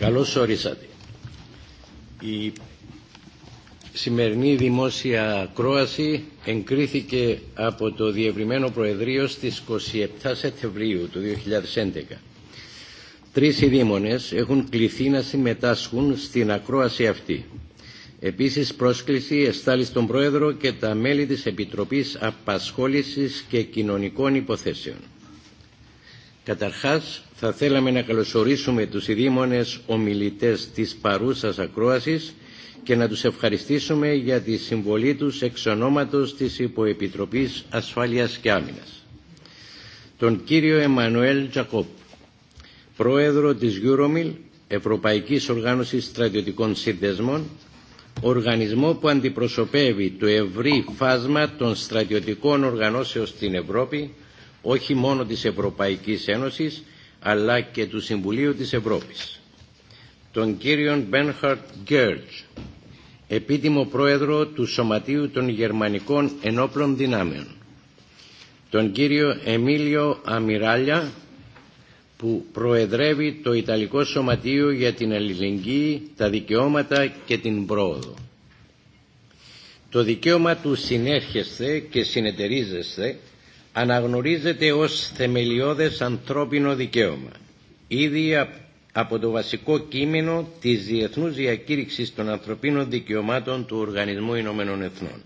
Καλώς ορίσατε. Η σημερινή δημόσια ακρόαση εγκρίθηκε από το Διευρυμένο Προεδρείο στις 27 Σεπτεμβρίου του 2011. Τρεις ειδήμονες έχουν κληθεί να συμμετάσχουν στην ακρόαση αυτή. Επίσης πρόσκληση εστάλει στον Πρόεδρο και τα μέλη της Επιτροπής Απασχόλησης και Κοινωνικών Υποθέσεων. Καταρχάς, θα θέλαμε να καλωσορίσουμε τους ειδήμονες ομιλητές της παρούσας ακρόασης και να τους ευχαριστήσουμε για τη συμβολή τους εξ ονόματος της Υποεπιτροπής Ασφάλειας και Άμυνας. Τον κύριο Εμμανουέλ Τζακόπ, πρόεδρο της Euromil, Ευρωπαϊκής Οργάνωσης Στρατιωτικών Σύνδεσμων, οργανισμό που αντιπροσωπεύει το ευρύ φάσμα των στρατιωτικών οργανώσεων στην Ευρώπη, όχι μόνο της Ευρωπαϊκής Ένωσης, αλλά και του Συμβουλίου της Ευρώπης. Τον κύριον Μπένχαρτ Γκέρτζ, επίτιμο πρόεδρο του Σωματείου των Γερμανικών Ενόπλων Δυνάμεων. Τον κύριο Εμίλιο Αμυράλια, που προεδρεύει το Ιταλικό Σωματείο για την Αλληλεγγύη, τα δικαιώματα και την πρόοδο. Το δικαίωμα του συνέρχεστε και συνεταιρίζεστε αναγνωρίζεται ως θεμελιώδες ανθρώπινο δικαίωμα. Ήδη από το βασικό κείμενο της Διεθνούς Διακήρυξης των Ανθρωπίνων Δικαιωμάτων του Οργανισμού Ηνωμένων Εθνών.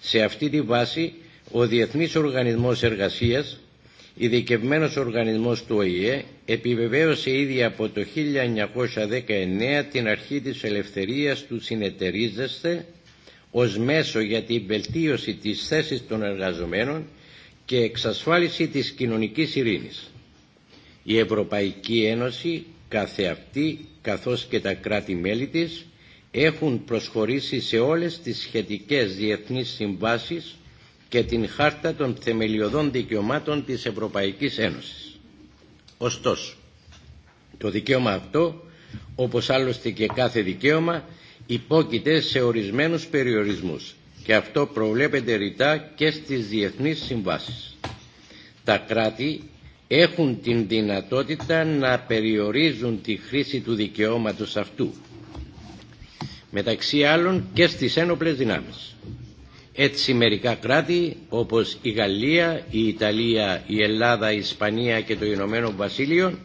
Σε αυτή τη βάση, ο Διεθνής Οργανισμός Εργασίας, ειδικευμένο οργανισμός του ΟΗΕ, επιβεβαίωσε ήδη από το 1919 την αρχή της ελευθερίας του συνεταιρίζεσθε ως μέσο για την βελτίωση της θέσης των εργαζομένων και εξασφάλιση της κοινωνικής ειρήνης. Η Ευρωπαϊκή Ένωση καθεαυτή καθώς και τα κράτη-μέλη της έχουν προσχωρήσει σε όλες τις σχετικές διεθνείς συμβάσεις και την Χάρτα των Θεμελιωδών Δικαιωμάτων της Ευρωπαϊκής Ένωσης. Ωστόσο, το δικαίωμα αυτό, όπως άλλωστε και κάθε δικαίωμα, υπόκειται σε ορισμένους περιορισμούς και αυτό προβλέπεται ρητά και στις διεθνείς συμβάσεις. Τα κράτη έχουν την δυνατότητα να περιορίζουν τη χρήση του δικαιώματος αυτού, μεταξύ άλλων και στις ένοπλες δυνάμεις. Έτσι μερικά κράτη όπως η Γαλλία, η Ιταλία, η Ελλάδα, η Ισπανία και το Ηνωμένο Βασίλειο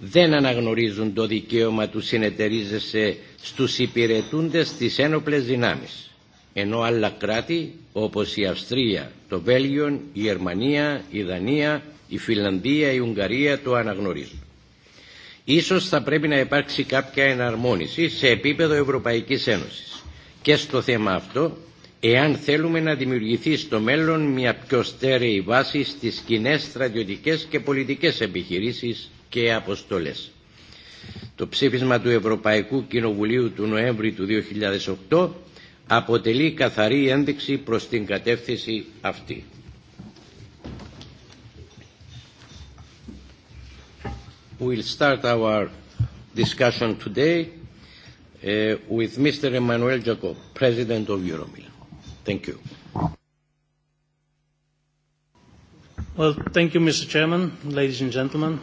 δεν αναγνωρίζουν το δικαίωμα του συνεταιρίζεσαι στους υπηρετούντες της ένοπλες δυνάμεις ενώ άλλα κράτη όπως η Αυστρία, το Βέλγιο, η Γερμανία, η Δανία, η Φιλανδία, η Ουγγαρία το αναγνωρίζουν. Ίσως θα πρέπει να υπάρξει κάποια εναρμόνιση σε επίπεδο Ευρωπαϊκής Ένωσης και στο θέμα αυτό εάν θέλουμε να δημιουργηθεί στο μέλλον μια πιο στέρεη βάση στις κοινέ στρατιωτικές και πολιτικές επιχειρήσεις και αποστολές. Το ψήφισμα του Ευρωπαϊκού Κοινοβουλίου του Νοέμβρη του 2008 αποτελεί καθαρή ένδειξη προς την κατεύθυνση αυτή. We'll start our discussion today uh, with Mr. Emmanuel Jacob, President of Euromil. Thank you. Well, thank you, Mr. Chairman, ladies and gentlemen.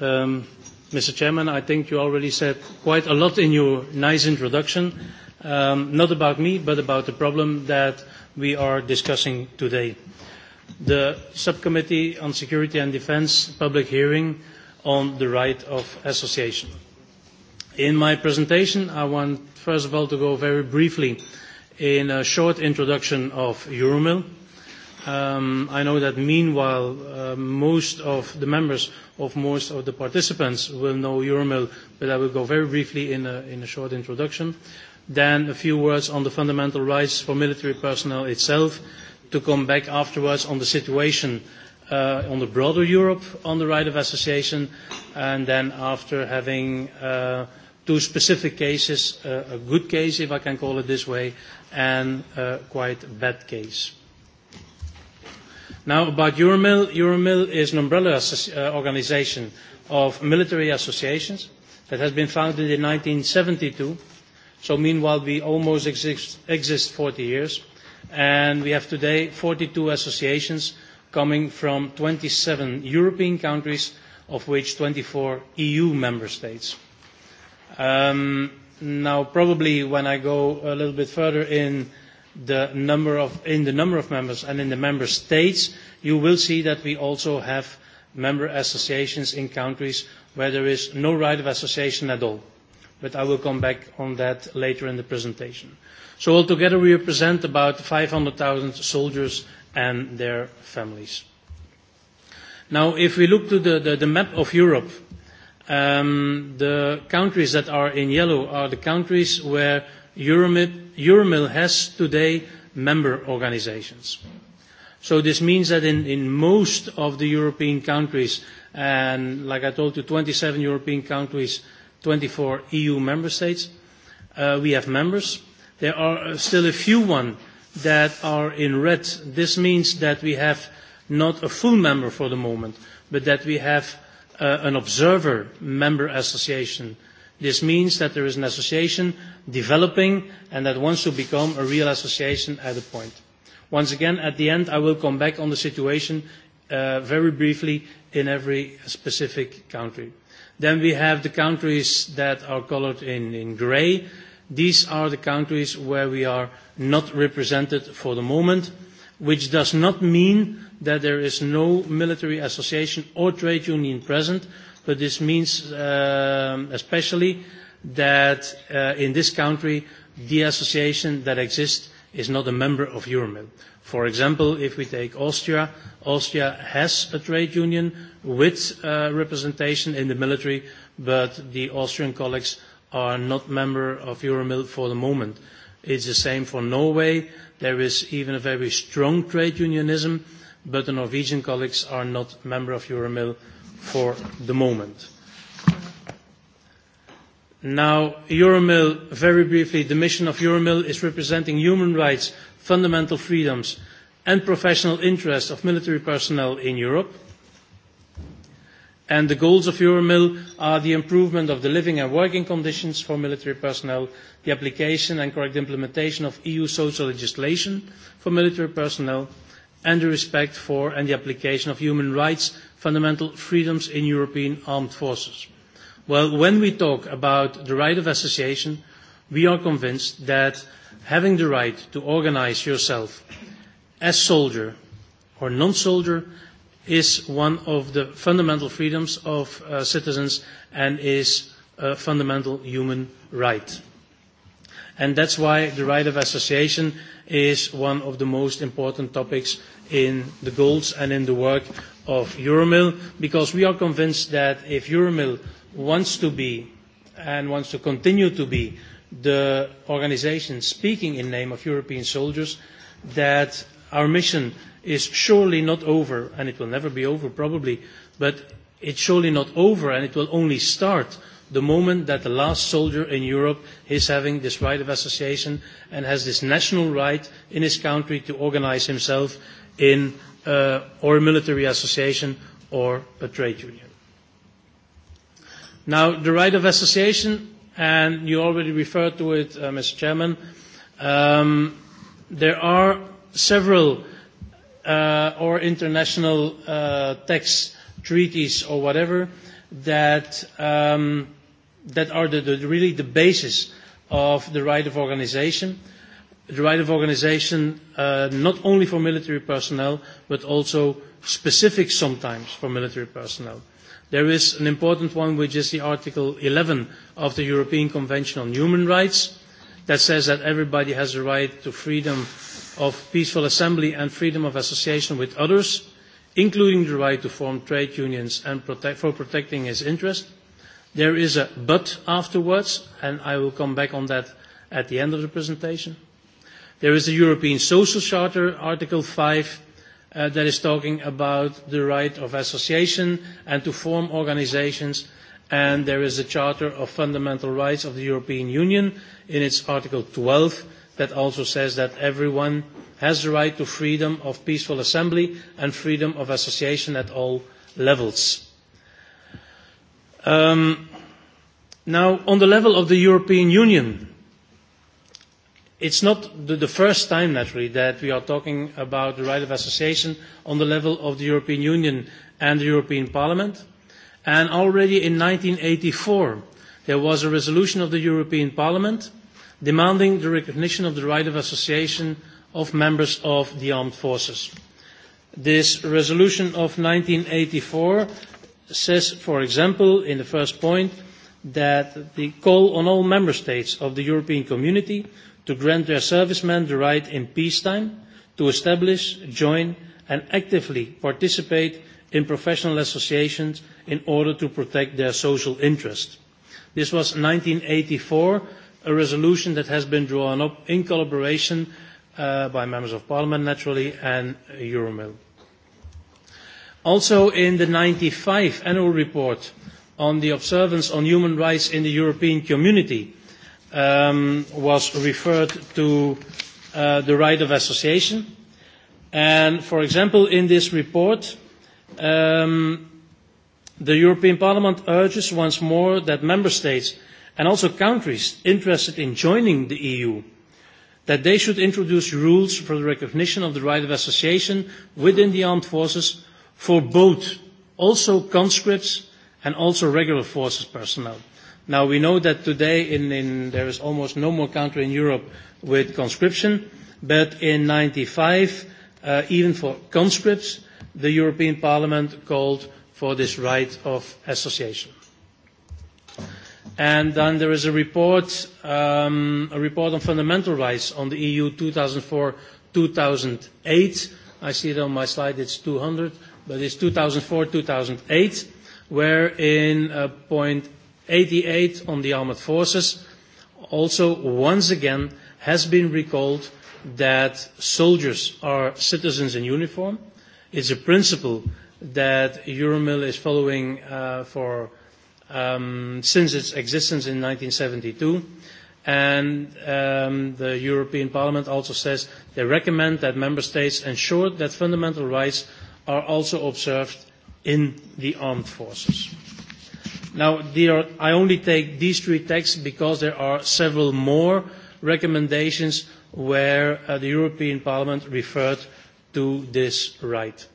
Um, Mr. Chairman, I think you already said quite a lot in your nice introduction um, not about me, but about the problem that we are discussing today. The Subcommittee on Security and Defense public hearing on the right of association. In my presentation, I want, first of all, to go very briefly in a short introduction of Euromil. Um, I know that meanwhile, uh, most of the members of most of the participants will know Euromil, but I will go very briefly in a, in a short introduction. Then a few words on the fundamental rights for military personnel itself, to come back afterwards on the situation uh, on the broader Europe on the right of association, and then after having uh, two specific cases, uh, a good case, if I can call it this way, and uh, quite a bad case. Now about Euromil. Euromil is an umbrella uh, organization of military associations that has been founded in 1972 So meanwhile, we almost exist, exist 40 years, and we have today 42 associations coming from 27 European countries, of which 24 EU member states. Um, now, probably when I go a little bit further in the number of in the number of members and in the member states, you will see that we also have member associations in countries where there is no right of association at all but I will come back on that later in the presentation. So altogether, we represent about 500,000 soldiers and their families. Now, if we look to the, the, the map of Europe, um, the countries that are in yellow are the countries where Euromil, Euromil has today member organizations. So this means that in, in most of the European countries, and like I told you, 27 European countries, uh, 24 EU member states. Uh, we have members. There are still a few one that are in red. This means that we have not a full member for the moment, but that we have uh, an observer member association. This means that there is an association developing and that wants to become a real association at a point. Once again, at the end, I will come back on the situation uh, very briefly in every specific country. Then we have the countries that are colored in, in gray. These are the countries where we are not represented for the moment, which does not mean that there is no military association or trade union present, but this means uh, especially that uh, in this country the association that exists is not a member of Euromil. For example, if we take Austria, Austria has a trade union with uh, representation in the military, but the Austrian colleagues are not member of Euromil for the moment. It's the same for Norway. There is even a very strong trade unionism, but the Norwegian colleagues are not member of Euromil for the moment. Now, Euromill, very briefly, the mission of Euromill is representing human rights, fundamental freedoms, and professional interests of military personnel in Europe. And the goals of Euromill are the improvement of the living and working conditions for military personnel, the application and correct implementation of EU social legislation for military personnel, and the respect for and the application of human rights, fundamental freedoms in European armed forces. Well, when we talk about the right of association, we are convinced that having the right to organize yourself as soldier or non-soldier is one of the fundamental freedoms of uh, citizens and is a fundamental human right. And that's why the right of association is one of the most important topics in the goals and in the work of Euromil, because we are convinced that if Euromil wants to be and wants to continue to be the organization speaking in name of European soldiers that our mission is surely not over, and it will never be over probably, but it's surely not over and it will only start the moment that the last soldier in Europe is having this right of association and has this national right in his country to organize himself in uh, or a military association or a trade union. Now, the right of association, and you already referred to it, uh, Mr. Chairman, um, there are several uh, or international uh, texts, treaties, or whatever that um, that are the, the, really the basis of the right of organization. The right of organization uh, not only for military personnel, but also specific sometimes for military personnel. There is an important one, which is the Article 11 of the European Convention on Human Rights, that says that everybody has a right to freedom of peaceful assembly and freedom of association with others, including the right to form trade unions and protect, for protecting his interest. There is a but afterwards, and I will come back on that at the end of the presentation. There is the European Social Charter, Article 5, uh, that is talking about the right of association and to form organizations. And there is a Charter of Fundamental Rights of the European Union in its Article 12 that also says that everyone has the right to freedom of peaceful assembly and freedom of association at all levels. Um, now, on the level of the European Union, it's not the, the first time, naturally, that we are talking about the right of association on the level of the European Union and the European Parliament. And already in 1984, there was a resolution of the European Parliament demanding the recognition of the right of association of members of the armed forces. This resolution of 1984 says, for example, in the first point, that the call on all member states of the European community to grant their servicemen the right in peacetime to establish, join and actively participate in professional associations in order to protect their social interest. This was 1984, a resolution that has been drawn up in collaboration uh, by members of parliament naturally and Euromil. Also in the 95 annual report on the observance on human rights in the European community, um, was referred to uh, the right of association. And, for example, in this report, um, the European Parliament urges once more that member states and also countries interested in joining the EU that they should introduce rules for the recognition of the right of association within the armed forces for both also conscripts and also regular forces personnel. Now, we know that today in, in, there is almost no more country in Europe with conscription, but in 95, uh, even for conscripts, the European Parliament called for this right of association. And then there is a report, um, a report on fundamental rights on the EU 2004-2008. I see it on my slide, it's 200, but it's 2004-2008, where in uh, point 88 on the armed forces also once again has been recalled that soldiers are citizens in uniform. It's a principle that Euromil is following uh, for um, since its existence in 1972. And um, the European Parliament also says they recommend that member states ensure that fundamental rights are also observed in the armed forces. Now, dear, I only take these three texts because there are several more recommendations where uh, the European Parliament referred to this right.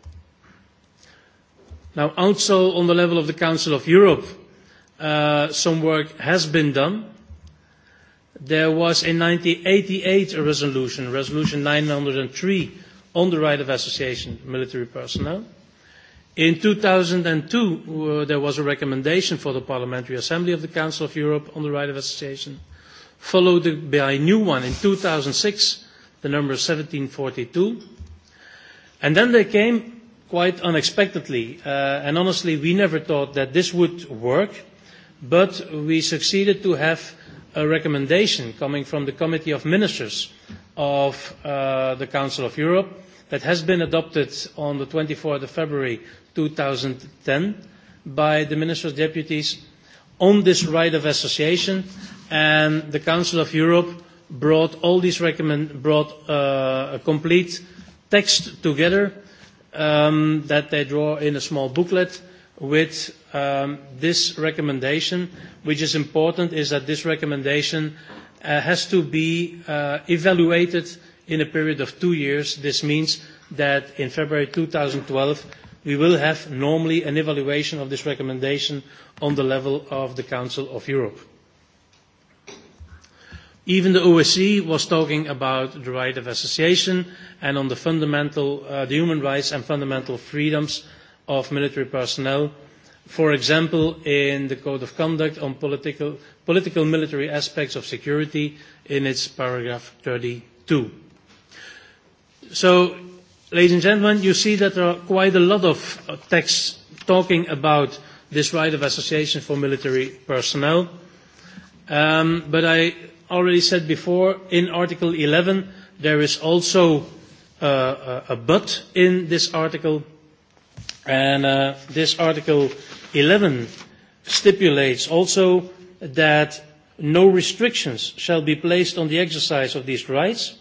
Now, also on the level of the Council of Europe, uh, some work has been done. There was in 1988 a resolution, Resolution 903, on the right of association military personnel. In 2002, uh, there was a recommendation for the Parliamentary Assembly of the Council of Europe on the right of association, followed by a new one in 2006, the number 1742. And then they came quite unexpectedly, uh, and honestly, we never thought that this would work, but we succeeded to have a recommendation coming from the Committee of Ministers of uh, the Council of Europe that has been adopted on the 24th of February 2010 by the Minister's Deputies on this right of association, and the Council of Europe brought all these recommend brought uh, a complete text together um, that they draw in a small booklet with um, this recommendation, which is important, is that this recommendation uh, has to be uh, evaluated in a period of two years. This means that in February 2012, we will have normally an evaluation of this recommendation on the level of the Council of Europe. Even the OSCE was talking about the right of association and on the, fundamental, uh, the human rights and fundamental freedoms of military personnel. For example, in the Code of Conduct on political, political military aspects of security in its paragraph 32. So Ladies and gentlemen, you see that there are quite a lot of uh, texts talking about this right of association for military personnel. Um, but I already said before, in Article 11, there is also uh, a, uh, a but in this article. And uh, this Article 11 stipulates also that no restrictions shall be placed on the exercise of these rights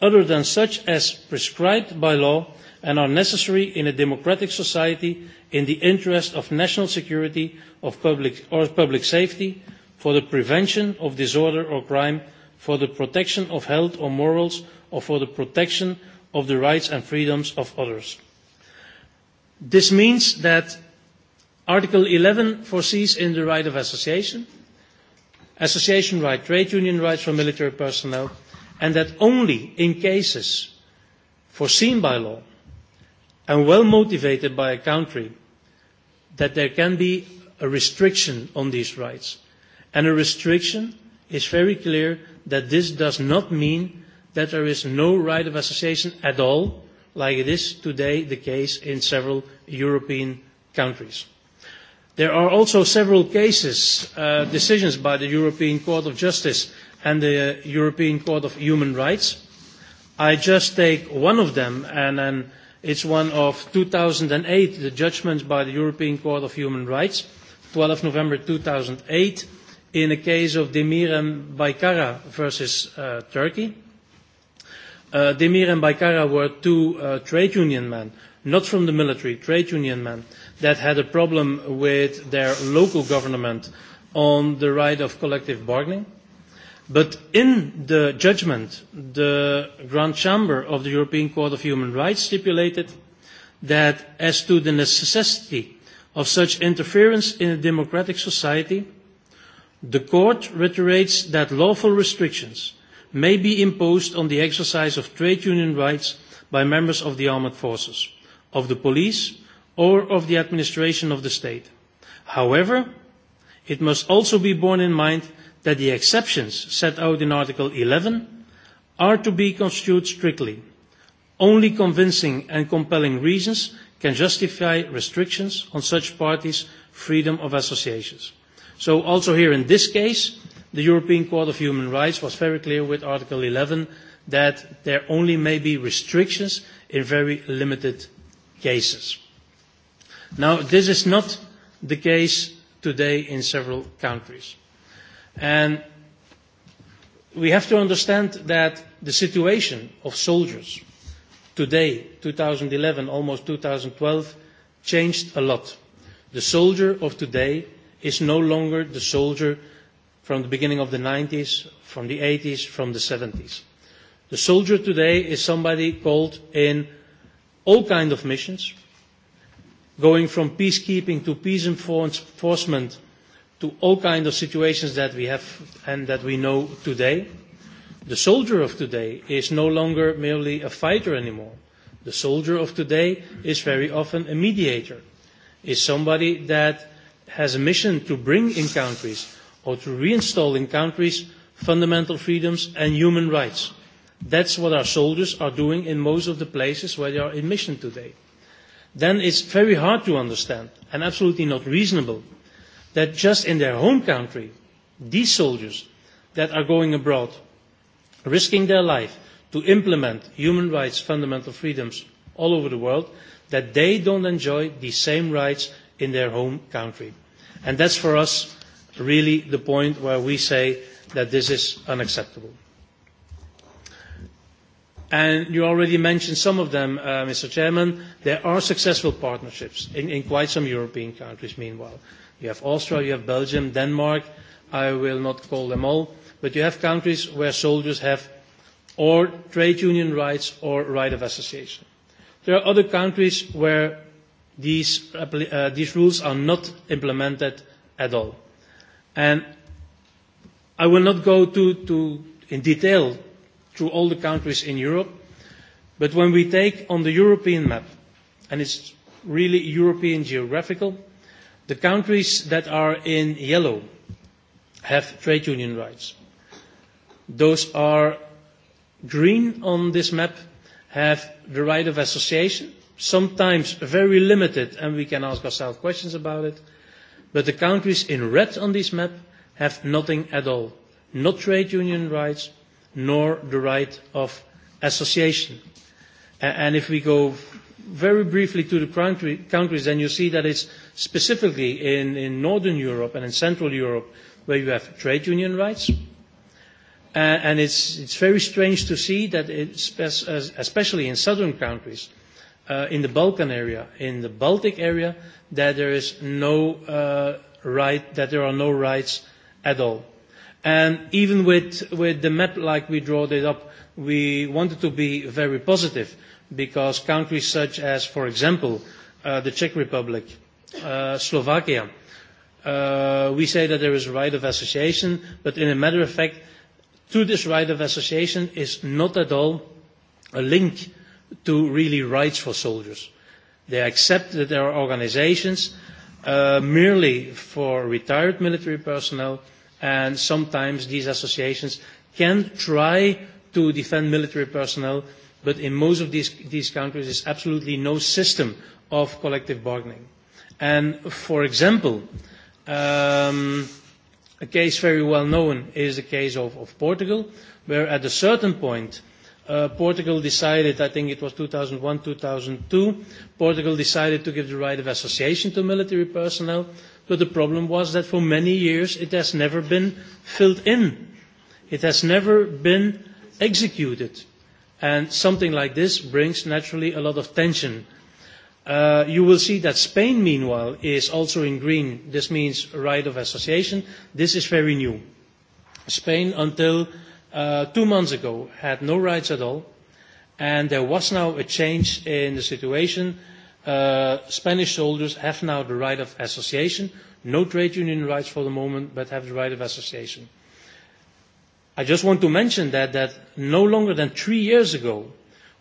other than such as prescribed by law and are necessary in a democratic society in the interest of national security of public, or public safety, for the prevention of disorder or crime, for the protection of health or morals, or for the protection of the rights and freedoms of others. This means that Article 11 foresees in the right of association, association right, trade union rights for military personnel, and that only in cases foreseen by law and well motivated by a country that there can be a restriction on these rights. And a restriction is very clear that this does not mean that there is no right of association at all, like it is today the case in several European countries. There are also several cases, uh, decisions by the European Court of Justice and the uh, European Court of Human Rights. I just take one of them, and, and it's one of 2008, the judgments by the European Court of Human Rights, 12 November 2008, in the case of Demir and Baykara versus uh, Turkey. Uh, Demir and Baykara were two uh, trade union men, not from the military, trade union men, that had a problem with their local government on the right of collective bargaining. But in the judgment, the Grand Chamber of the European Court of Human Rights stipulated that as to the necessity of such interference in a democratic society, the court reiterates that lawful restrictions may be imposed on the exercise of trade union rights by members of the armed forces, of the police, or of the administration of the state. However, it must also be borne in mind that the exceptions set out in Article 11 are to be construed strictly. Only convincing and compelling reasons can justify restrictions on such parties' freedom of associations. So also here in this case, the European Court of Human Rights was very clear with Article 11 that there only may be restrictions in very limited cases. Now, this is not the case today in several countries. And we have to understand that the situation of soldiers today, 2011, almost 2012, changed a lot. The soldier of today is no longer the soldier from the beginning of the 90s, from the 80s, from the 70s. The soldier today is somebody called in all kinds of missions, going from peacekeeping to peace enforcement to all kinds of situations that we have and that we know today. The soldier of today is no longer merely a fighter anymore. The soldier of today is very often a mediator, is somebody that has a mission to bring in countries or to reinstall in countries fundamental freedoms and human rights. That's what our soldiers are doing in most of the places where they are in mission today. Then it's very hard to understand and absolutely not reasonable that just in their home country, these soldiers that are going abroad, risking their life to implement human rights, fundamental freedoms all over the world, that they don't enjoy the same rights in their home country. And that's for us really the point where we say that this is unacceptable. And you already mentioned some of them, uh, Mr. Chairman. There are successful partnerships in, in quite some European countries, meanwhile. Uh, You have Austria, you have Belgium, Denmark. I will not call them all. But you have countries where soldiers have or trade union rights or right of association. There are other countries where these, uh, these rules are not implemented at all. And I will not go to, to in detail through all the countries in Europe, but when we take on the European map, and it's really European geographical, The countries that are in yellow have trade union rights. Those are green on this map have the right of association, sometimes very limited, and we can ask ourselves questions about it. But the countries in red on this map have nothing at all. Not trade union rights, nor the right of association. And if we go very briefly to the country, countries, then you see that it's specifically in, in Northern Europe and in Central Europe, where you have trade union rights. Uh, and it's, it's very strange to see that, it's, especially in southern countries, uh, in the Balkan area, in the Baltic area, that there is no uh, right, that there are no rights at all. And even with, with the map like we drawed it up, we wanted to be very positive because countries such as, for example, uh, the Czech Republic, uh, Slovakia. Uh, we say that there is a right of association, but in a matter of fact, to this right of association is not at all a link to really rights for soldiers. They accept that there are organizations uh, merely for retired military personnel, and sometimes these associations can try to defend military personnel, but in most of these, these countries, there's absolutely no system of collective bargaining. And for example, um, a case very well known is the case of, of Portugal, where at a certain point, uh, Portugal decided, I think it was 2001, 2002, Portugal decided to give the right of association to military personnel, but the problem was that for many years it has never been filled in. It has never been executed. And something like this brings naturally a lot of tension Uh, you will see that Spain, meanwhile, is also in green. This means right of association. This is very new. Spain, until uh, two months ago, had no rights at all, and there was now a change in the situation. Uh, Spanish soldiers have now the right of association, no trade union rights for the moment, but have the right of association. I just want to mention that, that no longer than three years ago,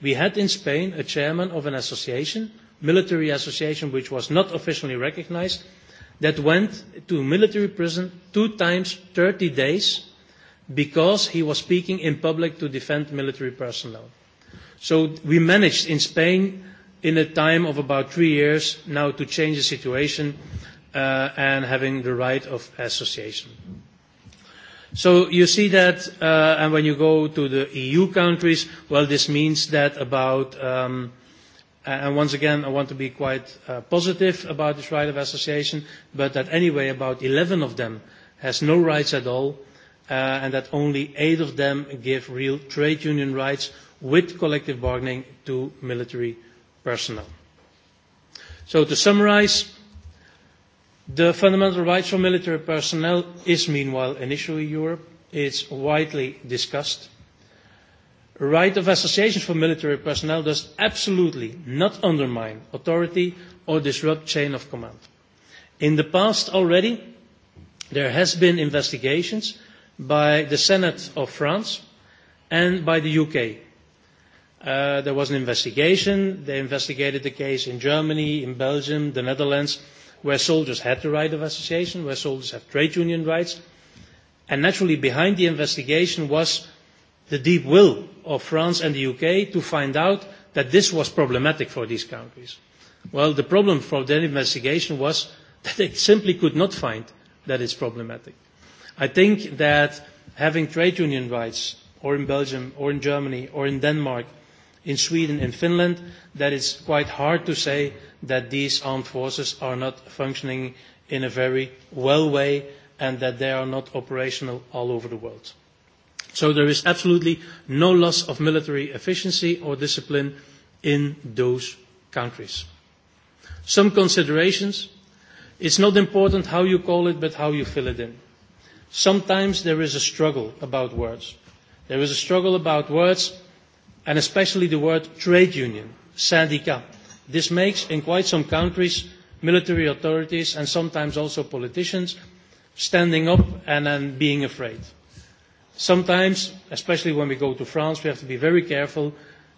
we had in Spain a chairman of an association – military association which was not officially recognized, that went to military prison two times 30 days because he was speaking in public to defend military personnel. So we managed in Spain in a time of about three years now to change the situation uh, and having the right of association. So you see that, uh, and when you go to the EU countries, well, this means that about um, And once again, I want to be quite uh, positive about this right of association, but that anyway about 11 of them has no rights at all, uh, and that only eight of them give real trade union rights with collective bargaining to military personnel. So to summarize, the fundamental rights for military personnel is meanwhile an issue in Europe. It's widely discussed right of association for military personnel does absolutely not undermine authority or disrupt chain of command. In the past already, there has been investigations by the Senate of France and by the UK. Uh, there was an investigation. They investigated the case in Germany, in Belgium, the Netherlands, where soldiers had the right of association, where soldiers have trade union rights. And naturally, behind the investigation was the deep will of France and the UK to find out that this was problematic for these countries. Well, the problem for their investigation was that they simply could not find that it's problematic. I think that having trade union rights, or in Belgium, or in Germany, or in Denmark, in Sweden, in Finland, that it's quite hard to say that these armed forces are not functioning in a very well way and that they are not operational all over the world. So there is absolutely no loss of military efficiency or discipline in those countries. Some considerations. It's not important how you call it, but how you fill it in. Sometimes there is a struggle about words. There is a struggle about words, and especially the word trade union, syndicat. This makes, in quite some countries, military authorities and sometimes also politicians standing up and then being afraid sometimes, especially when we go to France, we have to be very careful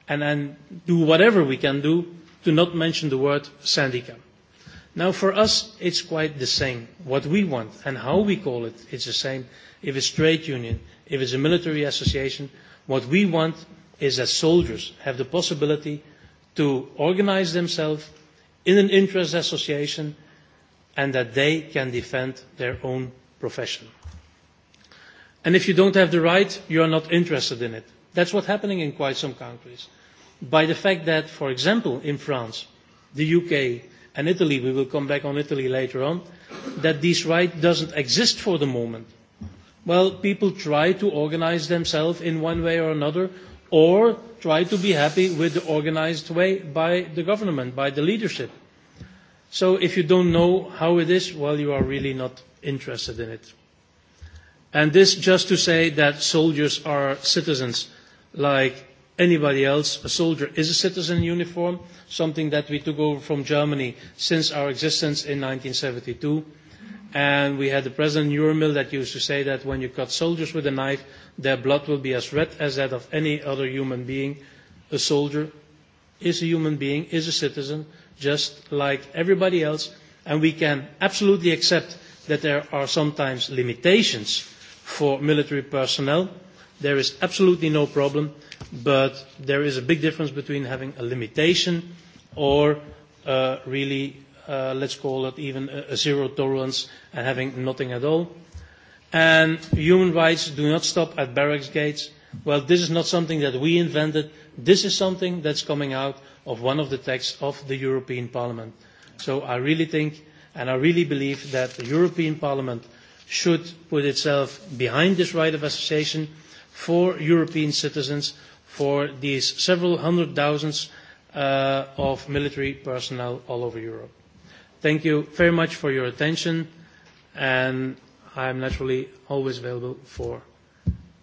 and then do whatever we can do to not mention the word syndicat. Now, for us, it's quite the same. What we want and how we call it, it's the same. If it's trade union, if it's a military association, what we want is that soldiers have the possibility to organize themselves in an interest association and that they can defend their own profession. And if you don't have the right, you are not interested in it. That's what's happening in quite some countries. By the fact that, for example, in France, the UK, and Italy, we will come back on Italy later on, that this right doesn't exist for the moment. Well, people try to organize themselves in one way or another, or try to be happy with the organized way by the government, by the leadership. So if you don't know how it is, well, you are really not interested in it. And this just to say that soldiers are citizens like anybody else. A soldier is a citizen in uniform, something that we took over from Germany since our existence in 1972. And we had the President Urmil that used to say that when you cut soldiers with a knife, their blood will be as red as that of any other human being. A soldier is a human being, is a citizen, just like everybody else. And we can absolutely accept that there are sometimes limitations for military personnel. There is absolutely no problem, but there is a big difference between having a limitation or uh, really, uh, let's call it even a, a zero tolerance and having nothing at all. And human rights do not stop at barracks gates. Well, this is not something that we invented. This is something that's coming out of one of the texts of the European Parliament. So I really think and I really believe that the European Parliament should put itself behind this right of association for European citizens, for these several hundred thousands uh, of military personnel all over Europe. Thank you very much for your attention, and I'm naturally always available for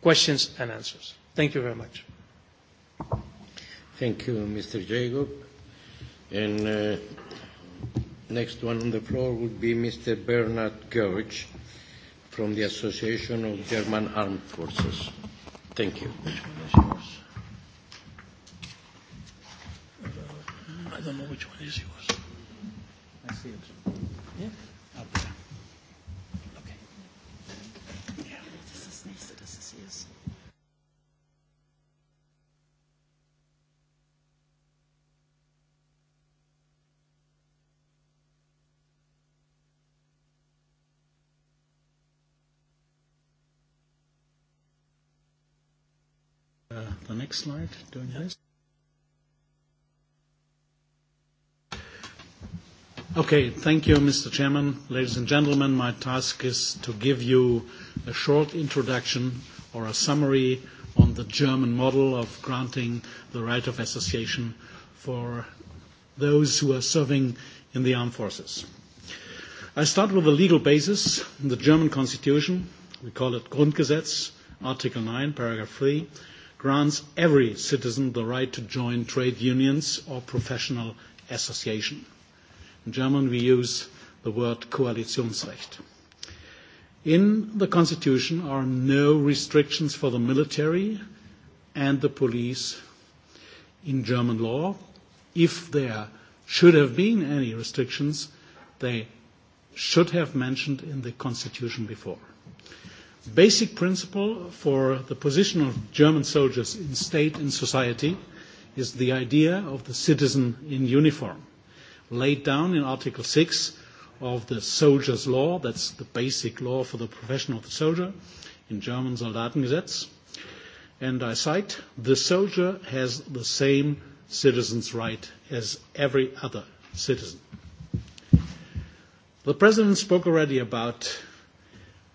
questions and answers. Thank you very much. Thank you, Mr. Jacob. And uh, next one on the floor would be Mr. Bernard Goertz from the Association of German Armed Forces. Thank you. I don't know which one is yours. I see it. Yeah. next slide, doing yeah. this. Okay, thank you, Mr. Chairman. Ladies and gentlemen, my task is to give you a short introduction or a summary on the German model of granting the right of association for those who are serving in the armed forces. I start with the legal basis, the German Constitution, we call it Grundgesetz, Article 9, paragraph 3, grants every citizen the right to join trade unions or professional association. In German, we use the word Koalitionsrecht. In the Constitution are no restrictions for the military and the police in German law. If there should have been any restrictions, they should have mentioned in the Constitution before basic principle for the position of German soldiers in state and society is the idea of the citizen in uniform, laid down in Article 6 of the soldier's law, that's the basic law for the profession of the soldier, in German Soldatengesetz. And I cite, the soldier has the same citizen's right as every other citizen. The President spoke already about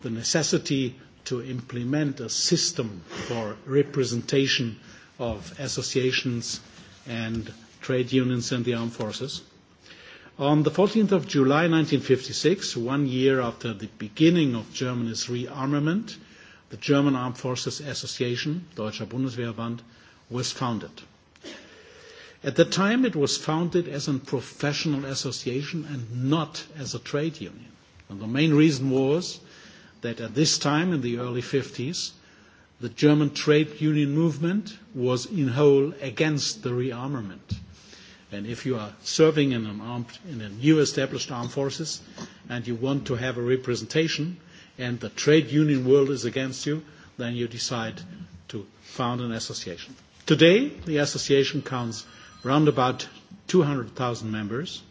the necessity to implement a system for representation of associations and trade unions in the armed forces. On the 14th of July 1956, one year after the beginning of Germany's rearmament, the German Armed Forces Association, Deutscher Bundeswehrband, was founded. At the time, it was founded as a professional association and not as a trade union. And the main reason was that at this time, in the early 50s, the German trade union movement was in whole against the rearmament. And if you are serving in an armed, in a new established armed forces, and you want to have a representation, and the trade union world is against you, then you decide to found an association. Today, the association counts round about 200,000 members.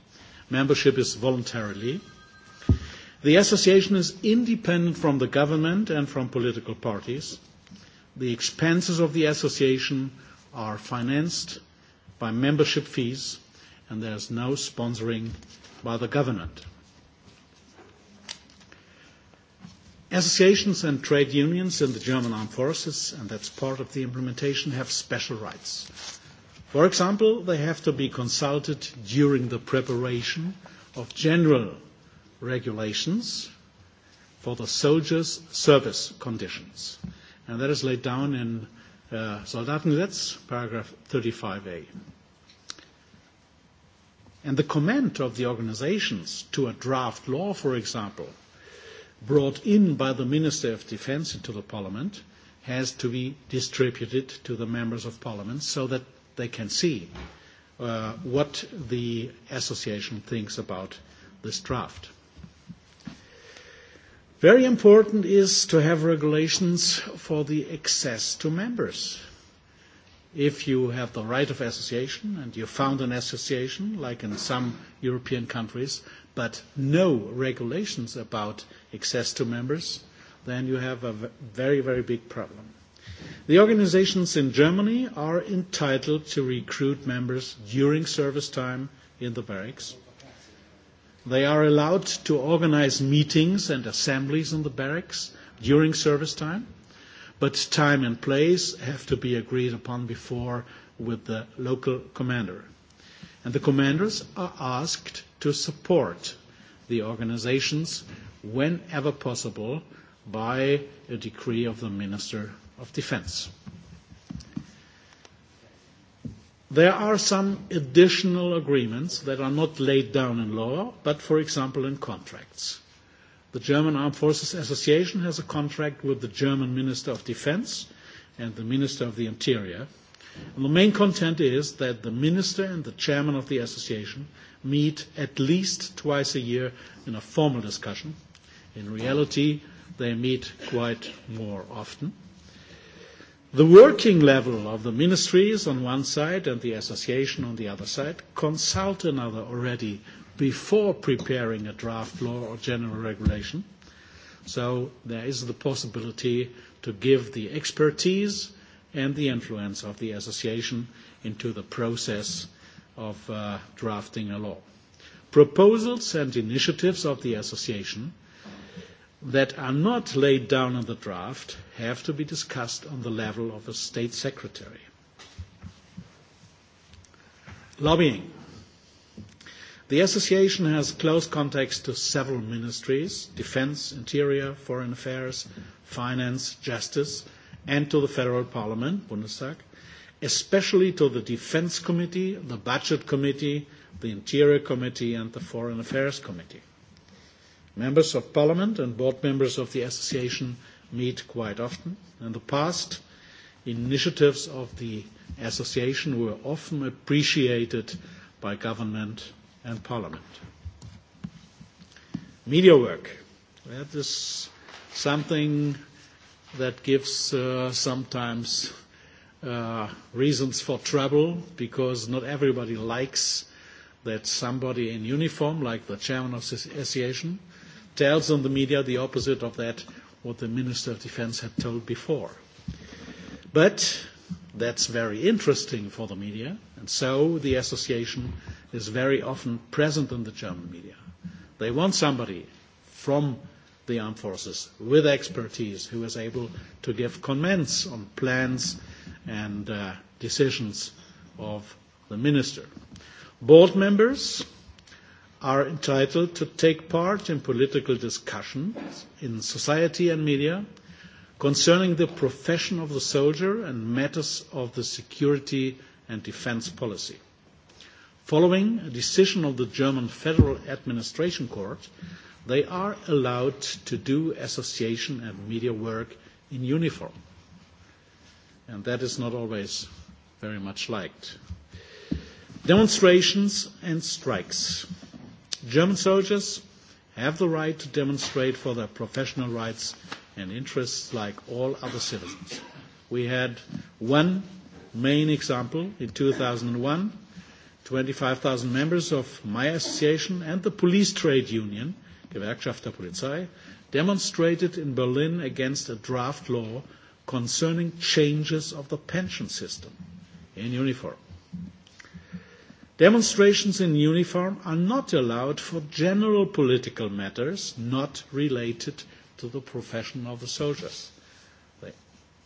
Membership is voluntarily. Uh, The association is independent from the government and from political parties. The expenses of the association are financed by membership fees, and there is no sponsoring by the government. Associations and trade unions in the German armed forces, and that's part of the implementation, have special rights. For example, they have to be consulted during the preparation of general regulations for the soldiers' service conditions. And that is laid down in uh, Soldatengesetz, paragraph 35a. And the comment of the organizations to a draft law, for example, brought in by the Minister of Defense into the Parliament, has to be distributed to the members of Parliament so that they can see uh, what the association thinks about this draft. Very important is to have regulations for the access to members. If you have the right of association and you found an association, like in some European countries, but no regulations about access to members, then you have a very, very big problem. The organizations in Germany are entitled to recruit members during service time in the barracks They are allowed to organize meetings and assemblies in the barracks during service time, but time and place have to be agreed upon before with the local commander. And the commanders are asked to support the organizations whenever possible by a decree of the Minister of Defense. There are some additional agreements that are not laid down in law, but, for example, in contracts. The German Armed Forces Association has a contract with the German Minister of Defense and the Minister of the Interior. And the main content is that the Minister and the Chairman of the Association meet at least twice a year in a formal discussion. In reality, they meet quite more often. The working level of the ministries on one side and the association on the other side consult another already before preparing a draft law or general regulation. So there is the possibility to give the expertise and the influence of the association into the process of uh, drafting a law. Proposals and initiatives of the association – that are not laid down in the draft have to be discussed on the level of a state secretary. Lobbying. The association has close contacts to several ministries, defense, interior, foreign affairs, finance, justice, and to the federal parliament, Bundestag, especially to the defense committee, the budget committee, the interior committee, and the foreign affairs committee. Members of Parliament and board members of the association meet quite often. In the past, initiatives of the association were often appreciated by government and parliament. Media work. That is something that gives uh, sometimes uh, reasons for trouble because not everybody likes that somebody in uniform, like the chairman of the association, uh, tells on the media the opposite of that what the Minister of Defense had told before. But that's very interesting for the media, and so the association is very often present in the German media. They want somebody from the armed forces with expertise who is able to give comments on plans and uh, decisions of the minister. Board members are entitled to take part in political discussions in society and media concerning the profession of the soldier and matters of the security and defense policy. Following a decision of the German Federal Administration Court, they are allowed to do association and media work in uniform. And that is not always very much liked. Demonstrations and strikes. German soldiers have the right to demonstrate for their professional rights and interests like all other citizens. We had one main example in 2001. 25,000 members of my association and the police trade union, Gewerkschaft der Polizei, demonstrated in Berlin against a draft law concerning changes of the pension system in uniform. Demonstrations in uniform are not allowed for general political matters not related to the profession of the soldiers. They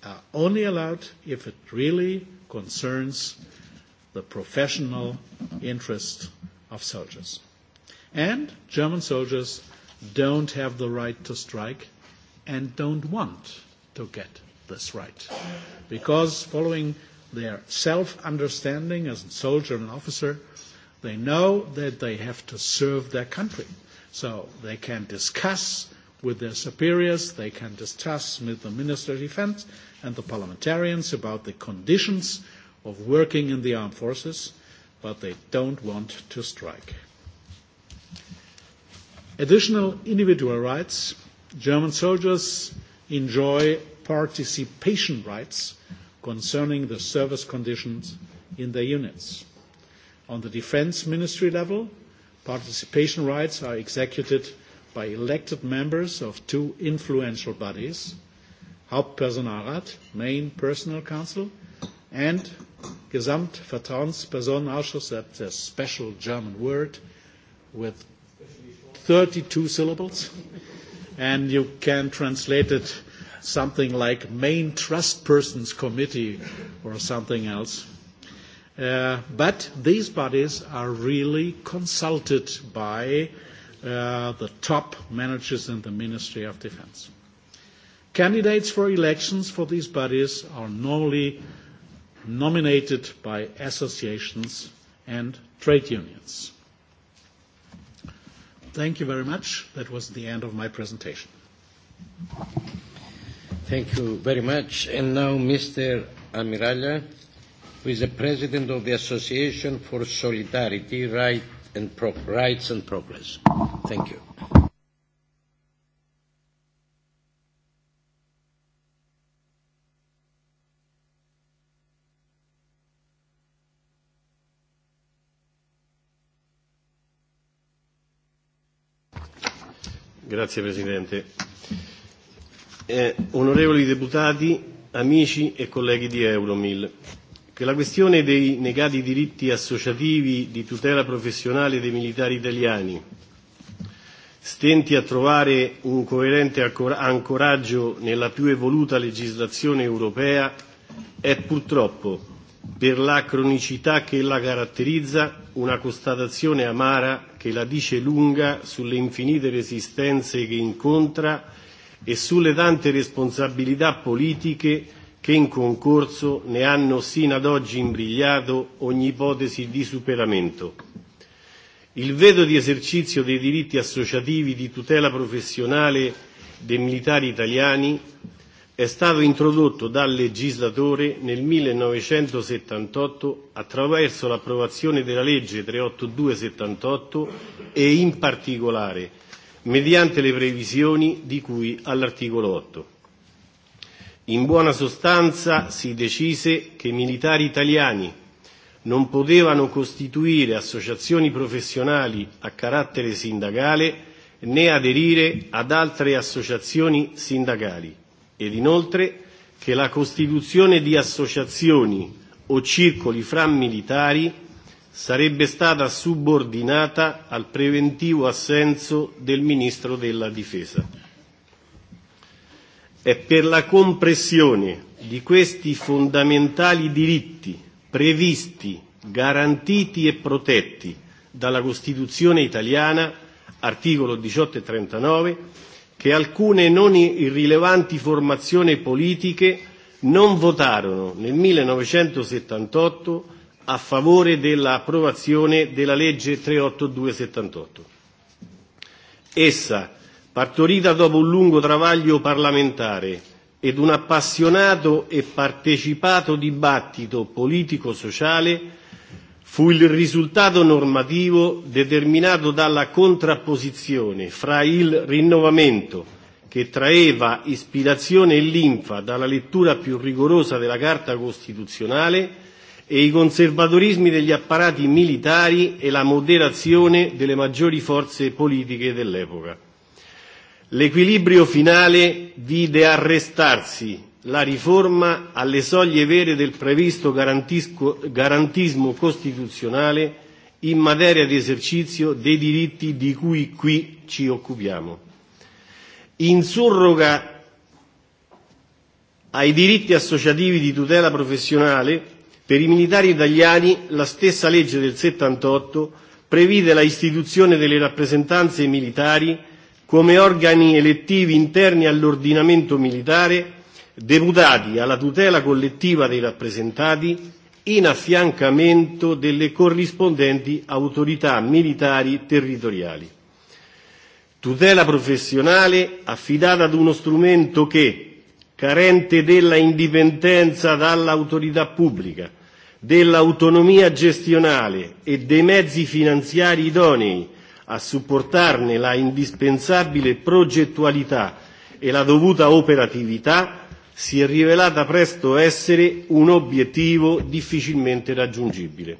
are only allowed if it really concerns the professional interest of soldiers. And German soldiers don't have the right to strike and don't want to get this right. Because following their self-understanding as a soldier and officer. They know that they have to serve their country. So they can discuss with their superiors, they can discuss with the Minister of Defense and the parliamentarians about the conditions of working in the armed forces, but they don't want to strike. Additional individual rights. German soldiers enjoy participation rights concerning the service conditions in their units. On the Defence Ministry level, participation rights are executed by elected members of two influential bodies, Hauptpersonalrat, Main Personal Council, and Gesamtvertrauenspersonenausschuss, that's a special German word with 32 syllables, and you can translate it something like main trust persons committee or something else. Uh, but these bodies are really consulted by uh, the top managers in the Ministry of Defense. Candidates for elections for these bodies are normally nominated by associations and trade unions. Thank you very much. That was the end of my presentation. Thank you. Thank you very much. And now Mr. Amiralla, who is the President of the Association for Solidarity, right and Pro- Rights and Progress. Thank you. Grazie Presidente eh, onorevoli deputati, amici e colleghi di Euromil, che la questione dei negati diritti associativi di tutela professionale dei militari italiani stenti a trovare un coerente ancoraggio nella più evoluta legislazione europea è purtroppo, per la cronicità che la caratterizza, una constatazione amara che la dice lunga sulle infinite resistenze che incontra e sulle tante responsabilità politiche che in concorso ne hanno sino ad oggi imbrigliato ogni ipotesi di superamento. Il veto di esercizio dei diritti associativi di tutela professionale dei militari italiani è stato introdotto dal legislatore nel 1978 attraverso l'approvazione della legge 38278 e in particolare mediante le previsioni di cui all'articolo 8. In buona sostanza si decise che i militari italiani non potevano costituire associazioni professionali a carattere sindacale né aderire ad altre associazioni sindacali ed inoltre che la costituzione di associazioni o circoli fra militari sarebbe stata subordinata al preventivo assenso del Ministro della Difesa. È per la compressione di questi fondamentali diritti previsti, garantiti e protetti dalla Costituzione italiana, articolo 18 e 39, che alcune non irrilevanti formazioni politiche non votarono nel 1978 a favore dell'approvazione della legge 38278. Essa, partorita dopo un lungo travaglio parlamentare ed un appassionato e partecipato dibattito politico-sociale, fu il risultato normativo determinato dalla contrapposizione fra il rinnovamento che traeva ispirazione e linfa dalla lettura più rigorosa della Carta costituzionale e i conservatorismi degli apparati militari e la moderazione delle maggiori forze politiche dell'epoca. L'equilibrio finale vide arrestarsi la riforma alle soglie vere del previsto garantismo costituzionale in materia di esercizio dei diritti di cui qui ci occupiamo. In surroga ai diritti associativi di tutela professionale, Per i militari italiani la stessa legge del 78 previde la istituzione delle rappresentanze militari come organi elettivi interni all'ordinamento militare deputati alla tutela collettiva dei rappresentati in affiancamento delle corrispondenti autorità militari territoriali. Tutela professionale affidata ad uno strumento che, carente della indipendenza dall'autorità pubblica, dell'autonomia gestionale e dei mezzi finanziari idonei a supportarne la indispensabile progettualità e la dovuta operatività si è rivelata presto essere un obiettivo difficilmente raggiungibile.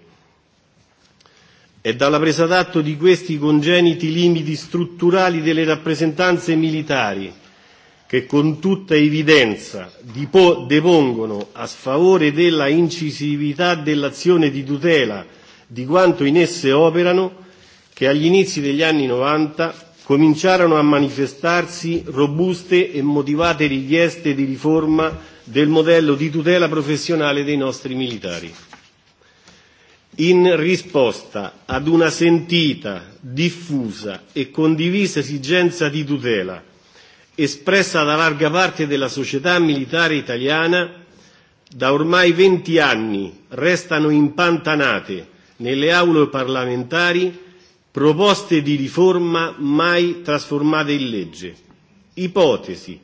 È dalla presa d'atto di questi congeniti limiti strutturali delle rappresentanze militari che con tutta evidenza depongono a sfavore della incisività dell'azione di tutela di quanto in esse operano, che agli inizi degli anni 90 cominciarono a manifestarsi robuste e motivate richieste di riforma del modello di tutela professionale dei nostri militari. In risposta ad una sentita, diffusa e condivisa esigenza di tutela, espressa da larga parte della società militare italiana, da ormai venti anni restano impantanate nelle aule parlamentari proposte di riforma mai trasformate in legge, ipotesi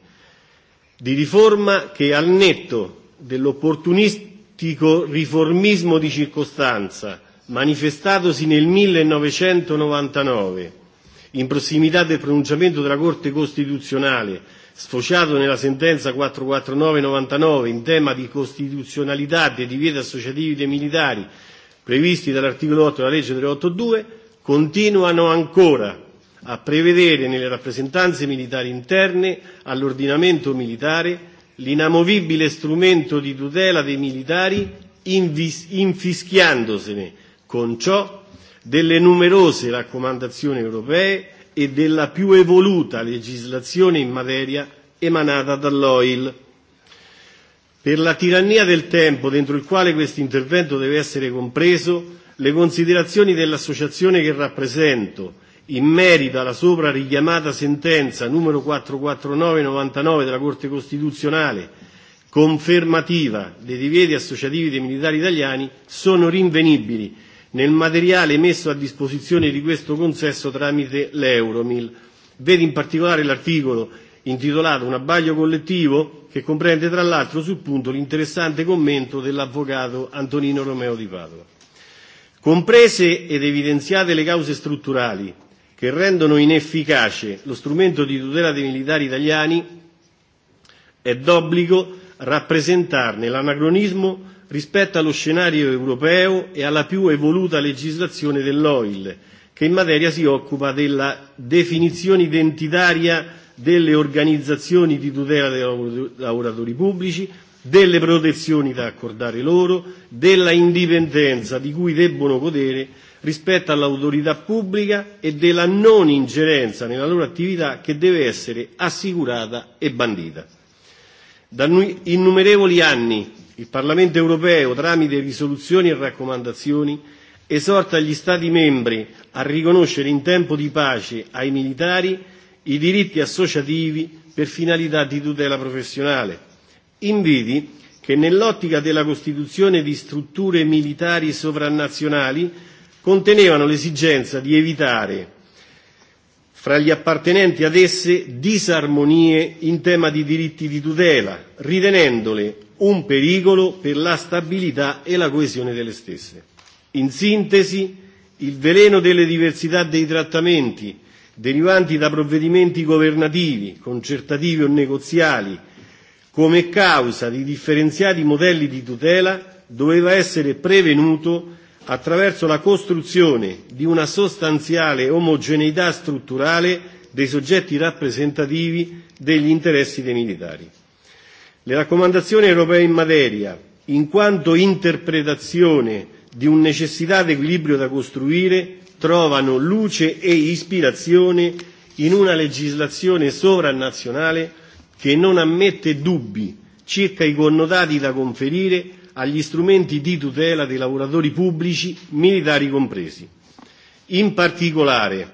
di riforma che al netto dell'opportunistico riformismo di circostanza manifestatosi nel 1999 in prossimità del pronunciamento della Corte Costituzionale, sfociato nella sentenza 449-99 in tema di costituzionalità dei divieti associativi dei militari previsti dall'articolo 8 della legge 382, continuano ancora a prevedere nelle rappresentanze militari interne all'ordinamento militare l'inamovibile strumento di tutela dei militari infischiandosene con ciò delle numerose raccomandazioni europee e della più evoluta legislazione in materia emanata dall'OIL. Per la tirannia del tempo dentro il quale questo intervento deve essere compreso, le considerazioni dell'associazione che rappresento in merito alla sopra richiamata sentenza numero 449-99 della Corte Costituzionale, confermativa dei divieti associativi dei militari italiani, sono rinvenibili nel materiale messo a disposizione di questo consesso tramite l'Euromil. Vedi in particolare l'articolo intitolato Un abbaglio collettivo che comprende tra l'altro sul punto l'interessante commento dell'avvocato Antonino Romeo di Padova. Comprese ed evidenziate le cause strutturali che rendono inefficace lo strumento di tutela dei militari italiani, è d'obbligo rappresentarne l'anacronismo rispetto allo scenario europeo e alla più evoluta legislazione dell'OIL, che in materia si occupa della definizione identitaria delle organizzazioni di tutela dei lavoratori pubblici, delle protezioni da accordare loro, della indipendenza di cui debbono godere rispetto all'autorità pubblica e della non ingerenza nella loro attività che deve essere assicurata e bandita. Da innumerevoli anni Il Parlamento europeo, tramite risoluzioni e raccomandazioni, esorta gli Stati membri a riconoscere in tempo di pace ai militari i diritti associativi per finalità di tutela professionale, inviti che nell'ottica della costituzione di strutture militari sovranazionali contenevano l'esigenza di evitare fra gli appartenenti ad esse disarmonie in tema di diritti di tutela, ritenendole un pericolo per la stabilità e la coesione delle stesse. In sintesi, il veleno delle diversità dei trattamenti derivanti da provvedimenti governativi, concertativi o negoziali, come causa di differenziati modelli di tutela, doveva essere prevenuto attraverso la costruzione di una sostanziale omogeneità strutturale dei soggetti rappresentativi degli interessi dei militari. Le raccomandazioni europee in materia, in quanto interpretazione di un necessità d'equilibrio da costruire, trovano luce e ispirazione in una legislazione sovranazionale che non ammette dubbi circa i connotati da conferire agli strumenti di tutela dei lavoratori pubblici, militari compresi. In particolare,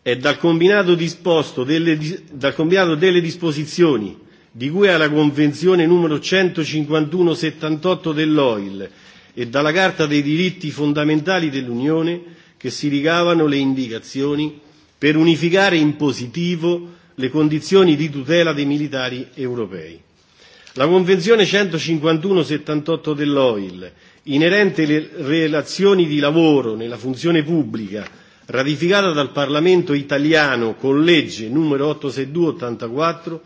è dal combinato disposto delle, dal combinato delle disposizioni di cui alla Convenzione numero 151-78 dell'OIL e dalla Carta dei diritti fondamentali dell'Unione che si ricavano le indicazioni per unificare in positivo le condizioni di tutela dei militari europei. La Convenzione 151-78 dell'OIL, inerente le relazioni di lavoro nella funzione pubblica, ratificata dal Parlamento italiano con legge numero 862 84,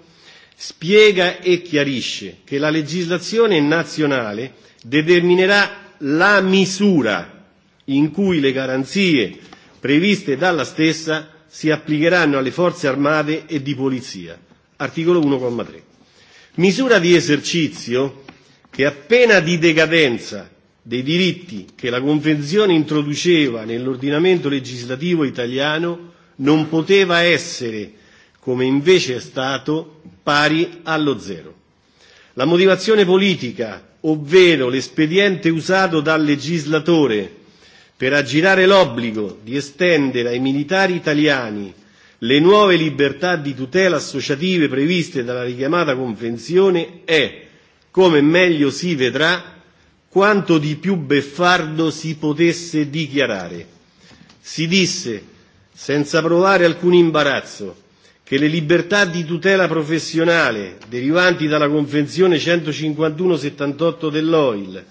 spiega e chiarisce che la legislazione nazionale determinerà la misura in cui le garanzie previste dalla stessa si applicheranno alle forze armate e di polizia. Articolo 1,3. Misura di esercizio che a pena di decadenza dei diritti che la Convenzione introduceva nell'ordinamento legislativo italiano non poteva essere, come invece è stato, pari allo zero. La motivazione politica, ovvero l'espediente usato dal legislatore per aggirare l'obbligo di estendere ai militari italiani le nuove libertà di tutela associative previste dalla richiamata Convenzione è, come meglio si vedrà, quanto di più beffardo si potesse dichiarare. Si disse, senza provare alcun imbarazzo, che le libertà di tutela professionale derivanti dalla Convenzione 151-78 dell'OIL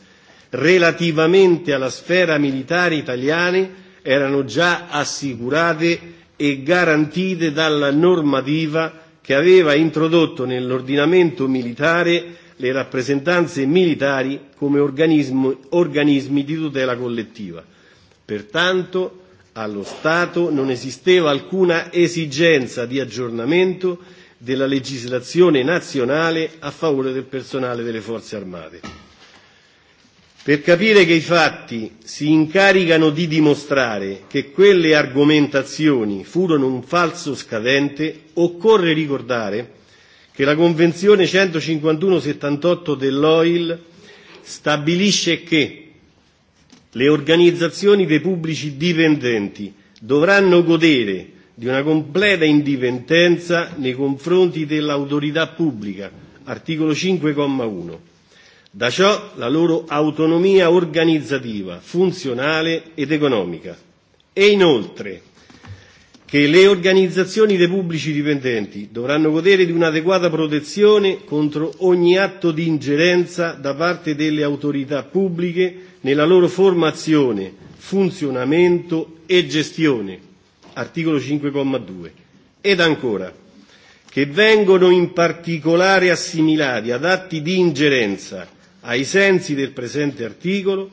relativamente alla sfera militare italiana erano già assicurate e garantite dalla normativa che aveva introdotto nell'ordinamento militare le rappresentanze militari come organismi, organismi di tutela collettiva. Pertanto, Allo Stato non esisteva alcuna esigenza di aggiornamento della legislazione nazionale a favore del personale delle forze armate. Per capire che i fatti si incaricano di dimostrare che quelle argomentazioni furono un falso scadente, occorre ricordare che la Convenzione 151-78 dell'OIL stabilisce che le organizzazioni dei pubblici dipendenti dovranno godere di una completa indipendenza nei confronti dell'autorità pubblica, articolo 5,1. Da ciò la loro autonomia organizzativa, funzionale ed economica. E inoltre che le organizzazioni dei pubblici dipendenti dovranno godere di un'adeguata protezione contro ogni atto di ingerenza da parte delle autorità pubbliche nella loro formazione, funzionamento e gestione, articolo 5,2, ed ancora, che vengono in particolare assimilati ad atti di ingerenza, ai sensi del presente articolo,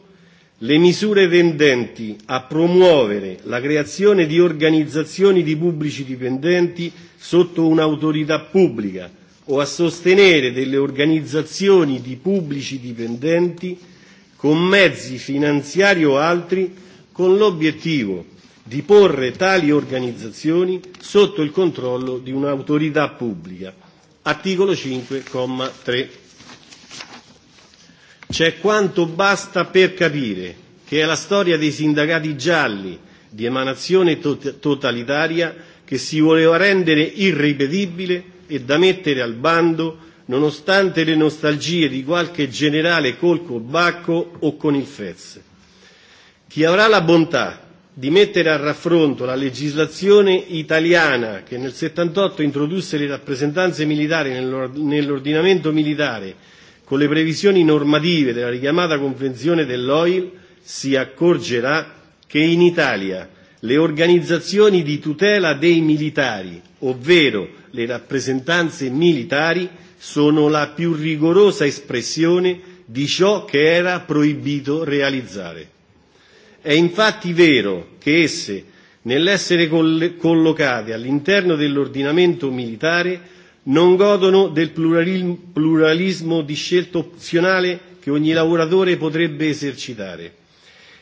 le misure tendenti a promuovere la creazione di organizzazioni di pubblici dipendenti sotto un'autorità pubblica o a sostenere delle organizzazioni di pubblici dipendenti con mezzi finanziari o altri, con l'obiettivo di porre tali organizzazioni sotto il controllo di un'autorità pubblica. Articolo 5, comma 3. C'è quanto basta per capire che è la storia dei sindacati gialli di emanazione to- totalitaria che si voleva rendere irripetibile e da mettere al bando nonostante le nostalgie di qualche generale col bacco o con il fezze. Chi avrà la bontà di mettere a raffronto la legislazione italiana che nel 78 introdusse le rappresentanze militari nell'ordinamento militare con le previsioni normative della richiamata convenzione dell'OIL si accorgerà che in Italia le organizzazioni di tutela dei militari, ovvero le rappresentanze militari, sono la più rigorosa espressione di ciò che era proibito realizzare. È infatti vero che esse, nell'essere collocate all'interno dell'ordinamento militare, non godono del pluralismo di scelta opzionale che ogni lavoratore potrebbe esercitare,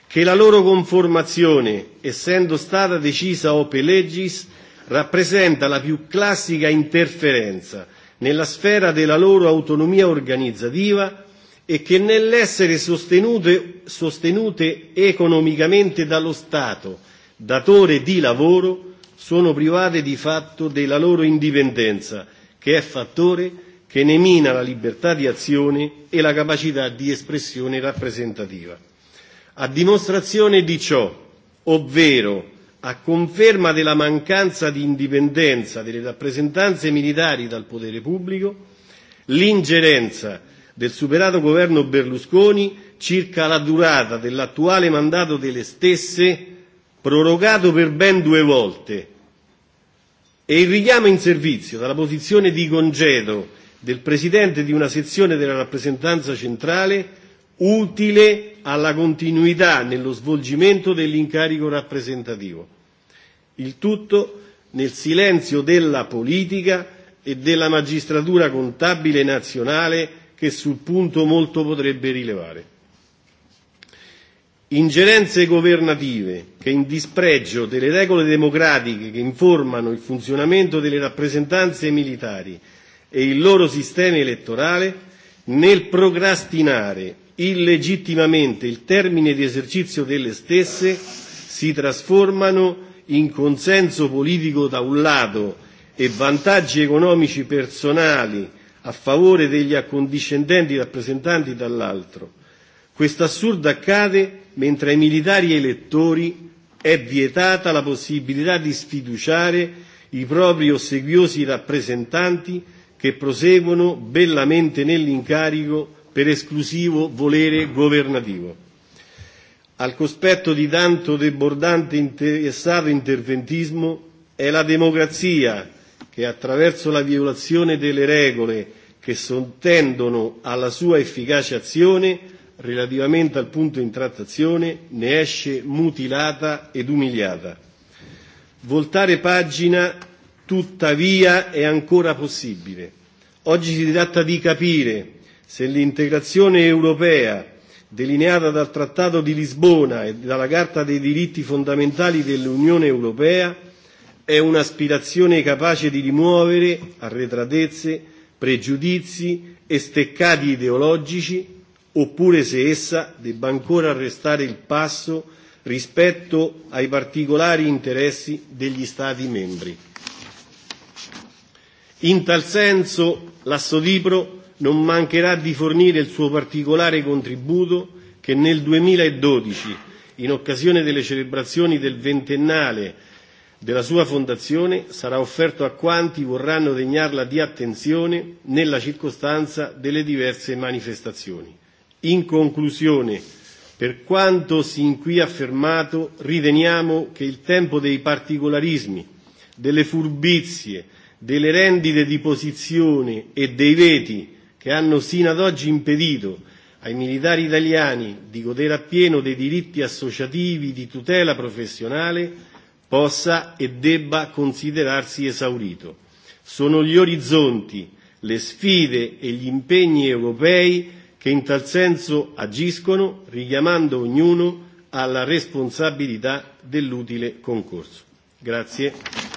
che la loro conformazione, essendo stata decisa ope legis, rappresenta la più classica interferenza nella sfera della loro autonomia organizzativa e che nell'essere sostenute, sostenute economicamente dallo Stato, datore di lavoro, sono private di fatto della loro indipendenza, che è fattore che ne mina la libertà di azione e la capacità di espressione rappresentativa. A dimostrazione di ciò, ovvero a conferma della mancanza di indipendenza delle rappresentanze militari dal potere pubblico, l'ingerenza del superato governo Berlusconi circa la durata dell'attuale mandato delle stesse, prorogato per ben due volte, e il richiamo in servizio dalla posizione di congedo del Presidente di una sezione della rappresentanza centrale utile alla continuità nello svolgimento dell'incarico rappresentativo. Il tutto nel silenzio della politica e della magistratura contabile nazionale che sul punto molto potrebbe rilevare. Ingerenze governative che in dispregio delle regole democratiche che informano il funzionamento delle rappresentanze militari e il loro sistema elettorale nel procrastinare illegittimamente il termine di esercizio delle stesse si trasformano in consenso politico da un lato e vantaggi economici personali a favore degli accondiscendenti rappresentanti dall'altro. Quest'assurdo accade mentre ai militari elettori è vietata la possibilità di sfiduciare i propri ossequiosi rappresentanti che proseguono bellamente nell'incarico per esclusivo volere governativo. Al cospetto di tanto debordante interessato interventismo è la democrazia che attraverso la violazione delle regole che sottendono alla sua efficace azione relativamente al punto in trattazione ne esce mutilata ed umiliata. Voltare pagina tuttavia è ancora possibile. Oggi si tratta di capire Se l'integrazione europea, delineata dal Trattato di Lisbona e dalla Carta dei diritti fondamentali dell'Unione europea, è un'aspirazione capace di rimuovere arretratezze, pregiudizi e steccati ideologici, oppure se essa debba ancora restare il passo rispetto ai particolari interessi degli Stati membri. In tal senso, l'assodipro non mancherà di fornire il suo particolare contributo che nel 2012, in occasione delle celebrazioni del ventennale della sua fondazione, sarà offerto a quanti vorranno degnarla di attenzione nella circostanza delle diverse manifestazioni. In conclusione, per quanto sin qui affermato, riteniamo che il tempo dei particolarismi, delle furbizie, delle rendite di posizione e dei veti che hanno sino ad oggi impedito ai militari italiani di godere appieno dei diritti associativi di tutela professionale possa e debba considerarsi esaurito. Sono gli orizzonti, le sfide e gli impegni europei che in tal senso agiscono, richiamando ognuno alla responsabilità dell'utile concorso. Grazie.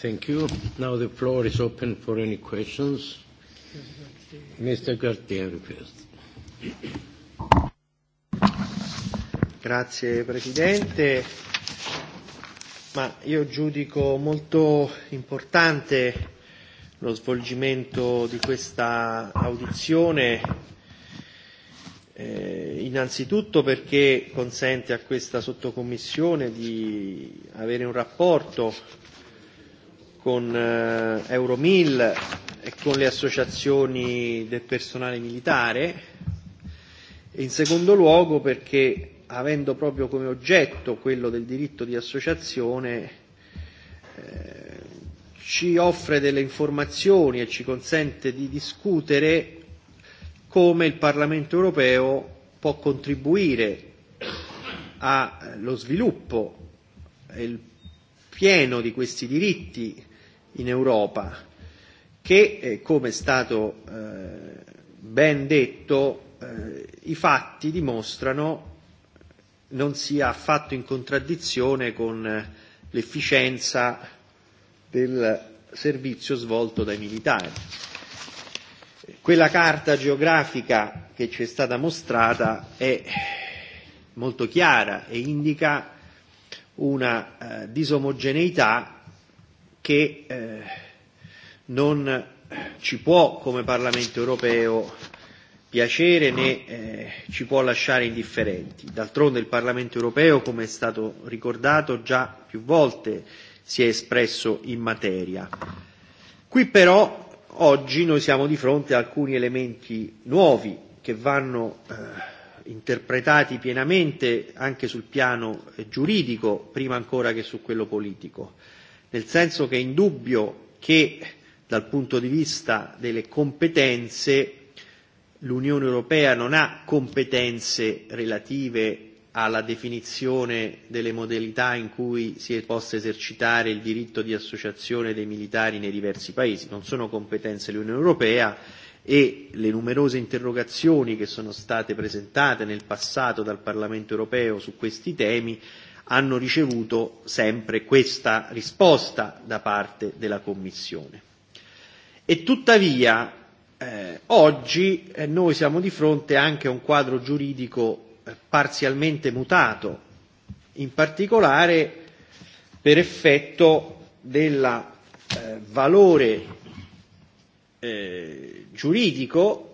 Thank you. Now the floor is open for any questions. Mr. Gartier first. Grazie Presidente. Ma io giudico molto importante lo svolgimento di questa audizione, eh, innanzitutto perché consente a questa sottocommissione di avere un rapporto con eh, Euromil e con le associazioni del personale militare e in secondo luogo perché avendo proprio come oggetto quello del diritto di associazione eh, ci offre delle informazioni e ci consente di discutere come il Parlamento europeo può contribuire allo sviluppo e il pieno di questi diritti in Europa, che, eh, come è stato eh, ben detto, eh, i fatti dimostrano non sia affatto in contraddizione con eh, l'efficienza del servizio svolto dai militari. Quella carta geografica che ci è stata mostrata è molto chiara e indica una eh, disomogeneità che eh, non ci può come Parlamento europeo piacere né eh, ci può lasciare indifferenti. D'altronde il Parlamento europeo, come è stato ricordato, già più volte si è espresso in materia. Qui però oggi noi siamo di fronte a alcuni elementi nuovi che vanno eh, interpretati pienamente anche sul piano giuridico, prima ancora che su quello politico. Eh, nel senso che è indubbio che dal punto di vista delle competenze l'Unione Europea non ha competenze relative alla definizione delle modalità in cui si possa esercitare il diritto di associazione dei militari nei diversi paesi, non sono competenze dell'Unione Europea e le numerose interrogazioni che sono state presentate nel passato dal Parlamento europeo su questi temi hanno ricevuto sempre questa risposta da parte della Commissione. E tuttavia eh, oggi eh, noi siamo di fronte anche a un quadro giuridico eh, parzialmente mutato, in particolare per effetto del eh, valore eh, giuridico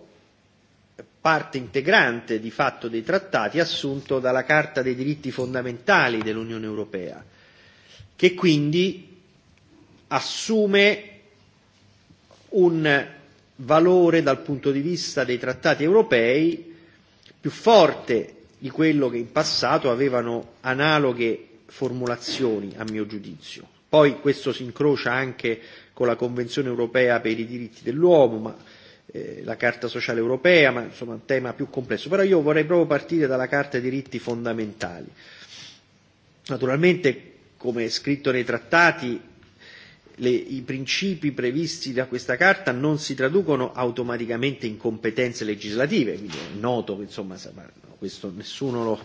parte integrante di fatto dei trattati assunto dalla Carta dei diritti fondamentali dell'Unione Europea, che quindi assume un valore dal punto di vista dei trattati europei più forte di quello che in passato avevano analoghe formulazioni, a mio giudizio. Poi questo si incrocia anche con la Convenzione europea per i diritti dell'uomo, ma eh, la Carta sociale europea, ma insomma un tema più complesso. Però io vorrei proprio partire dalla Carta dei diritti fondamentali. Naturalmente, come è scritto nei trattati, le, i principi previsti da questa Carta non si traducono automaticamente in competenze legislative, quindi è noto che insomma, questo nessuno lo,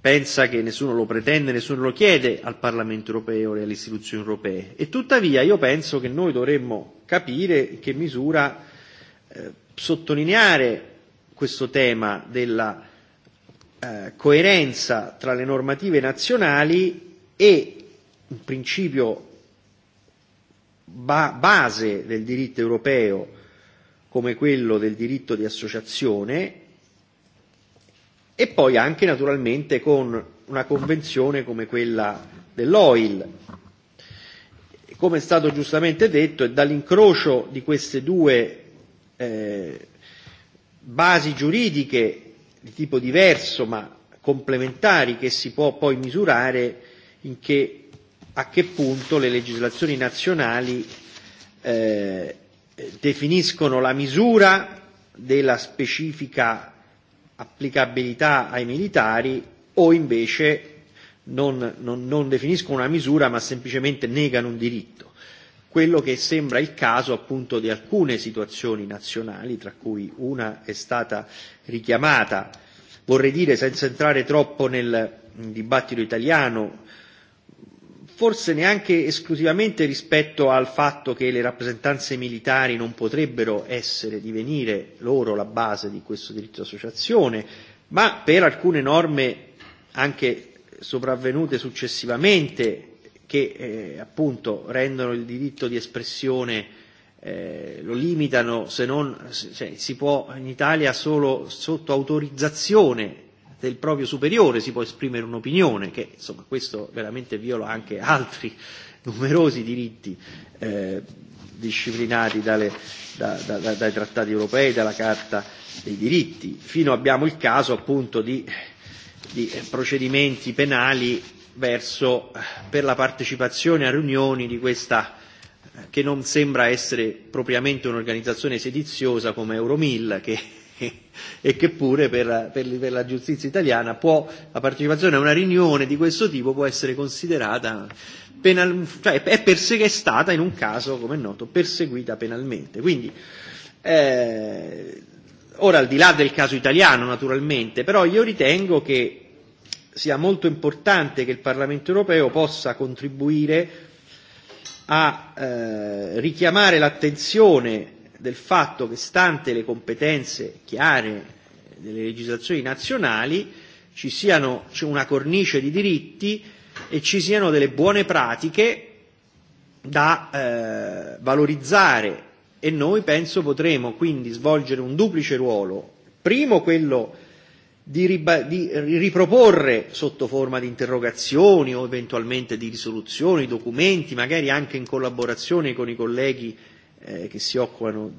pensa che nessuno lo pretende, nessuno lo chiede al Parlamento europeo e alle istituzioni europee. E tuttavia io penso che noi dovremmo capire in che misura eh, sottolineare questo tema della eh, coerenza tra le normative nazionali e un principio ba- base del diritto europeo come quello del diritto di associazione e poi anche naturalmente con una convenzione come quella dell'OIL. Come è stato giustamente detto, è dall'incrocio di queste due eh, basi giuridiche di tipo diverso ma complementari che si può poi misurare in che, a che punto le legislazioni nazionali eh, definiscono la misura della specifica applicabilità ai militari o invece non, non, non definiscono una misura ma semplicemente negano un diritto quello che sembra il caso appunto di alcune situazioni nazionali, tra cui una è stata richiamata. Vorrei dire, senza entrare troppo nel dibattito italiano, forse neanche esclusivamente rispetto al fatto che le rappresentanze militari non potrebbero essere, divenire loro la base di questo diritto d'associazione, ma per alcune norme anche sopravvenute successivamente che eh, appunto rendono il diritto di espressione eh, lo limitano se non cioè, si può in Italia solo sotto autorizzazione del proprio superiore si può esprimere un'opinione che insomma questo veramente viola anche altri numerosi diritti eh, disciplinati dalle, da, da, da, dai trattati europei, dalla Carta dei diritti, fino abbiamo il caso appunto di, di procedimenti penali verso, per la partecipazione a riunioni di questa che non sembra essere propriamente un'organizzazione sediziosa come Euromil, che, e che pure per, per, per la giustizia italiana può, la partecipazione a una riunione di questo tipo può essere considerata penal, cioè è, perse- è stata in un caso, come è noto, perseguita penalmente. Quindi, eh, ora al di là del caso italiano naturalmente, però io ritengo che sia molto importante che il Parlamento europeo possa contribuire a eh, richiamare l'attenzione del fatto che, stante le competenze chiare delle legislazioni nazionali, ci siano, c'è una cornice di diritti e ci siano delle buone pratiche da eh, valorizzare e noi penso potremo quindi svolgere un duplice ruolo, primo quello di, riba- di riproporre sotto forma di interrogazioni o eventualmente di risoluzioni, documenti, magari anche in collaborazione con i colleghi eh, che si occupano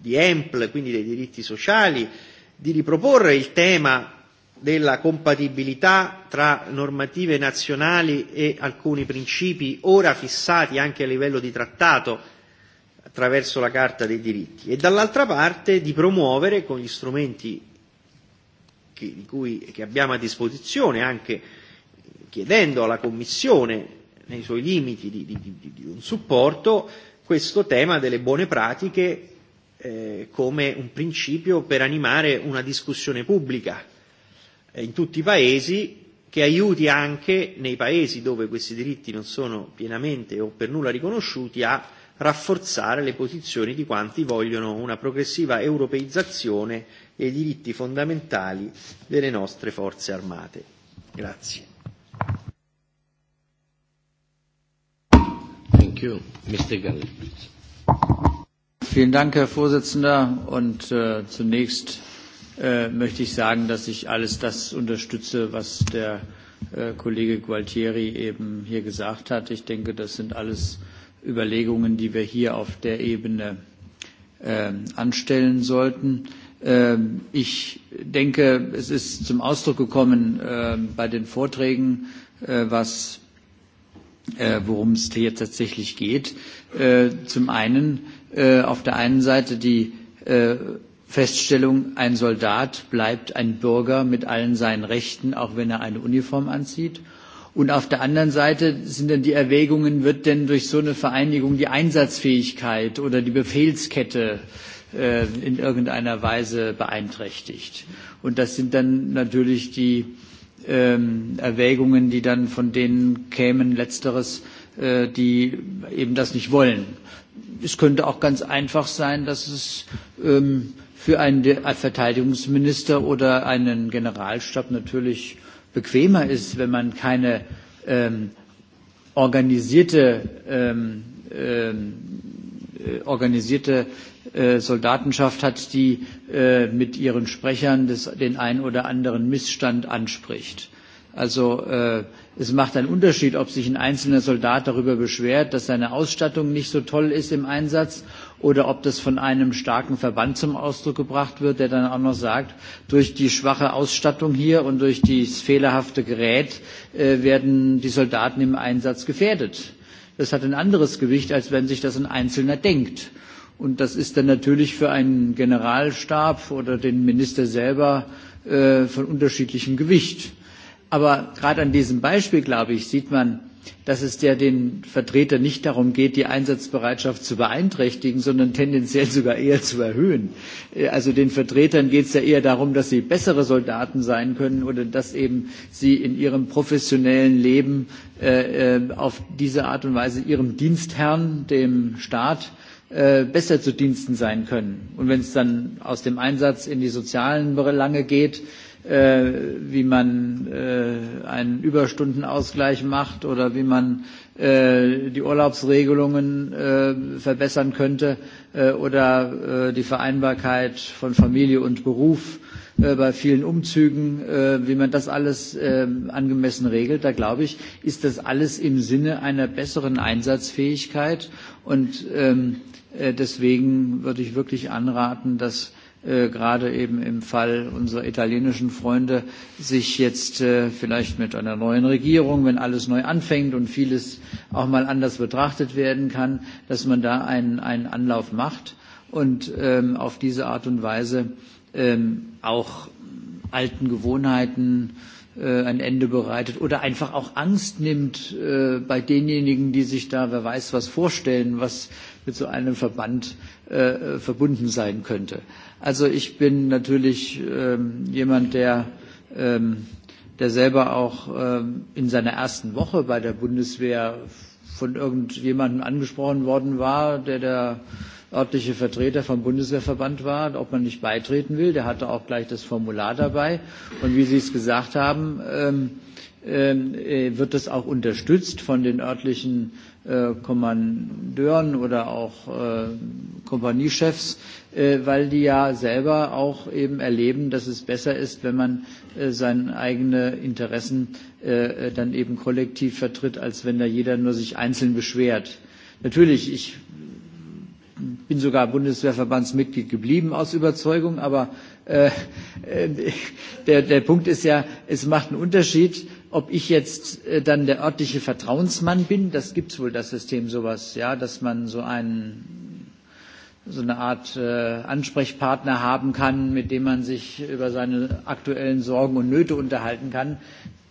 di EMPL, quindi dei diritti sociali, di riproporre il tema della compatibilità tra normative nazionali e alcuni principi ora fissati anche a livello di trattato attraverso la Carta dei diritti e dall'altra parte di promuovere con gli strumenti che, di cui, che abbiamo a disposizione, anche chiedendo alla Commissione, nei suoi limiti, di, di, di, di un supporto, questo tema delle buone pratiche eh, come un principio per animare una discussione pubblica eh, in tutti i paesi che aiuti anche nei paesi dove questi diritti non sono pienamente o per nulla riconosciuti a rafforzare le posizioni di quanti vogliono una progressiva europeizzazione e i diritti fondamentali delle nostre forze armate. Grazie. Thank you. Mr. Gallet, please. Vielen Dank, Herr Vorsitzender. Und äh, zunächst äh, möchte ich sagen, dass ich alles das unterstütze, was der äh, Kollege Gualtieri eben hier gesagt hat. Ich denke, das sind alles Überlegungen, die wir hier auf der Ebene äh, anstellen sollten. Äh, Ähm, ich denke, es ist zum Ausdruck gekommen ähm, bei den Vorträgen, äh, was äh, worum es hier tatsächlich geht. Äh, zum einen auf der einen Seite die Feststellung, ein Soldat bleibt ein Bürger mit allen seinen Rechten, auch wenn er eine Uniform anzieht. Und auf der anderen Seite sind dann die Erwägungen, wird denn durch so eine Vereinigung die Einsatzfähigkeit oder die Befehlskette äh, äh, in irgendeiner Weise beeinträchtigt. Und das sind dann natürlich die ähm, Erwägungen, die dann von denen kämen, letzteres, äh, die eben das nicht wollen. Es könnte auch ganz einfach sein, dass es ähm, für einen Verteidigungsminister oder einen Generalstab natürlich bequemer ist, wenn man keine ähm, organisierte, ähm, ähm äh, organisierte äh, Soldatenschaft hat, die äh, mit ihren Sprechern des, den einen oder anderen Missstand anspricht. Also äh, es macht einen Unterschied, ob sich ein einzelner Soldat darüber beschwert, dass seine Ausstattung nicht so toll ist im Einsatz oder ob das von einem starken Verband zum Ausdruck gebracht wird, der dann auch noch sagt, durch die schwache Ausstattung hier und durch das fehlerhafte Gerät äh, werden die Soldaten im Einsatz gefährdet. Das hat ein anderes Gewicht, als wenn sich das ein Einzelner denkt. Und das ist dann natürlich für einen Generalstab oder den Minister selber äh, von unterschiedlichem Gewicht. Aber gerade an diesem Beispiel, glaube ich, sieht man, dass es ja den Vertretern nicht darum geht, die Einsatzbereitschaft zu beeinträchtigen, sondern tendenziell sogar eher zu erhöhen. Äh, also den Vertretern geht es ja eher darum, dass sie bessere Soldaten sein können oder dass eben sie in ihrem professionellen Leben äh, äh auf diese Art und Weise ihrem Dienstherrn, dem Staat, äh, äh, besser zu Diensten sein können. Und wenn es dann aus dem Einsatz in die sozialen Belange geht, äh, wie man äh, einen Überstundenausgleich macht oder wie man äh, die Urlaubsregelungen äh, verbessern könnte äh, oder äh, die Vereinbarkeit von Familie und Beruf äh, bei vielen Umzügen, äh, wie man das alles äh, angemessen regelt, da glaube ich, ist das alles im Sinne einer besseren Einsatzfähigkeit und ähm, Äh, deswegen würde ich wirklich anraten, dass äh, gerade eben im Fall unserer italienischen Freunde sich jetzt äh, vielleicht mit einer neuen Regierung, wenn alles neu anfängt und vieles auch mal anders betrachtet werden kann, dass man da einen, einen Anlauf macht und ähm, auf diese Art und Weise ähm, auch alten Gewohnheiten äh, ein Ende bereitet oder einfach auch Angst nimmt äh, bei denjenigen, die sich da, wer weiß was, vorstellen, was mit so einem Verband äh, verbunden sein könnte. Also ich bin natürlich ähm, jemand, der, ähm, der selber auch ähm, in seiner ersten Woche bei der Bundeswehr von irgendjemandem angesprochen worden war, der der örtliche Vertreter vom Bundeswehrverband war, ob man nicht beitreten will. Der hatte auch gleich das Formular dabei. Und wie Sie es gesagt haben, ähm, ähm äh, wird das auch unterstützt von den örtlichen äh, Kommandeuren oder auch äh, Kompaniechefs, äh, weil die ja selber auch eben erleben, dass es besser ist, wenn man äh, seine eigenen Interessen äh, äh, dann eben kollektiv vertritt, als wenn da jeder nur sich einzeln beschwert. Natürlich, ich bin sogar Bundeswehrverbandsmitglied geblieben aus Überzeugung, aber äh, äh, der, der Punkt ist ja, es macht einen Unterschied, ob ich jetzt äh, dann der örtliche Vertrauensmann bin, das gibt es wohl, das System sowas, ja, dass man so einen so eine Art äh, Ansprechpartner haben kann, mit dem man sich über seine aktuellen Sorgen und Nöte unterhalten kann.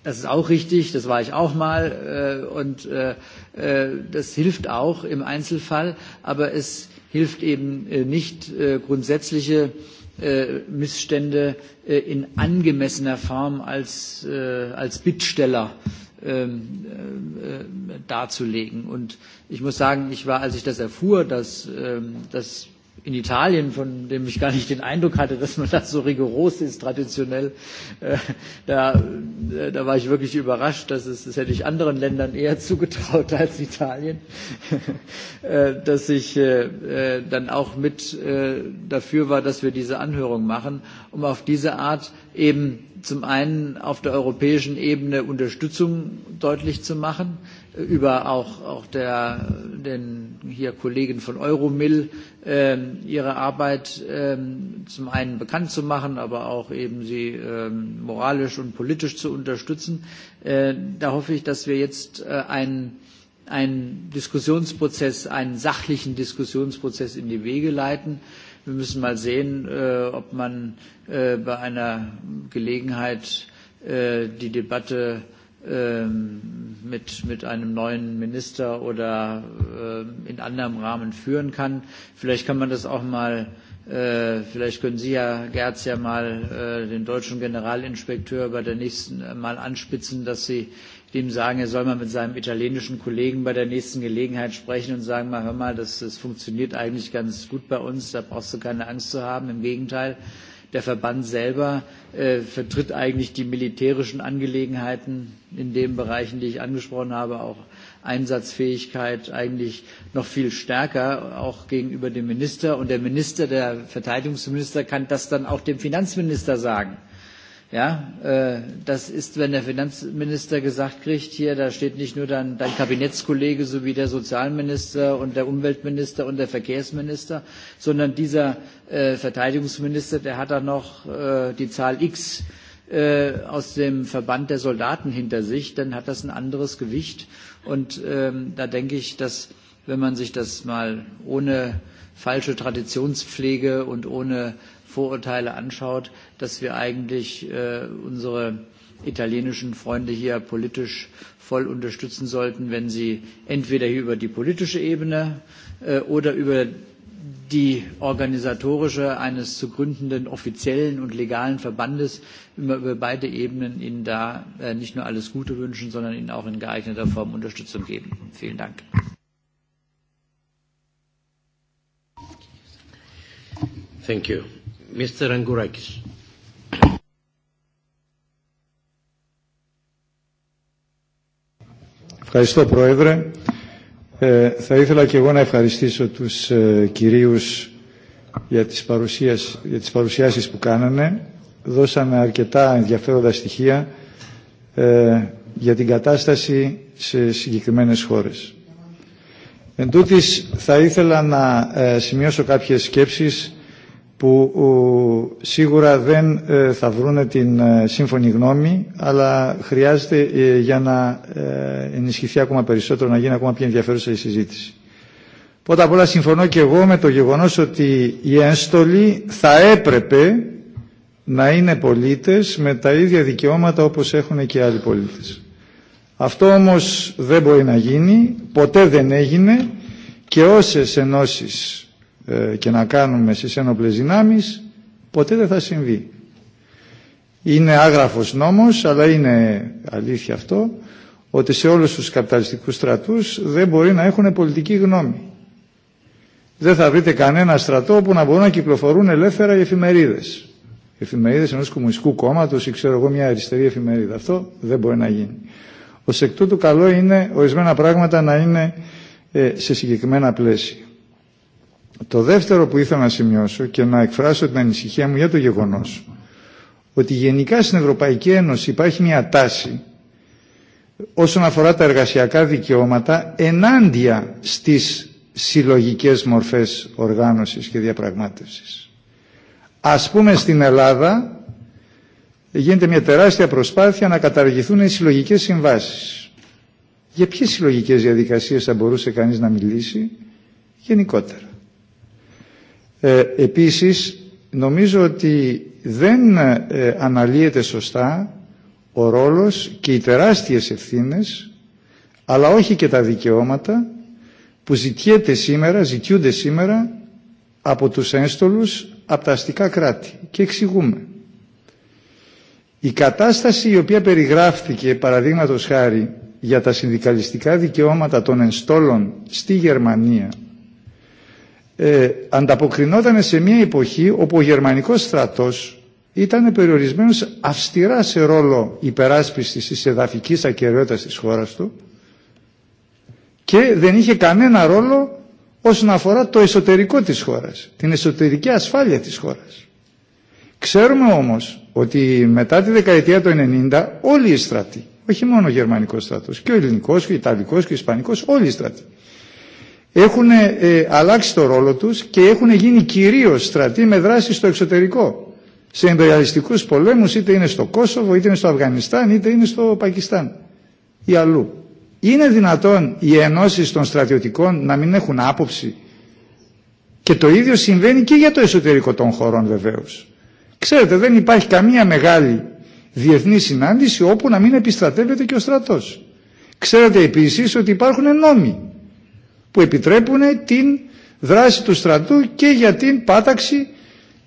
Das ist auch richtig, das war ich auch mal äh, und äh, äh, das hilft auch im Einzelfall, aber es hilft eben äh, nicht äh, grundsätzliche äh, Äh, Missstände äh, in angemessener Form als, äh, als Bittsteller ähm, darzulegen. Und ich muss sagen, ich war, als ich das erfuhr, dass, ähm, dass in Italien, von dem ich gar nicht den Eindruck hatte, dass man das so rigoros ist, traditionell, äh, da, äh, da war ich wirklich überrascht, dass es, das hätte ich anderen Ländern eher zugetraut als Italien, äh, dass ich äh, äh, dann auch mit äh, dafür war, dass wir diese Anhörung machen, um auf diese Art eben zum einen auf der europäischen Ebene Unterstützung deutlich zu machen, äh, über auch, auch der, den hier Kollegen von Euromill ähm, ihre Arbeit ähm, zum einen bekannt zu machen, aber auch eben sie ähm, moralisch und politisch zu unterstützen. Äh, da hoffe ich, dass wir jetzt äh, einen, einen Diskussionsprozess, einen sachlichen Diskussionsprozess in die Wege leiten. Wir müssen mal sehen, äh, ob man äh, bei einer Gelegenheit äh, die Debatte äh, Ähm, mit, mit einem neuen Minister oder äh, in anderem Rahmen führen kann. Vielleicht kann man das auch mal, äh, vielleicht können Sie ja, Gerz, ja mal äh, den deutschen Generalinspekteur bei der nächsten äh, mal anspitzen, dass Sie dem sagen, er soll mal mit seinem italienischen Kollegen bei der nächsten Gelegenheit sprechen und sagen mal, hör mal, das, das funktioniert eigentlich ganz gut bei uns, da brauchst du keine Angst zu haben, im Gegenteil. Äh, der Verband selber äh, vertritt eigentlich die militärischen Angelegenheiten in den Bereichen, die ich angesprochen habe, auch Einsatzfähigkeit eigentlich noch viel stärker, auch gegenüber dem Minister. Und der Minister, der Verteidigungsminister, kann das dann auch dem Finanzminister sagen Ja, äh, das ist, wenn der Finanzminister gesagt kriegt, hier, da steht nicht nur dein, dein Kabinettskollege sowie der Sozialminister und der Umweltminister und der Verkehrsminister, sondern dieser äh, Verteidigungsminister, der hat da noch äh, die Zahl X äh, aus dem Verband der Soldaten hinter sich, dann hat das ein anderes Gewicht. Und ähm, da denke ich, dass wenn man sich das mal ohne falsche Traditionspflege und ohne Vorurteile anschaut, dass wir eigentlich äh, unsere italienischen Freunde hier politisch voll unterstützen sollten, wenn sie entweder hier über die politische Ebene äh, oder über die organisatorische eines zu gründenden offiziellen und legalen Verbandes immer über beide Ebenen Ihnen da äh, nicht nur alles Gute wünschen, sondern Ihnen auch in geeigneter Form Unterstützung geben. Vielen Dank. Thank you. Mr. Angourakis. Ευχαριστώ Πρόεδρε. Ε, θα ήθελα και εγώ να ευχαριστήσω τους ε, κυρίους για τις, παρουσίες, για τις παρουσιάσεις που κάνανε. Δώσανε αρκετά ενδιαφέροντα στοιχεία ε, για την κατάσταση σε συγκεκριμένες χώρες. Εν τούτης, θα ήθελα να ε, σημειώσω κάποιες σκέψεις που σίγουρα δεν θα βρούνε την σύμφωνη γνώμη, αλλά χρειάζεται για να ενισχυθεί ακόμα περισσότερο, να γίνει ακόμα πιο ενδιαφέρουσα η συζήτηση. Πρώτα απ' όλα συμφωνώ και εγώ με το γεγονός ότι οι ένστολοι θα έπρεπε να είναι πολίτες με τα ίδια δικαιώματα όπως έχουν και άλλοι πολίτες. Αυτό όμως δεν μπορεί να γίνει, ποτέ δεν έγινε και όσες ενώσεις και να κάνουμε στις ένοπλες δυνάμεις ποτέ δεν θα συμβεί. Είναι άγραφος νόμος, αλλά είναι αλήθεια αυτό, ότι σε όλους τους καπιταλιστικούς στρατούς δεν μπορεί να έχουν πολιτική γνώμη. Δεν θα βρείτε κανένα στρατό που να μπορούν να κυκλοφορούν ελεύθερα οι εφημερίδες. Εφημερίδες ενός κομμουνιστικού κόμματος ή ξέρω εγώ μια αριστερή εφημερίδα. Αυτό δεν μπορεί να γίνει. Ως εκ τούτου καλό είναι ορισμένα πράγματα να είναι ε, σε συγκεκριμένα πλαίσια. Το δεύτερο που ήθελα να σημειώσω και να εκφράσω την ανησυχία μου για το γεγονός ότι γενικά στην Ευρωπαϊκή Ένωση υπάρχει μια τάση όσον αφορά τα εργασιακά δικαιώματα ενάντια στις συλλογικές μορφές οργάνωσης και διαπραγμάτευσης. Ας πούμε στην Ελλάδα γίνεται μια τεράστια προσπάθεια να καταργηθούν οι συλλογικές συμβάσεις. Για ποιες συλλογικές διαδικασίες θα μπορούσε κανείς να μιλήσει γενικότερα. Ε, επίσης, νομίζω ότι δεν ε, αναλύεται σωστά ο ρόλος και οι τεράστιες ευθύνες, αλλά όχι και τα δικαιώματα που ζητιέται σήμερα, ζητιούνται σήμερα από τους ένστολους, από τα αστικά κράτη. Και εξηγούμε. Η κατάσταση η οποία περιγράφθηκε, παραδείγματος χάρη, για τα συνδικαλιστικά δικαιώματα των ενστόλων στη Γερμανία – ε, ανταποκρινόταν σε μια εποχή όπου ο γερμανικός στρατός ήταν περιορισμένος αυστηρά σε ρόλο υπεράσπισης της εδαφικής ακεραιότητας της χώρας του και δεν είχε κανένα ρόλο όσον αφορά το εσωτερικό της χώρας, την εσωτερική ασφάλεια της χώρας. Ξέρουμε όμως ότι μετά τη δεκαετία του 90 όλοι οι στρατοί, όχι μόνο ο γερμανικός στρατός, και ο ελληνικός και ο ιταλικός και ο ισπανικός, όλοι οι στρατοί, έχουν ε, αλλάξει το ρόλο τους και έχουν γίνει κυρίως στρατοί με δράση στο εξωτερικό, σε εμπεριαλιστικούς πολέμους, είτε είναι στο Κόσοβο, είτε είναι στο Αφγανιστάν, είτε είναι στο Πακιστάν ή αλλού. Είναι δυνατόν οι ενώσεις των στρατιωτικών να μην έχουν άποψη και το ίδιο συμβαίνει και για το εσωτερικό των χωρών βεβαίως. Ξέρετε δεν υπάρχει καμία μεγάλη διεθνή συνάντηση όπου να μην επιστρατεύεται και ο στρατός. Ξέρετε επίσης ότι υπάρχουν νόμοι που επιτρέπουν την δράση του στρατού και για την πάταξη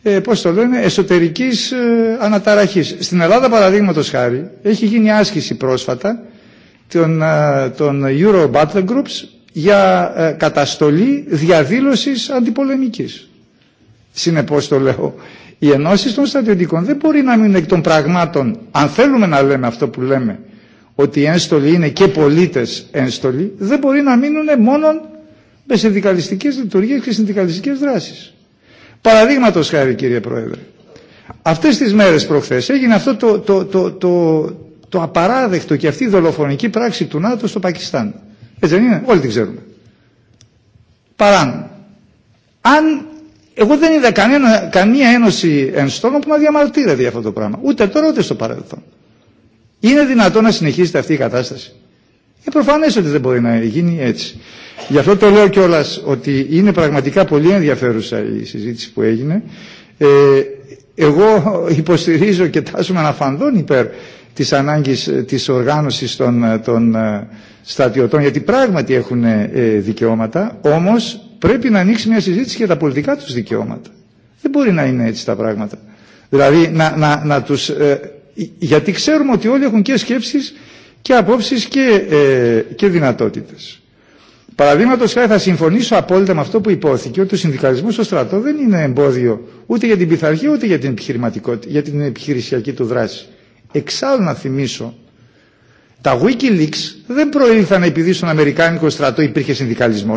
ε, πώς το λένε, εσωτερικής ε, αναταραχής. Στην Ελλάδα παραδείγματος χάρη έχει γίνει άσκηση πρόσφατα των, ε, των Euro Battle Groups για ε, καταστολή διαδήλωσης αντιπολεμικής. Συνεπώς το λέω. Οι ενώσεις των στρατιωτικών δεν μπορεί να μείνουν εκ των πραγμάτων, αν θέλουμε να λέμε αυτό που λέμε, ότι οι ένστολοι είναι και πολίτες ένστολοι, δεν μπορεί να μείνουν μόνον με συνδικαλιστικές λειτουργίες και συνδικαλιστικές δράσεις. Παραδείγματος χάρη κύριε Πρόεδρε. Αυτές τις μέρες προχθές έγινε αυτό το, το, το, το, το απαράδεκτο και αυτή η δολοφονική πράξη του ΝΑΤΟ στο Πακιστάν. Έτσι δεν είναι, όλοι την ξέρουμε. Παράνομο. Αν εγώ δεν είδα κανένα, καμία ένωση ενστών που να διαμαρτύρεται για αυτό το πράγμα. Ούτε τώρα ούτε στο παρελθόν. Είναι δυνατόν να συνεχίζεται αυτή η κατάσταση. Ε, προφανέ ότι δεν μπορεί να γίνει έτσι. Γι' αυτό το λέω κιόλα ότι είναι πραγματικά πολύ ενδιαφέρουσα η συζήτηση που έγινε. Ε, εγώ υποστηρίζω και τάσουμε αναφανδόν υπέρ της ανάγκης της οργάνωσης των, των στρατιωτών, γιατί πράγματι έχουν ε, δικαιώματα, όμως πρέπει να ανοίξει μια συζήτηση για τα πολιτικά τους δικαιώματα. Δεν μπορεί να είναι έτσι τα πράγματα. Δηλαδή να, να, να τους... Ε, γιατί ξέρουμε ότι όλοι έχουν και σκέψεις και απόψεις και, ε, και δυνατότητες. Παραδείγματο χάρη θα συμφωνήσω απόλυτα με αυτό που υπόθηκε ότι ο συνδικαλισμό στο στρατό δεν είναι εμπόδιο ούτε για την πειθαρχία ούτε για την, επιχειρηματικότητα, για την επιχειρησιακή του δράση. Εξάλλου να θυμίσω, τα Wikileaks δεν προήλθαν επειδή στον Αμερικάνικο στρατό υπήρχε συνδικαλισμό.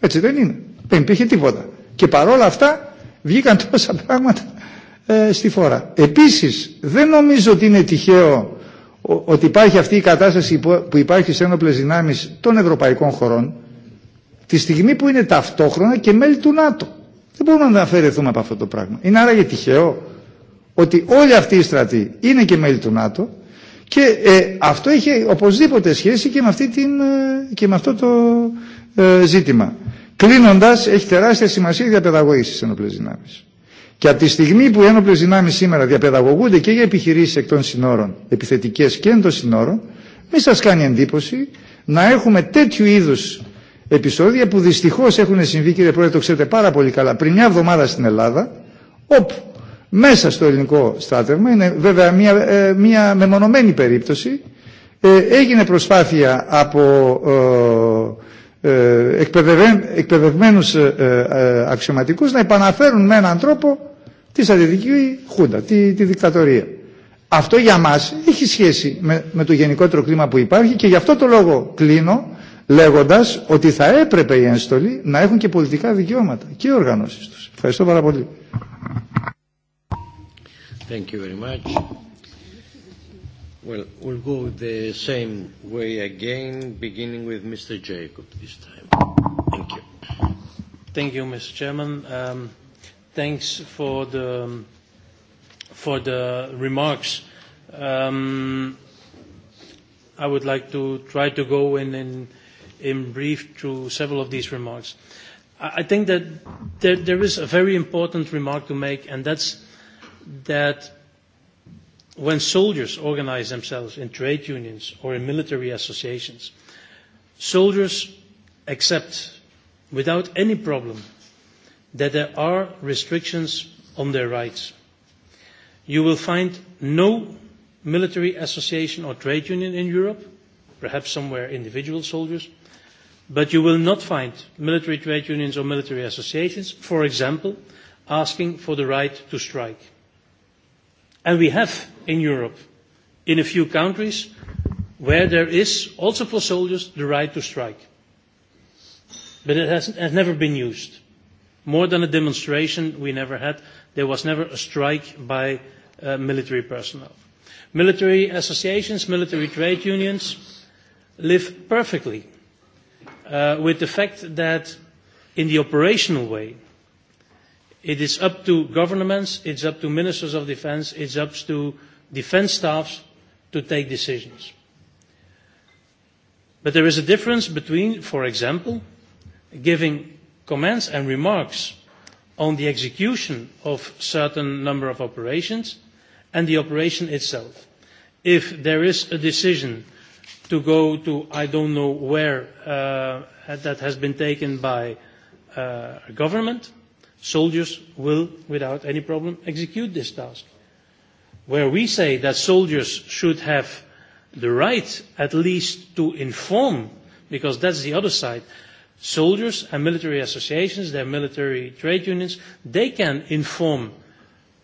Έτσι δεν είναι. Δεν υπήρχε τίποτα. Και παρόλα αυτά βγήκαν τόσα πράγματα ε, στη φορά. Επίση, δεν νομίζω ότι είναι τυχαίο ότι υπάρχει αυτή η κατάσταση που υπάρχει σε ένοπλες δυνάμεις των ευρωπαϊκών χωρών τη στιγμή που είναι ταυτόχρονα και μέλη του ΝΑΤΟ. Δεν μπορούμε να αφαιρεθούμε από αυτό το πράγμα. Είναι άραγε τυχαίο ότι όλοι αυτοί οι στρατοί είναι και μέλη του ΝΑΤΟ και ε, αυτό είχε οπωσδήποτε σχέση και με, αυτή την, ε, και με αυτό το ε, ζήτημα. Κλείνοντας, έχει τεράστια σημασία η διαπαιδαγώγηση στις ενόπλες δυνάμεις. Και από τη στιγμή που οι ένοπλε δυνάμει σήμερα διαπαιδαγωγούνται και για επιχειρήσει εκ των συνόρων, επιθετικέ και εντό συνόρων, μη σα κάνει εντύπωση να έχουμε τέτοιου είδου επεισόδια που δυστυχώ έχουν συμβεί, κύριε Πρόεδρε, το ξέρετε πάρα πολύ καλά, πριν μια εβδομάδα στην Ελλάδα, όπου μέσα στο ελληνικό στράτευμα, είναι βέβαια μια, ε, μια μεμονωμένη περίπτωση, ε, έγινε προσπάθεια από εκπαιδευμένους αξιωματικούς να επαναφέρουν με έναν τρόπο τη στρατιωτική χούντα, τη, τη δικτατορία. Αυτό για μας έχει σχέση με, με το γενικότερο κλίμα που υπάρχει και γι' αυτό το λόγο κλείνω λέγοντας ότι θα έπρεπε οι ένστολοι να έχουν και πολιτικά δικαιώματα και οι οργανώσεις τους. Ευχαριστώ πάρα πολύ. Thank you very much. Well, we'll go the same way again, beginning with Mr. Jacob this time. Thank you. Thank you, Mr. Chairman. Um, thanks for the, um, for the remarks. Um, I would like to try to go in, in, in brief through several of these remarks. I, I think that there, there is a very important remark to make, and that's that when soldiers organize themselves in trade unions or in military associations, soldiers accept without any problem that there are restrictions on their rights. You will find no military association or trade union in Europe, perhaps somewhere individual soldiers, but you will not find military trade unions or military associations, for example, asking for the right to strike And we have in Europe, in a few countries, where there is also for soldiers the right to strike. But it has, has never been used. More than a demonstration we never had. There was never a strike by uh, military personnel. Military associations, military trade unions live perfectly uh, with the fact that in the operational way, It is up to governments, it's up to ministers of defense, it's up to defense staffs to take decisions. But there is a difference between, for example, giving comments and remarks on the execution of certain number of operations and the operation itself. If there is a decision to go to I don't know where uh, that has been taken by uh, a government, soldiers will, without any problem, execute this task. Where we say that soldiers should have the right at least to inform, because that's the other side. Soldiers and military associations, their military trade unions, they can inform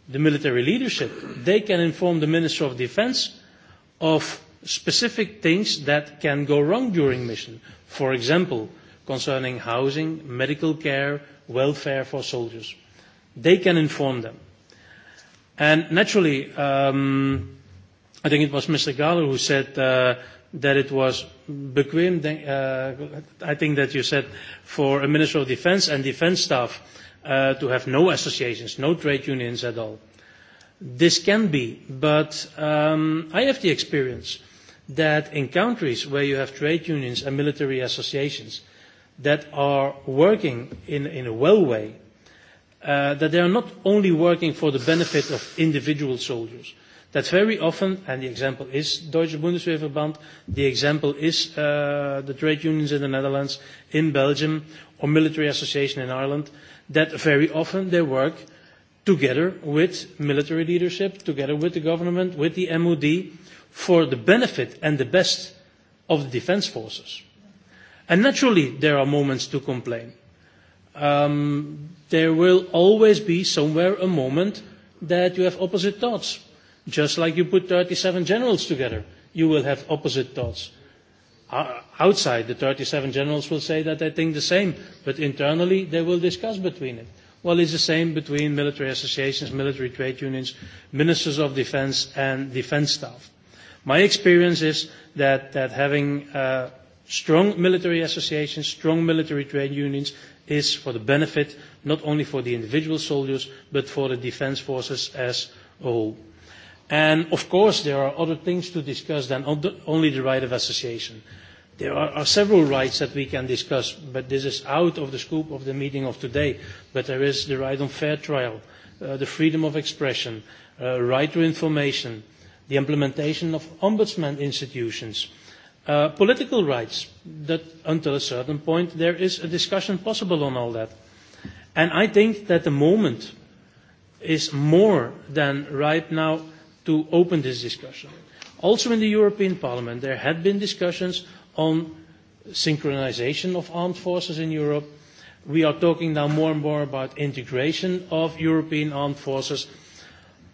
the military leadership. They can inform the Minister of Defense of specific things that can go wrong during mission. For example, concerning housing, medical care, welfare for soldiers. They can inform them. And naturally, um, I think it was Mr. Galler who said uh, that it was bequem, uh, I think that you said, for a Minister of Defense and defense staff uh, to have no associations, no trade unions at all. This can be, but um, I have the experience that in countries where you have trade unions and military associations, that are working in, in a well way, uh, that they are not only working for the benefit of individual soldiers, that very often, and the example is Deutsche Bundeswehrverband, the example is uh, the trade unions in the Netherlands, in Belgium, or military association in Ireland, that very often they work together with military leadership, together with the government, with the MOD, for the benefit and the best of the defense forces. And naturally, there are moments to complain. Um, there will always be somewhere a moment that you have opposite thoughts. Just like you put 37 generals together, you will have opposite thoughts. Uh, outside, the 37 generals will say that they think the same, but internally, they will discuss between it. Well, it's the same between military associations, military trade unions, ministers of defense, and defense staff. My experience is that, that having uh, Strong military associations, strong military trade unions is for the benefit not only for the individual soldiers but for the defense forces as a whole. And of course, there are other things to discuss than only the right of association. There are, are several rights that we can discuss, but this is out of the scope of the meeting of today. But there is the right on fair trial, uh, the freedom of expression, uh, right to information, the implementation of ombudsman institutions, uh, Uh, political rights, that until a certain point there is a discussion possible on all that. And I think that the moment is more than right now to open this discussion. Also in the European Parliament, there had been discussions on synchronization of armed forces in Europe. We are talking now more and more about integration of European armed forces.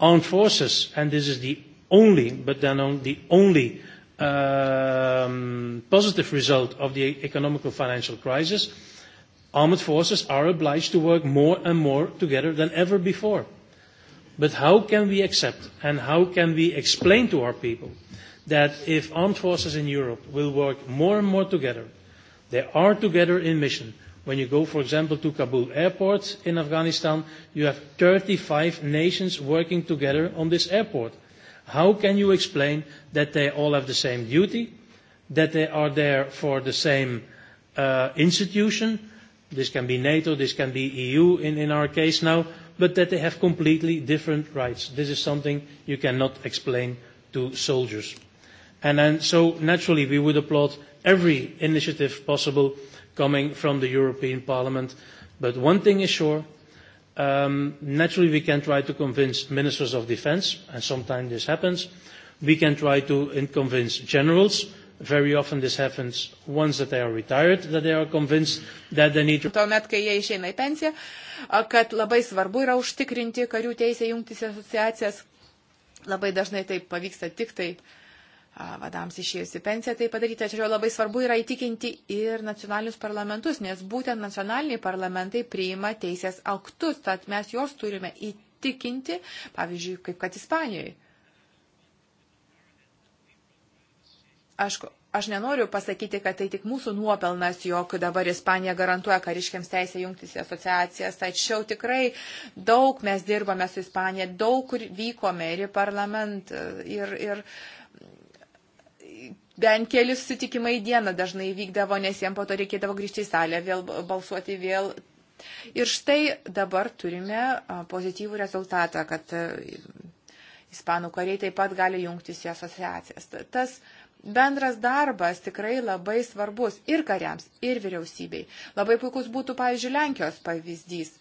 Armed forces, and this is the only, but then on the only um, positive result of the economical financial crisis, armed forces are obliged to work more and more together than ever before. But how can we accept and how can we explain to our people that if armed forces in Europe will work more and more together, they are together in mission. When you go, for example, to Kabul airport in Afghanistan, you have 35 nations working together on this airport – How can you explain that they all have the same duty, that they are there for the same uh, institution? This can be NATO, this can be EU in, in our case now, but that they have completely different rights. This is something you cannot explain to soldiers. And then, so naturally, we would applaud every initiative possible coming from the European Parliament. But one thing is sure, Um, naturally, we can try to convince ministers of defense, and sometimes this happens. We can try to convince generals. Very often this happens once that they are retired, that they are convinced that they need to... Tuomet, kai jie išeina į pensiją, kad labai svarbu yra užtikrinti karių teisę jungtis asociacijas. Labai dažnai tai pavyksta tik tai uh, vadams išėjus į pensiją tai padaryti. Tačiau labai svarbu yra įtikinti ir nacionalinius parlamentus, nes būtent nacionaliniai parlamentai priima teisės aktus, tad mes juos turime įtikinti, pavyzdžiui, kaip kad Ispanijoje. Aišku, aš nenoriu pasakyti, kad tai tik mūsų nuopelnas, jog dabar Ispanija garantuoja kariškiams teisę jungtis į asociacijas, tačiau tikrai daug mes dirbame su Ispanija, daug kur vykome ir į parlamentą, ir, ir bent keli susitikimai dieną dažnai vykdavo, nes jiem po to reikėdavo grįžti į salę, vėl balsuoti, vėl. Ir štai dabar turime pozityvų rezultatą, kad ispanų kariai taip pat gali jungtis į asociacijas. Tas bendras darbas tikrai labai svarbus ir kariams, ir vyriausybei. Labai puikus būtų, pavyzdžiui, Lenkijos pavyzdys.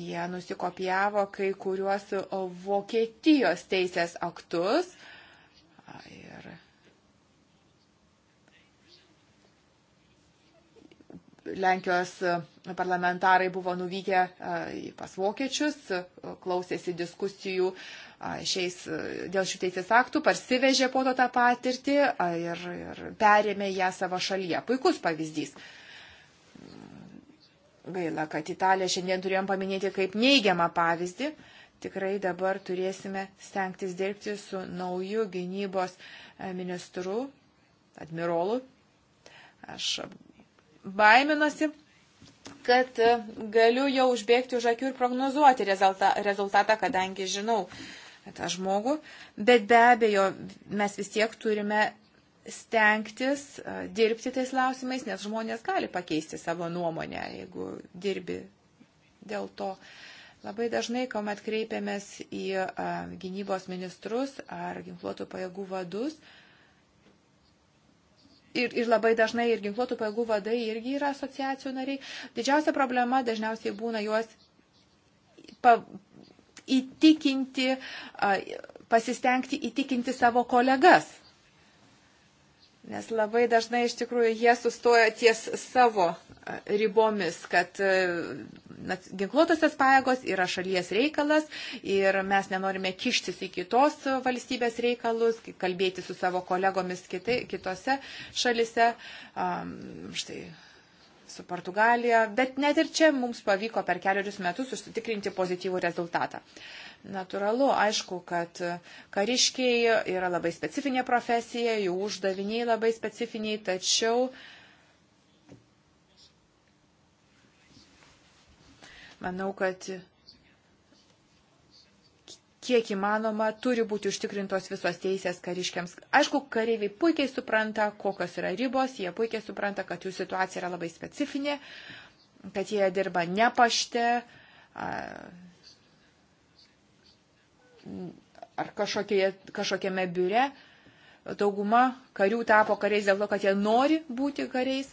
Jie nusikopijavo kai kuriuos Vokietijos teisės aktus Lenkijos e, parlamentarai buvo nuvykę e, pas vokiečius, e, klausėsi diskusijų šiais, dėl šių teisės aktų, parsivežė po to tą patirtį ir, ir perėmė ją savo šalyje. Puikus pavyzdys. Gaila, kad Italiją šiandien turėjom paminėti kaip neigiamą pavyzdį. Tikrai dabar turėsime stengtis dirbti su nauju gynybos ministru, admirolu, Aš baiminosi kad e, galiu jau užbėgti už akių ir prognozuoti rezultatą, kadangi žinau tą žmogų. Bet be abejo, mes vis tiek turime stengtis e, dirbti tais klausimais, nes žmonės gali pakeisti savo nuomonę, jeigu dirbi dėl to. Labai dažnai, kuomet kreipiamės į e, gynybos ministrus ar ginkluotų pajėgų vadus, ir, ir labai dažnai ir ginkluotų pajėgų vadai irgi yra asociacijų nariai. Didžiausia problema dažniausiai būna juos pa, įtikinti, pasistengti įtikinti savo kolegas Nes labai dažnai iš tikrųjų jie sustoja ties savo ribomis, kad e, ginkluotosios pajėgos yra šalies reikalas ir mes nenorime kištis į kitos valstybės reikalus, kalbėti su savo kolegomis kitai, kitose šalise. Um, štai, su Portugalija, bet net ir čia mums pavyko per keliarius metus užsitikrinti pozityvų rezultatą. Natūralu, aišku, kad kariškiai yra labai specifinė profesija, jų uždaviniai labai specifiniai, tačiau manau, kad kiek įmanoma, turi būti užtikrintos visos teisės kariškiams. Aišku, kareiviai puikiai supranta, kokios yra ribos, jie puikiai supranta, kad jų situacija yra labai specifinė, kad jie dirba ne pašte, ar kažkokie, kažkokiame biure. Dauguma karių tapo kariais dėl to, kad jie nori būti kariais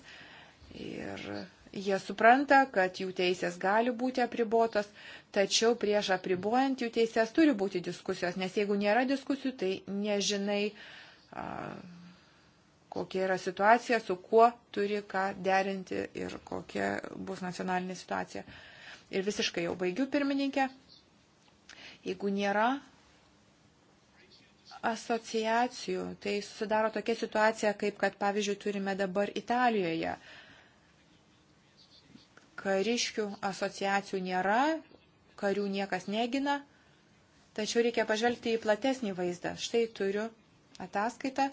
ir jie supranta, kad jų teisės gali būti apribotos, tačiau prieš apribuojant jų teisės turi būti diskusijos, nes jeigu nėra diskusijų, tai nežinai, kokia yra situacija, su kuo turi ką derinti ir kokia bus nacionalinė situacija. Ir visiškai jau baigiu pirmininkę. Jeigu nėra asociacijų, tai susidaro tokia situacija, kaip kad, pavyzdžiui, turime dabar Italijoje. Kariškių asociacijų nėra, karių niekas negina, tačiau reikia pažvelgti į platesnį vaizdą. Štai turiu ataskaitą.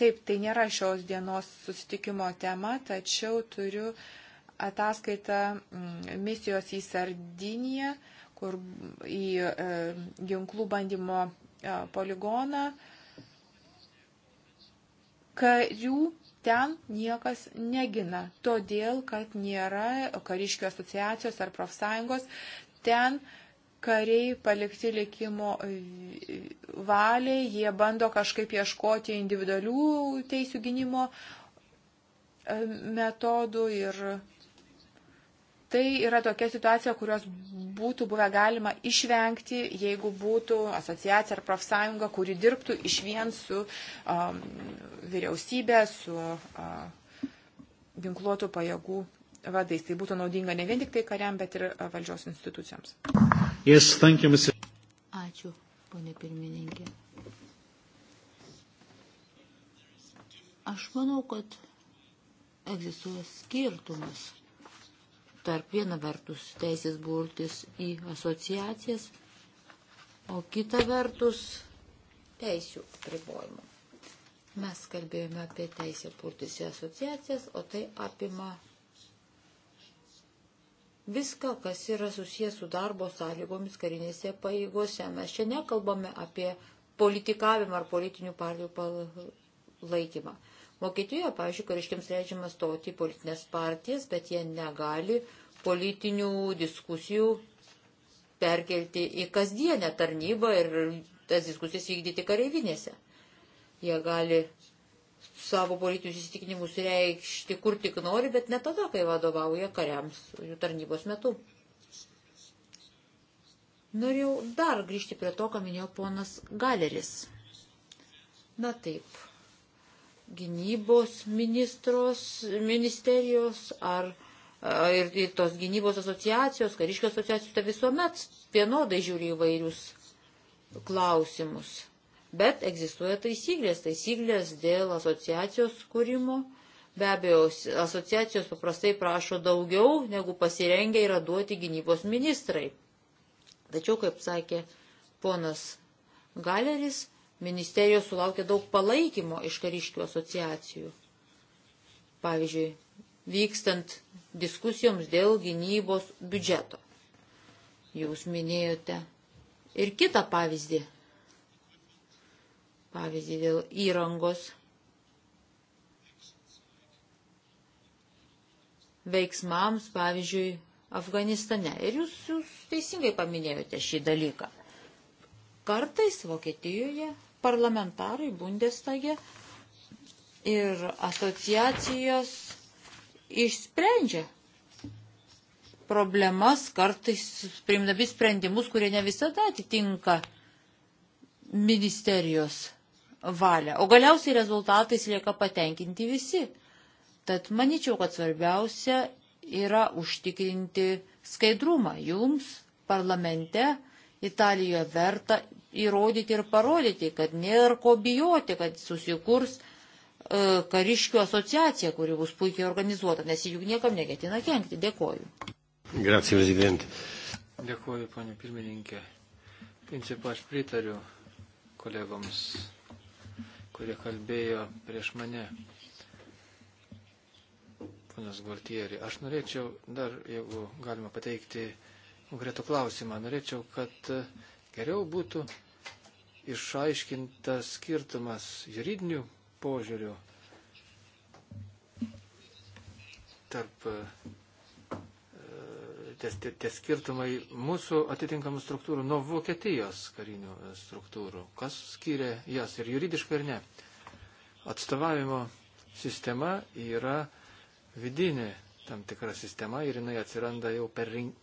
Taip, tai nėra šios dienos susitikimo tema, tačiau turiu ataskaitą mm, misijos į Sardiniją kur į e, ginklų bandymo e, poligoną. Karių ten niekas negina, todėl kad nėra kariškių asociacijos ar profsąjungos. Ten kariai palikti likimo valiai, jie bando kažkaip ieškoti individualių teisų gynimo e, metodų ir Tai yra tokia situacija, kurios būtų buvę galima išvengti, jeigu būtų asociacija ar profsąjunga, kuri dirbtų iš vien su um, vyriausybė, su uh, ginkluotų pajėgų vadais. Tai būtų naudinga ne vien tik tai kariam, bet ir uh, valdžios institucijoms. Yes, you, Ačiū, ponė pirmininkė. Aš manau, kad egzistuoja skirtumas tarp viena vertus teisės burtis į asociacijas, o kita vertus teisių pribojimų. Mes kalbėjome apie teisę burtis į asociacijas, o tai apima viską, kas yra susijęs su darbo sąlygomis karinėse paėgose. Mes čia nekalbame apie politikavimą ar politinių partijų palaikymą. Vokietijoje, pavyzdžiui, kariškiams leidžiama stoti į politinės partijas, bet jie negali politinių diskusijų perkelti į kasdienę tarnybą ir tas diskusijas vykdyti kareivinėse. Jie gali savo politinius įsitikinimus reikšti kur tik nori, bet ne tada, kai vadovauja kariams jų tarnybos metu. Norėjau dar grįžti prie to, ką minėjo ponas Galeris. Na taip, gynybos ministros, ministerijos ar ir, ir tos gynybos asociacijos, kariškio asociacijos, tai visuomet vienodai žiūri įvairius klausimus. Bet egzistuoja taisyklės, taisyklės dėl asociacijos kūrimo. Be abejo, asociacijos paprastai prašo daugiau, negu pasirengia yra duoti gynybos ministrai. Tačiau, kaip sakė ponas Galeris, ministerijos sulaukė daug palaikymo iš kariškių asociacijų. Pavyzdžiui, vykstant diskusijoms dėl gynybos biudžeto. Jūs minėjote ir kitą pavyzdį. Pavyzdį dėl įrangos veiksmams, pavyzdžiui, Afganistane. Ir jūs, jūs teisingai paminėjote šį dalyką. Kartais Vokietijoje parlamentarai Bundestage ir asociacijos išsprendžia problemas, kartais priimdami sprendimus, kurie ne visada atitinka ministerijos valią. O galiausiai rezultatais lieka patenkinti visi. Tad manyčiau, kad svarbiausia yra užtikrinti skaidrumą jums parlamente. Italijoje verta įrodyti ir parodyti, kad nėra ko bijoti, kad susikurs e, kariškių asociacija, kuri bus puikiai organizuota, nes juk niekam neketina kenkti. Dėkoju. Grazie, prezidentė. Dėkoju, ponė pirmininkė. Principą aš pritariu kolegoms, kurie kalbėjo prieš mane. Ponas Gualtieri, aš norėčiau dar, jeigu galima pateikti konkretų klausimą, norėčiau, kad uh, Geriau būtų išaiškintas skirtumas juridinių požiūrių tarp e, tie, tie skirtumai mūsų atitinkamų struktūrų nuo Vokietijos karinių e, struktūrų. Kas skiria jas ir juridiškai ir ne. Atstovavimo sistema yra vidinė tam tikra sistema ir jinai atsiranda jau per, rink,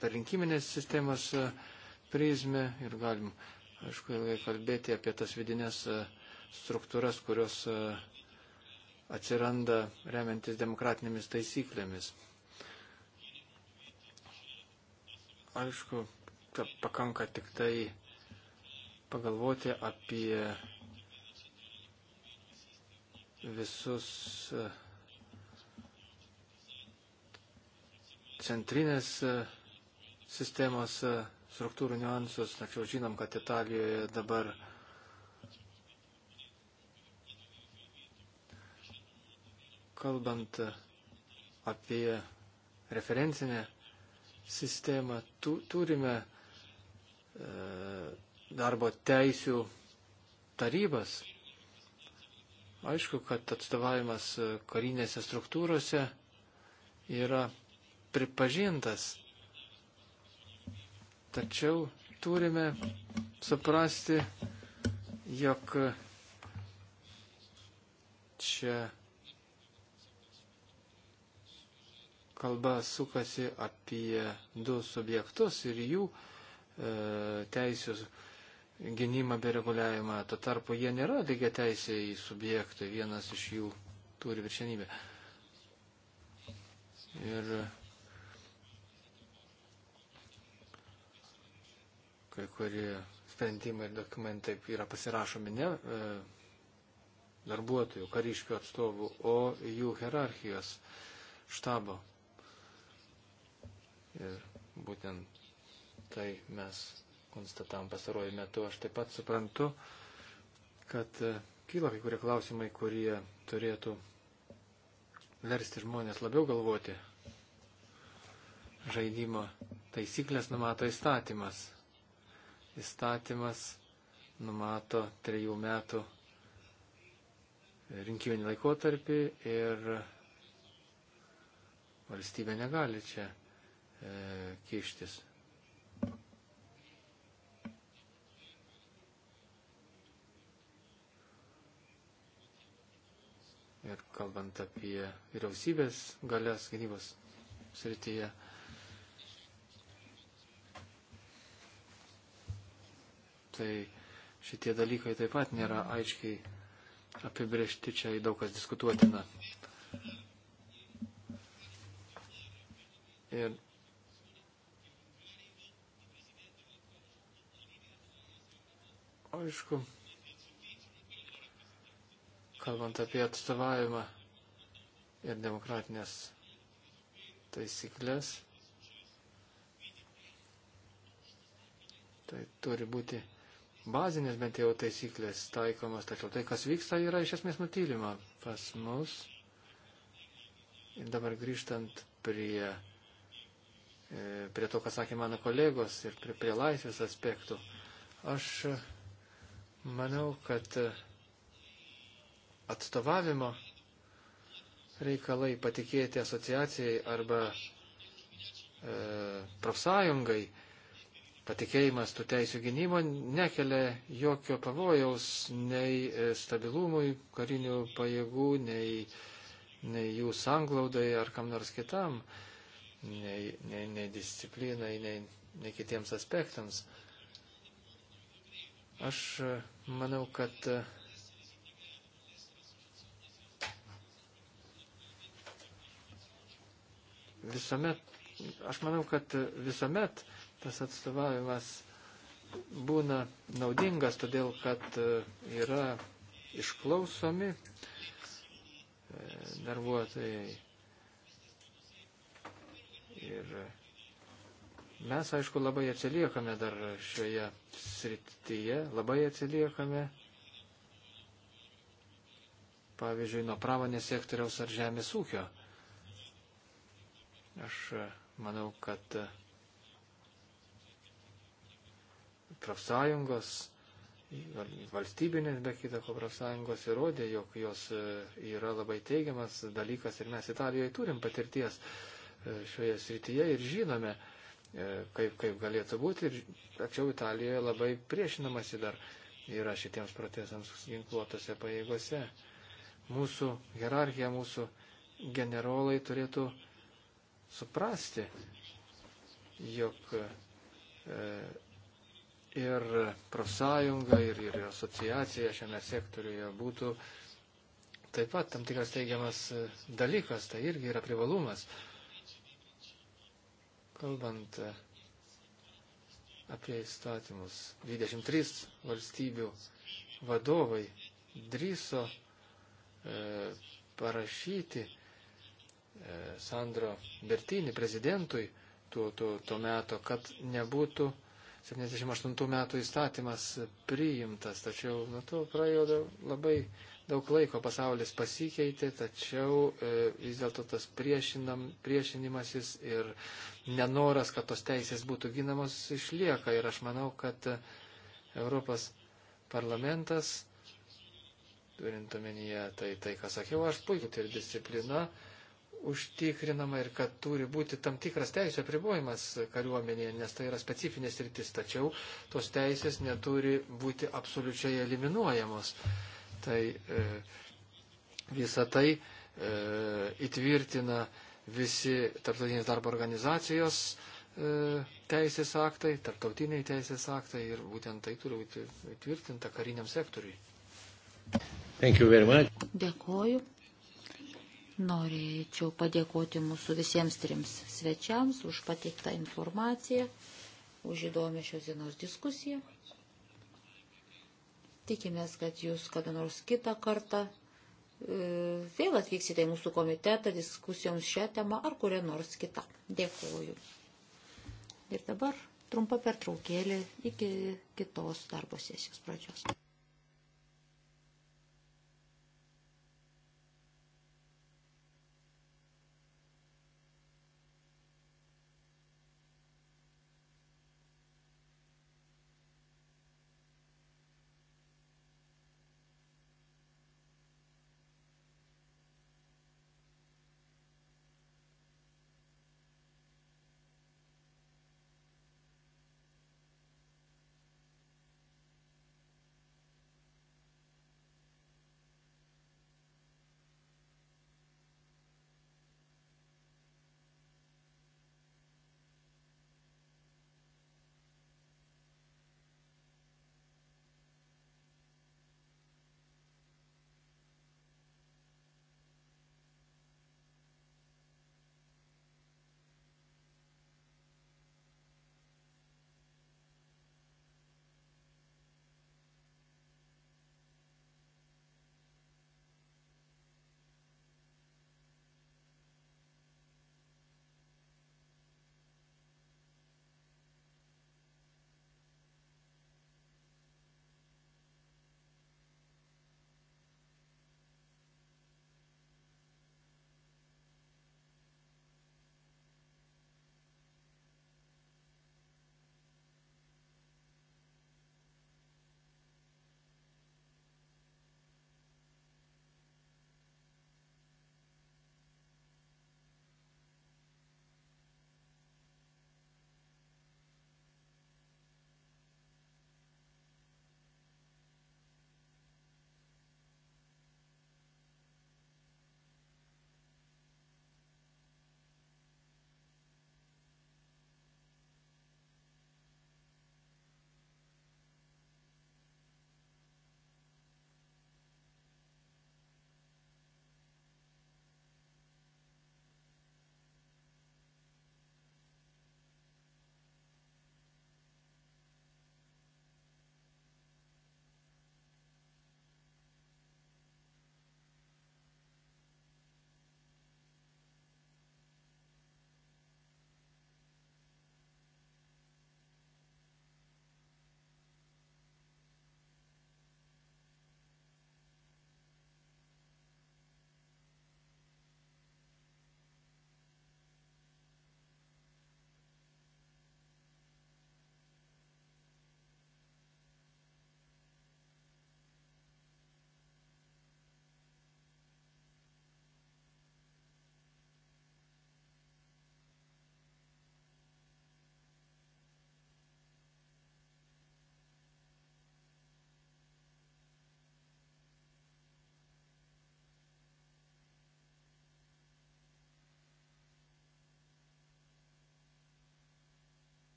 per rinkiminės sistemos uh, prizmę ir galim, aišku, ilgai kalbėti apie tas vidinės e, struktūras, kurios e, atsiranda remiantis demokratinėmis taisyklėmis. Aišku, pakanka tik tai pagalvoti apie visus e, centrinės sistemos struktūrų niuansus, tačiau žinom, kad Italijoje dabar kalbant apie referencinę sistemą, tu, turime e, darbo teisių tarybas. Aišku, kad atstovavimas karinėse struktūrose yra pripažintas Tačiau turime suprasti, jog čia kalba sukasi apie du subjektus ir jų e, teisės gynimą bei reguliavimą. Tuo tarpu jie nėra lygia teisė į subjektą, vienas iš jų turi viršenybę. Ir kai kurie sprendimai ir dokumentai yra pasirašomi ne e, darbuotojų, kariškių atstovų, o jų hierarchijos štabo. Ir būtent tai mes konstatavom pastaruoju metu. Aš taip pat suprantu, kad e, kyla kai kurie klausimai, kurie turėtų versti žmonės labiau galvoti. Žaidimo taisyklės numato įstatymas, įstatymas numato trejų metų rinkiminį laikotarpį ir valstybė negali čia e, kištis. Ir kalbant apie vyriausybės galias gynybos srityje, tai šitie dalykai taip pat nėra aiškiai apibriešti, čia daug kas diskutuotina. Ir aišku, kalbant apie atstovavimą ir demokratinės taisyklės, tai turi būti bazinės bent jau taisyklės taikomos, tačiau tai, kas vyksta, yra iš esmės nutylima pas mus. Ir dabar grįžtant prie, e, prie to, ką sakė mano kolegos ir prie, prie laisvės aspektų, aš manau, kad atstovavimo reikalai patikėti asociacijai arba e, profsąjungai patikėjimas tų teisų gynymo nekelia jokio pavojaus nei e, stabilumui karinių pajėgų, nei, nei jų sanglaudai ar kam nors kitam, nei, nei, nei disciplinai, nei, nei kitiems aspektams. Aš e, manau, kad e, visuomet, aš manau, kad visuomet tas atstovavimas būna naudingas, todėl kad e, yra išklausomi e, darbuotojai. Ir mes, aišku, labai atsiliekame dar šioje srityje, labai atsiliekame, pavyzdžiui, nuo pramonės sektoriaus ar žemės ūkio. Aš e, manau, kad profsąjungos, valstybinės be kita ko profsąjungos įrodė, jog jos e, yra labai teigiamas dalykas ir mes Italijoje turim patirties e, šioje srityje ir žinome, e, kaip, kaip galėtų būti. Ir, tačiau Italijoje labai priešinamasi dar yra šitiems protestams ginkluotose pajėgose. Mūsų hierarchija, mūsų generolai turėtų suprasti, jog e, ir profsąjunga, ir, ir asociacija šiame sektoriuje būtų taip pat tam tikras teigiamas e, dalykas, tai irgi yra privalumas. Kalbant e, apie įstatymus, 23 valstybių vadovai drįso e, parašyti e, Sandro Bertini prezidentui tuo, tuo, tuo metu, kad nebūtų 78 metų įstatymas priimtas, tačiau nuo to praėjo labai daug laiko, pasaulis pasikeitė, tačiau e, vis dėlto tas priešinimasis ir nenoras, kad tos teisės būtų ginamos, išlieka. Ir aš manau, kad Europos parlamentas, turint omenyje tai, tai ką sakiau, aš puikiai ir disciplina, e, užtikrinama ir kad turi būti tam tikras teisų apribojimas kariuomenėje, nes tai yra specifinės rytis, tačiau tos teisės neturi būti absoliučiai eliminuojamos. Tai e, visą tai e, įtvirtina visi tarptautinės darbo organizacijos e, teisės aktai, tarptautiniai teisės aktai ir būtent tai turi būti įtvirtinta kariniam sektoriui. Dėkoju. Norėčiau padėkoti mūsų visiems trims svečiams už pateiktą informaciją, už įdomią šios dienos diskusiją. Tikimės, kad jūs kada nors kitą kartą e, vėl atvyksite į mūsų komitetą diskusijoms šią temą ar kurią nors kitą. Dėkuoju. Ir dabar trumpa pertraukėlė iki kitos darbo sesijos pradžios.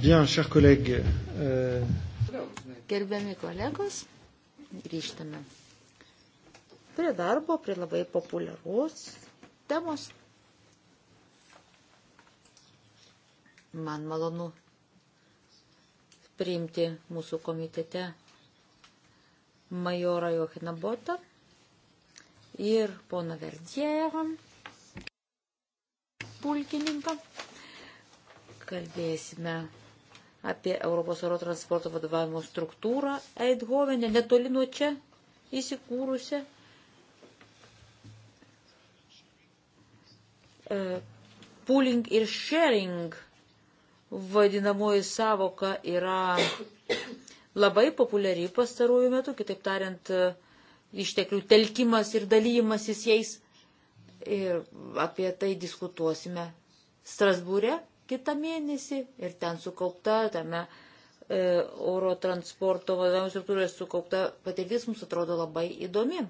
Bien, chers collègues. Euh... Gerbiami kolegos, grįžtame prie darbo, prie labai populiarus temos. Man malonu priimti mūsų komitete majorą Johiną Botą ir poną Verdierą, pulkininką. Kalbėsime apie Europos oro transporto vadovavimo struktūrą Eidhovenė, netoli nuo čia įsikūrusią. E, pooling ir sharing vadinamoji savoka yra labai populiari pastarųjų metų, kitaip tariant, išteklių telkimas ir dalymasis jais. Ir apie tai diskutuosime Strasbūre kitą mėnesį ir ten sukaupta tame e, oro transporto vadovavimo struktūroje sukaupta patirtis mums atrodo labai įdomi.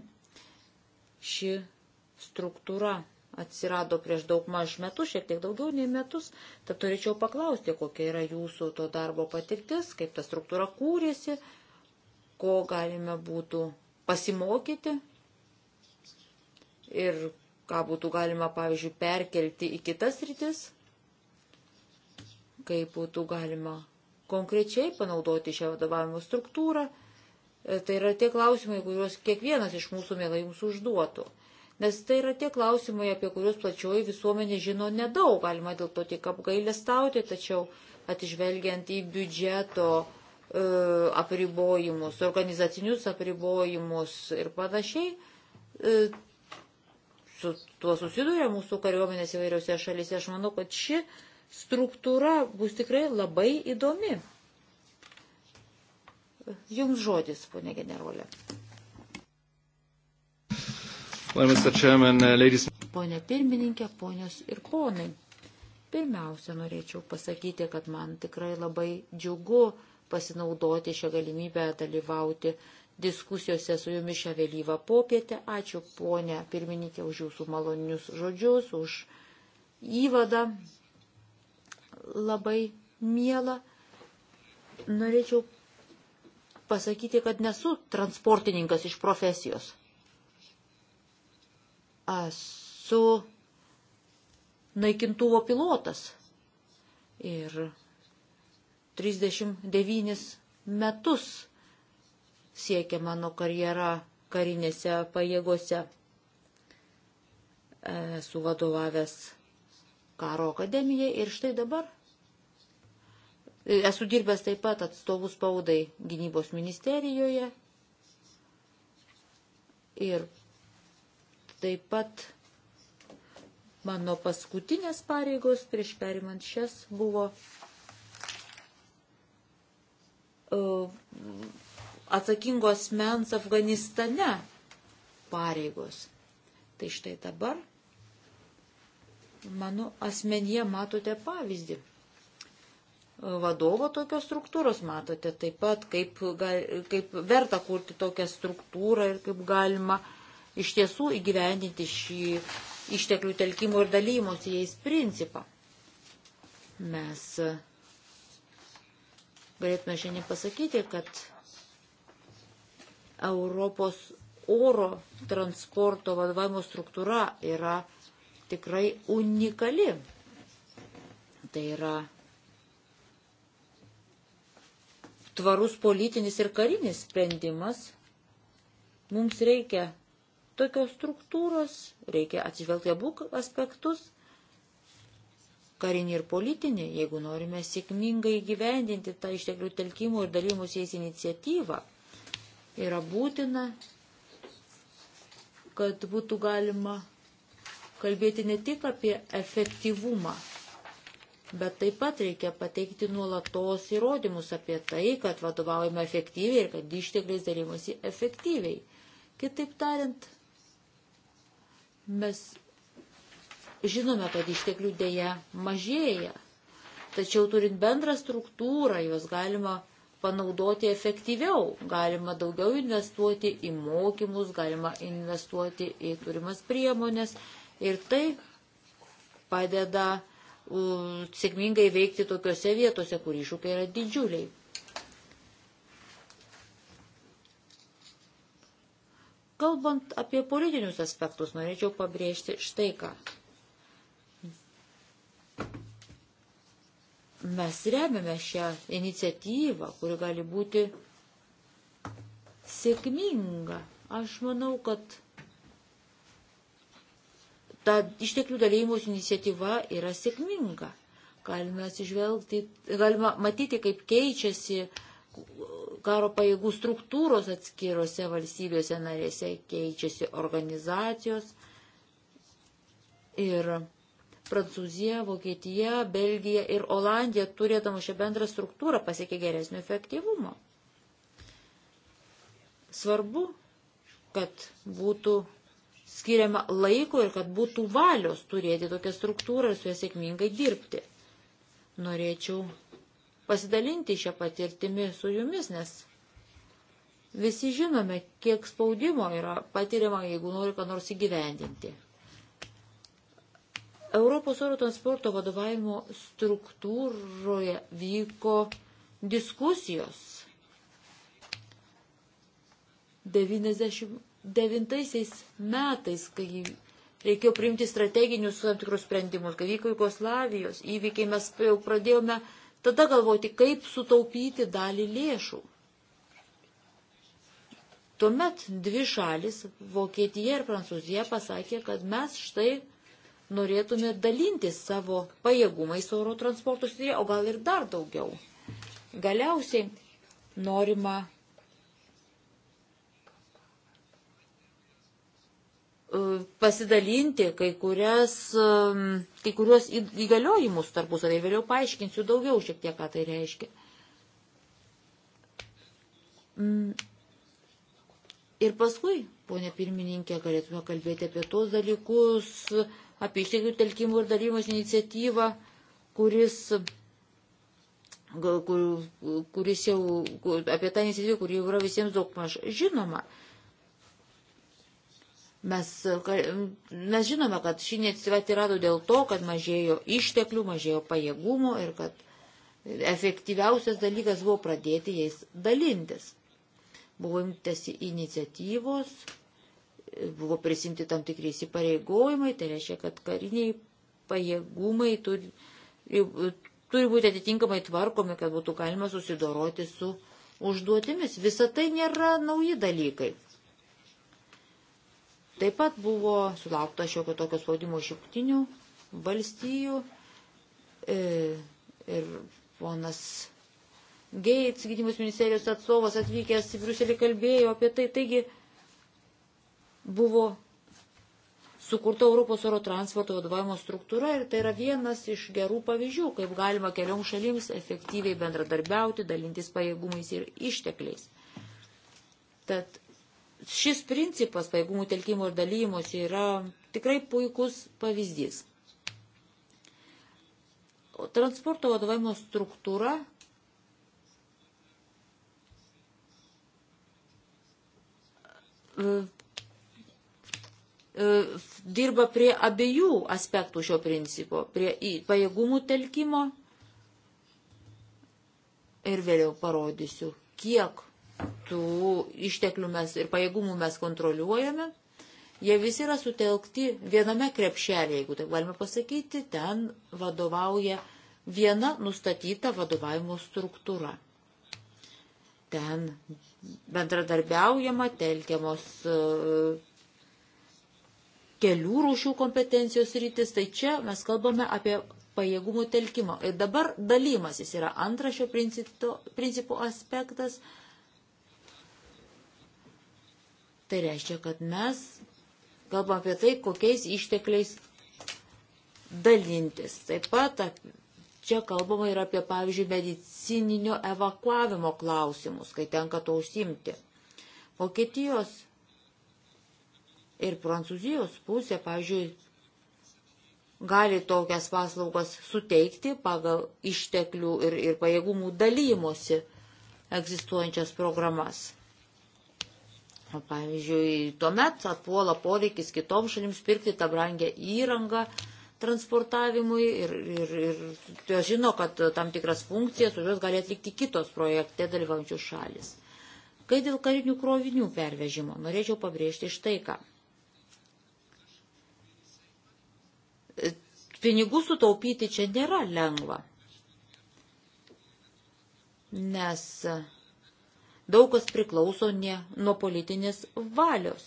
Ši struktūra atsirado prieš daug maž metus, šiek tiek daugiau nei metus, tad turėčiau paklausti, kokia yra jūsų to darbo patirtis, kaip ta struktūra kūrėsi, ko galime būtų pasimokyti ir ką būtų galima, pavyzdžiui, perkelti į kitas rytis kaip būtų galima konkrečiai panaudoti šią vadovavimo struktūrą. E, tai yra tie klausimai, kuriuos kiekvienas iš mūsų mielai jums užduotų. Nes tai yra tie klausimai, apie kuriuos plačioji visuomenė žino nedaug. Galima dėl to tik apgailę stauti, tačiau atižvelgiant į biudžeto e, apribojimus, organizacinius apribojimus ir panašiai, e, su tuo susiduria mūsų kariuomenės įvairiose šalyse. Aš manau, kad ši struktūra bus tikrai labai įdomi. Jums žodis, ponė generolė. Uh, Pone pirmininkė, ponios ir ponai. Pirmiausia, norėčiau pasakyti, kad man tikrai labai džiugu pasinaudoti šią galimybę dalyvauti diskusijose su jumis šią vėlyvą popietę. Ačiū, ponė pirmininkė, už jūsų malonius žodžius, už įvadą labai miela. Norėčiau pasakyti, kad nesu transportininkas iš profesijos. Esu naikintuvo pilotas ir 39 metus siekia mano karjera karinėse pajėgose. Esu vadovavęs karo akademijai ir štai dabar Esu dirbęs taip pat atstovų spaudai gynybos ministerijoje ir taip pat mano paskutinės pareigos prieš perimant šias buvo e, atsakingos mens Afganistane pareigos. Tai štai dabar mano asmenyje matote pavyzdį vadovo tokios struktūros, matote taip pat, kaip, kaip verta kurti tokią struktūrą ir kaip galima iš tiesų įgyvendinti šį išteklių telkimo ir dalymosi jais principą. Mes e, galėtume šiandien pasakyti, kad Europos oro transporto vadovavimo struktūra yra tikrai unikali. Tai yra tvarus politinis ir karinis sprendimas. Mums reikia tokios struktūros, reikia atsižvelgti abu aspektus - karinį ir politinį, jeigu norime sėkmingai gyvendinti tą išteklių telkimų ir dalymus jais iniciatyvą. Yra būtina, kad būtų galima kalbėti ne tik apie efektyvumą, Bet taip pat reikia pateikti nuolatos įrodymus apie tai, kad vadovaujame efektyviai ir kad ištekliais dalymasi efektyviai. Kitaip tariant, mes žinome, kad išteklių dėja mažėja. Tačiau turint bendrą struktūrą, juos galima panaudoti efektyviau, galima daugiau investuoti į mokymus, galima investuoti į turimas priemonės ir tai padeda sėkmingai veikti tokiuose vietose, kur iššūkiai yra didžiuliai. Kalbant apie politinius aspektus, norėčiau pabrėžti štai ką. Mes remiame šią iniciatyvą, kuri gali būti sėkminga. Aš manau, kad ta išteklių dalymus iniciatyva yra sėkminga. Galime atsižvelgti, galima matyti, kaip keičiasi karo pajėgų struktūros atskirose valstybėse narėse, keičiasi organizacijos. Ir Prancūzija, Vokietija, Belgija ir Olandija, turėdama šią bendrą struktūrą, pasiekė geresnio efektyvumo. Svarbu, kad būtų skiriama laiko ir kad būtų valios turėti tokią struktūrą ir su ją sėkmingai dirbti. Norėčiau pasidalinti šią patirtimį su jumis, nes visi žinome, kiek spaudimo yra patiriama, jeigu nori ką nors įgyvendinti. Europos oro transporto vadovavimo struktūroje vyko diskusijos. 90 devintaisiais metais, kai reikėjo priimti strateginius tam tikrus sprendimus, kai vyko Jugoslavijos įvykiai, mes jau pradėjome tada galvoti, kaip sutaupyti dalį lėšų. Tuomet dvi šalis, Vokietija ir Prancūzija, pasakė, kad mes štai norėtume dalintis savo pajėgumais oro transporto srityje, o gal ir dar daugiau. Galiausiai norima E, pasidalinti kai, kurias, e, kai kuriuos įgaliojimus tarpusavį. Vėliau paaiškinsiu daugiau šiek tiek, ką tai reiškia. Mm. Ir paskui, ponė pirmininkė, galėtume kalbėti apie tos dalykus, apie išteklių telkimų ir dalymas iniciatyvą, kuris, kur, kuris jau, kur, apie tą iniciatyvą, kuri jau yra visiems daug maž žinoma. Uh, Mes, mes žinome, kad ši iniciatyva atsirado dėl to, kad mažėjo išteklių, mažėjo pajėgumų ir kad efektyviausias dalykas buvo pradėti jais dalintis. Buvo imtasi iniciatyvos, buvo prisimti tam tikri įsipareigojimai, tai reiškia, kad kariniai pajėgumai turi, turi būti atitinkamai tvarkomi, kad būtų galima susidoroti su užduotimis. Visa tai nėra nauji dalykai Taip pat buvo sulaukta šiokio tokio spaudimo iš jungtinių valstijų e, ir ponas Gates, gydymus ministerijos atstovas atvykęs į Briuselį kalbėjo apie tai, taigi buvo sukurta Europos oro transporto vadovavimo struktūra ir tai yra vienas iš gerų pavyzdžių, kaip galima keliom šalims efektyviai bendradarbiauti, dalintis pajėgumais ir ištekliais. Tad šis principas pajėgumų telkimo ir dalymosi yra tikrai puikus pavyzdys. Transporto vadovavimo struktūra e, e, dirba prie abiejų aspektų šio principo, prie pajėgumų telkimo ir vėliau parodysiu, kiek tų išteklių mes ir pajėgumų mes kontroliuojame, jie visi yra sutelkti viename krepšelėje, jeigu taip galime pasakyti, ten vadovauja viena nustatyta vadovavimo struktūra. Ten bendradarbiaujama, telkiamos e, kelių rūšių kompetencijos rytis, tai čia mes kalbame apie pajėgumų telkimą. Ir dabar dalymasis yra antras šio principo aspektas. Tai reiškia, kad mes kalbam apie tai, kokiais ištekliais dalintis. Taip pat čia kalbama ir apie, pavyzdžiui, medicininio evakuavimo klausimus, kai tenka to užsimti. Vokietijos ir Prancūzijos pusė, pavyzdžiui, gali tokias paslaugas suteikti pagal išteklių ir, ir pajėgumų dalymosi egzistuojančias programas. Pavyzdžiui, tuomet atpuola poreikis kitoms šalims pirkti tą brangę įrangą transportavimui ir, ir, ir jos žino, kad tam tikras funkcijas už jos gali atlikti kitos projekte dalyvaujančios šalis. Kai dėl karinių krovinių pervežimo, norėčiau pabrėžti štai ką. Pinigų sutaupyti čia nėra lengva, nes Daug kas priklauso ne nuo politinės valios.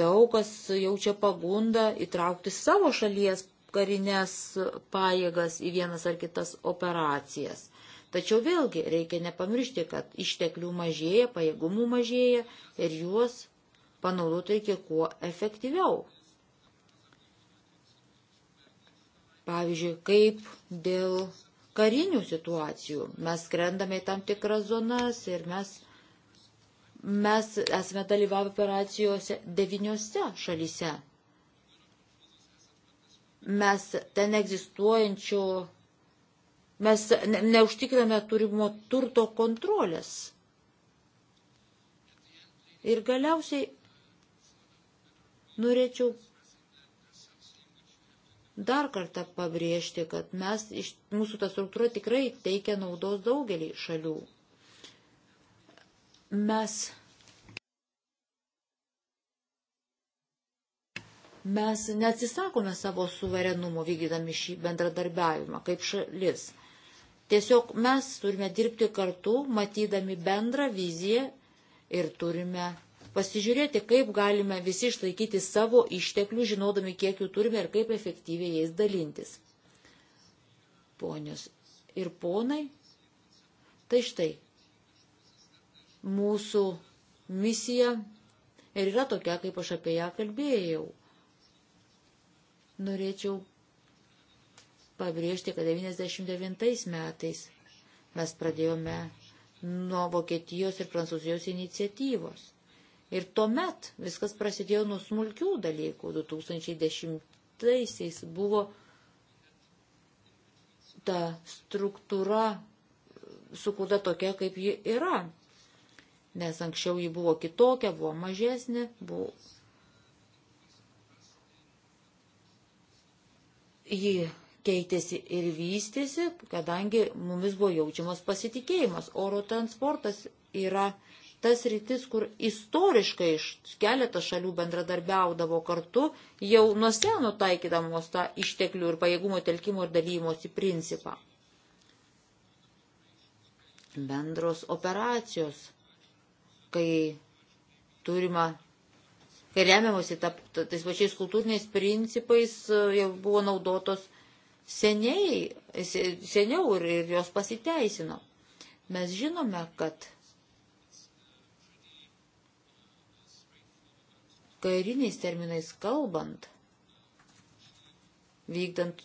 Daug kas jaučia pagundą įtraukti savo šalies karinės pajėgas į vienas ar kitas operacijas. Tačiau vėlgi reikia nepamiršti, kad išteklių mažėja, pajėgumų mažėja ir juos panaudoti reikia kuo efektyviau. Pavyzdžiui, kaip dėl karinių situacijų. Mes skrendame į tam tikras zonas ir mes, mes esame dalyvavę operacijose deviniuose šalyse. Mes ten egzistuojančio, mes ne, neužtikriname turimo turto kontrolės. Ir galiausiai norėčiau dar kartą pabrėžti, kad mes, iš, mūsų ta struktūra tikrai teikia naudos daugelį šalių. Mes, mes neatsisakome savo suverenumo vykdydami šį bendradarbiavimą kaip šalis. Tiesiog mes turime dirbti kartu, matydami bendrą viziją ir turime pasižiūrėti, kaip galime visi išlaikyti savo išteklių, žinodami, kiek jų turime ir kaip efektyviai jais dalintis. Ponios ir ponai, tai štai mūsų misija ir yra tokia, kaip aš apie ją kalbėjau. Norėčiau pabrėžti, kad 99 metais mes pradėjome nuo Vokietijos ir Prancūzijos iniciatyvos. Ir tuomet viskas prasidėjo nuo smulkių dalykų. 2010-aisiais buvo ta struktūra sukurta tokia, kaip ji yra. Nes anksčiau ji buvo kitokia, buvo mažesnė, buvo. Ji keitėsi ir vystėsi, kadangi mumis buvo jaučiamas pasitikėjimas. Oro transportas yra tas rytis, kur istoriškai iš keletą šalių bendradarbiaudavo kartu, jau nuo seno taikydamos tą išteklių ir pajėgumo telkimo ir dalymosi principą. Bendros operacijos, kai turima, kai remiamosi tais pačiais kultūriniais principais, e, jau buvo naudotos seniai, seniau ir, ir jos pasiteisino. Mes žinome, kad kariniais terminais kalbant, vykdant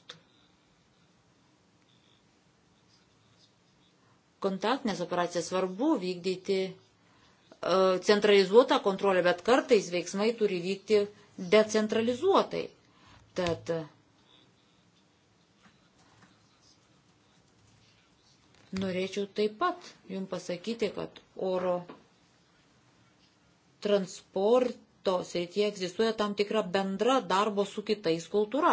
kontaktinės operacijas svarbu vykdyti e, centralizuotą kontrolę, bet kartais veiksmai turi vykti decentralizuotai. Tad norėčiau taip pat jums pasakyti, kad oro transport sporto srityje egzistuoja tam tikra bendra darbo su kitais kultūra.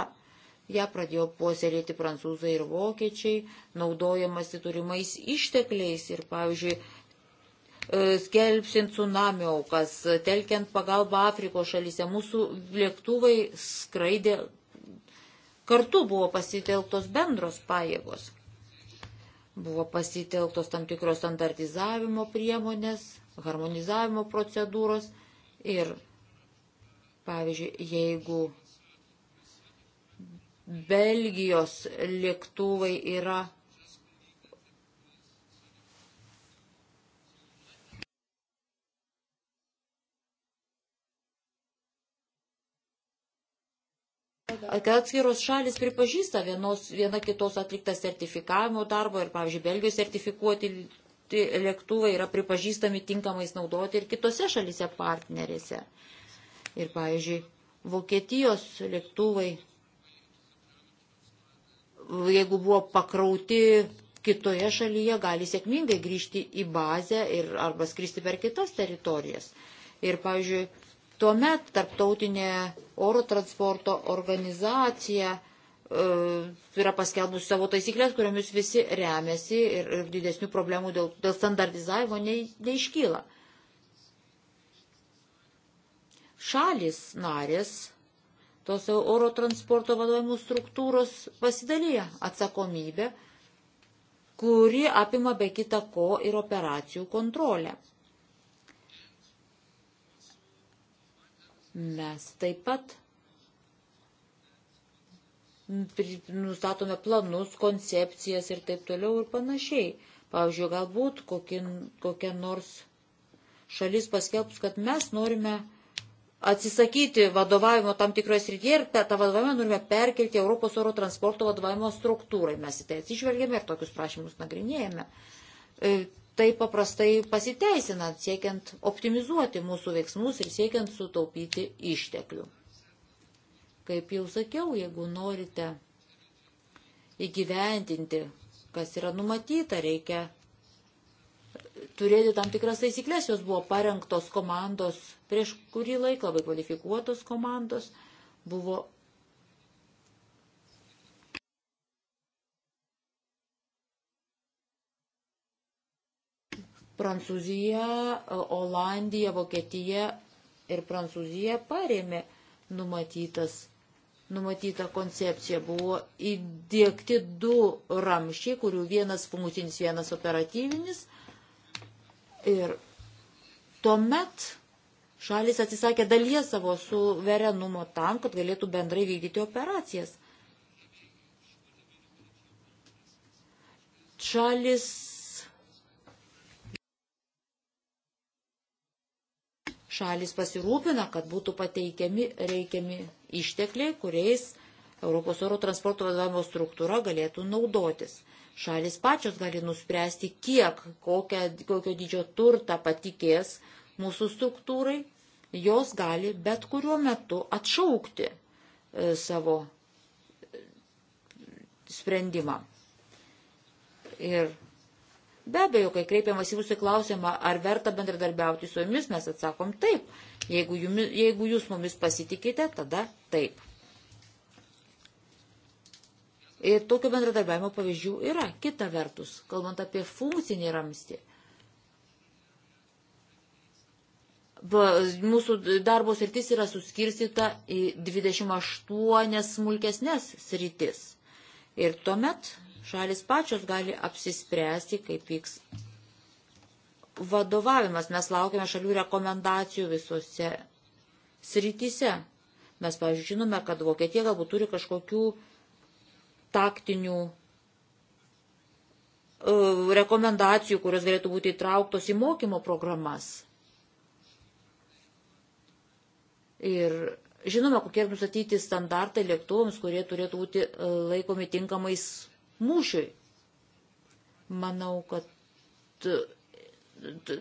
Ja pradėjo puoselėti prancūzai ir vokiečiai, naudojamasi turimais ištekliais ir, pavyzdžiui, e, skelbsint tsunami aukas, telkiant pagalbą Afrikos šalyse, mūsų lėktuvai skraidė, kartu buvo pasitelktos bendros pajėgos. Buvo pasitelktos tam tikros standartizavimo priemonės, harmonizavimo procedūros ir Pavyzdžiui, jeigu Belgijos lėktuvai yra kad atskiros šalis pripažįsta vienos, viena kitos atliktą sertifikavimo darbą ir, pavyzdžiui, Belgijos sertifikuoti lėktuvai yra pripažįstami tinkamais naudoti ir kitose šalise partnerėse. Uh, Ir, pavyzdžiui, Vokietijos lėktuvai, jeigu buvo pakrauti kitoje šalyje, gali sėkmingai grįžti į bazę ir arba skristi per kitas teritorijas. Ir, pavyzdžiui, tuomet tarptautinė oro transporto organizacija e, yra paskelbusi savo taisyklės, kuriomis visi remiasi ir, ir didesnių problemų dėl, dėl standartizavimo nei, neiškyla. Ne šalis narės, tos oro transporto vadovimų struktūros pasidalyja atsakomybę, kuri apima be kita ko ir operacijų kontrolę. Mes taip pat nustatome planus, koncepcijas ir taip toliau ir panašiai. Pavyzdžiui, galbūt kokie, kokia nors šalis paskelbs, kad mes norime atsisakyti vadovavimo tam tikroje srityje ir tą vadovavimą norime perkelti Europos oro transporto vadovavimo struktūrai. Mes į tai atsižvelgėme ir tokius prašymus nagrinėjame. E, tai paprastai pasiteisina, siekiant optimizuoti mūsų veiksmus ir siekiant sutaupyti išteklių. Kaip jau sakiau, jeigu norite įgyvendinti, kas yra numatyta, reikia turėti tam tikras taisyklės, jos buvo parengtos komandos Prieš kurį laiką labai kvalifikuotos komandos buvo Prancūzija, Olandija, Vokietija ir Prancūzija parėmė numatytas, numatytą koncepciją. Buvo įdėkti du ramšiai, kurių vienas funkcinis, vienas operatyvinis. Ir tuomet Šalis atsisakė dalies savo suverenumo tam, kad galėtų bendrai vykdyti operacijas. Šalis šalis pasirūpina, kad būtų pateikiami reikiami ištekliai, kuriais Europos oro transporto vadovavimo struktūra galėtų naudotis. Šalis pačios gali nuspręsti, kiek, kokią, kokio dydžio turtą patikės mūsų struktūrai jos gali bet kuriuo metu atšaukti e, savo e, sprendimą. Ir be abejo, kai kreipiamas į jūsų klausimą, ar verta bendradarbiauti su jumis, mes atsakom taip. Jeigu, jumis, jeigu jūs mumis pasitikite, tada taip. Ir tokio bendradarbiavimo pavyzdžių yra. Kita vertus, kalbant apie funkcinį ramstį, Mūsų darbo sritis yra suskirstyta į 28 smulkesnės sritis. Ir tuomet šalis pačios gali apsispręsti, kaip vyks vadovavimas. Mes laukiame šalių rekomendacijų visose srityse. Mes, pavyzdžiui, žinome, kad Vokietija galbūt turi kažkokių taktinių e, rekomendacijų, kurios galėtų būti įtrauktos į mokymo programas. Ir žinome, kokie nustatyti standartai lėktuvams, kurie turėtų būti e, laikomi tinkamais mūšiui. Manau, kad e,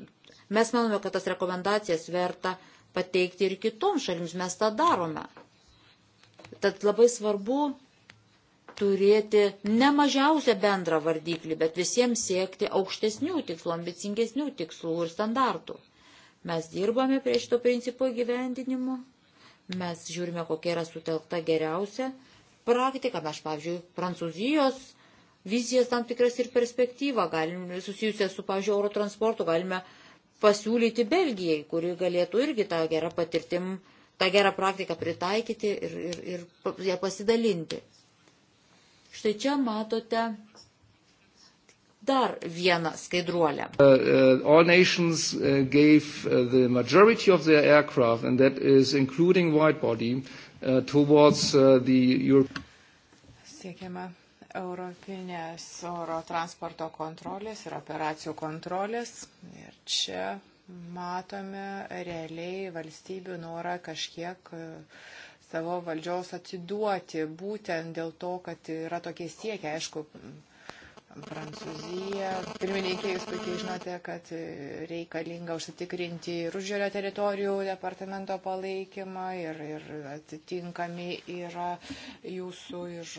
mes manome, kad tas rekomendacijas verta pateikti ir kitoms šalims. Mes tą darome. Tad labai svarbu turėti ne mažiausią bendrą vardiklį, bet visiems siekti aukštesnių tikslų, ambicingesnių tikslų ir standartų. Mes dirbame prie šito principo įgyvendinimo Mes žiūrime, kokia yra sutelkta geriausia praktika. Mes, pavyzdžiui, Prancūzijos vizijas tam tikras ir perspektyvą galime, susijusią su, pavyzdžiui, oro transportu, galime pasiūlyti Belgijai, kuri galėtų irgi tą gerą patirtim, tą gerą praktiką pritaikyti ir, ir, ir ją pasidalinti. Štai čia matote dar vieną skaidruolę. Uh, uh, nations, uh, gave, uh, aircraft, body, uh, towards, uh, Euro Siekiama europinės oro transporto kontrolės ir operacijų kontrolės. Ir čia matome realiai valstybių norą kažkiek uh, savo valdžios atiduoti būtent dėl to, kad yra tokie siekiai. Aišku, Prancūzija. Pirmininkė, jūs puikiai žinote, kad reikalinga užsitikrinti ir užžiūrio teritorijų departamento palaikymą ir, ir atitinkami yra jūsų ir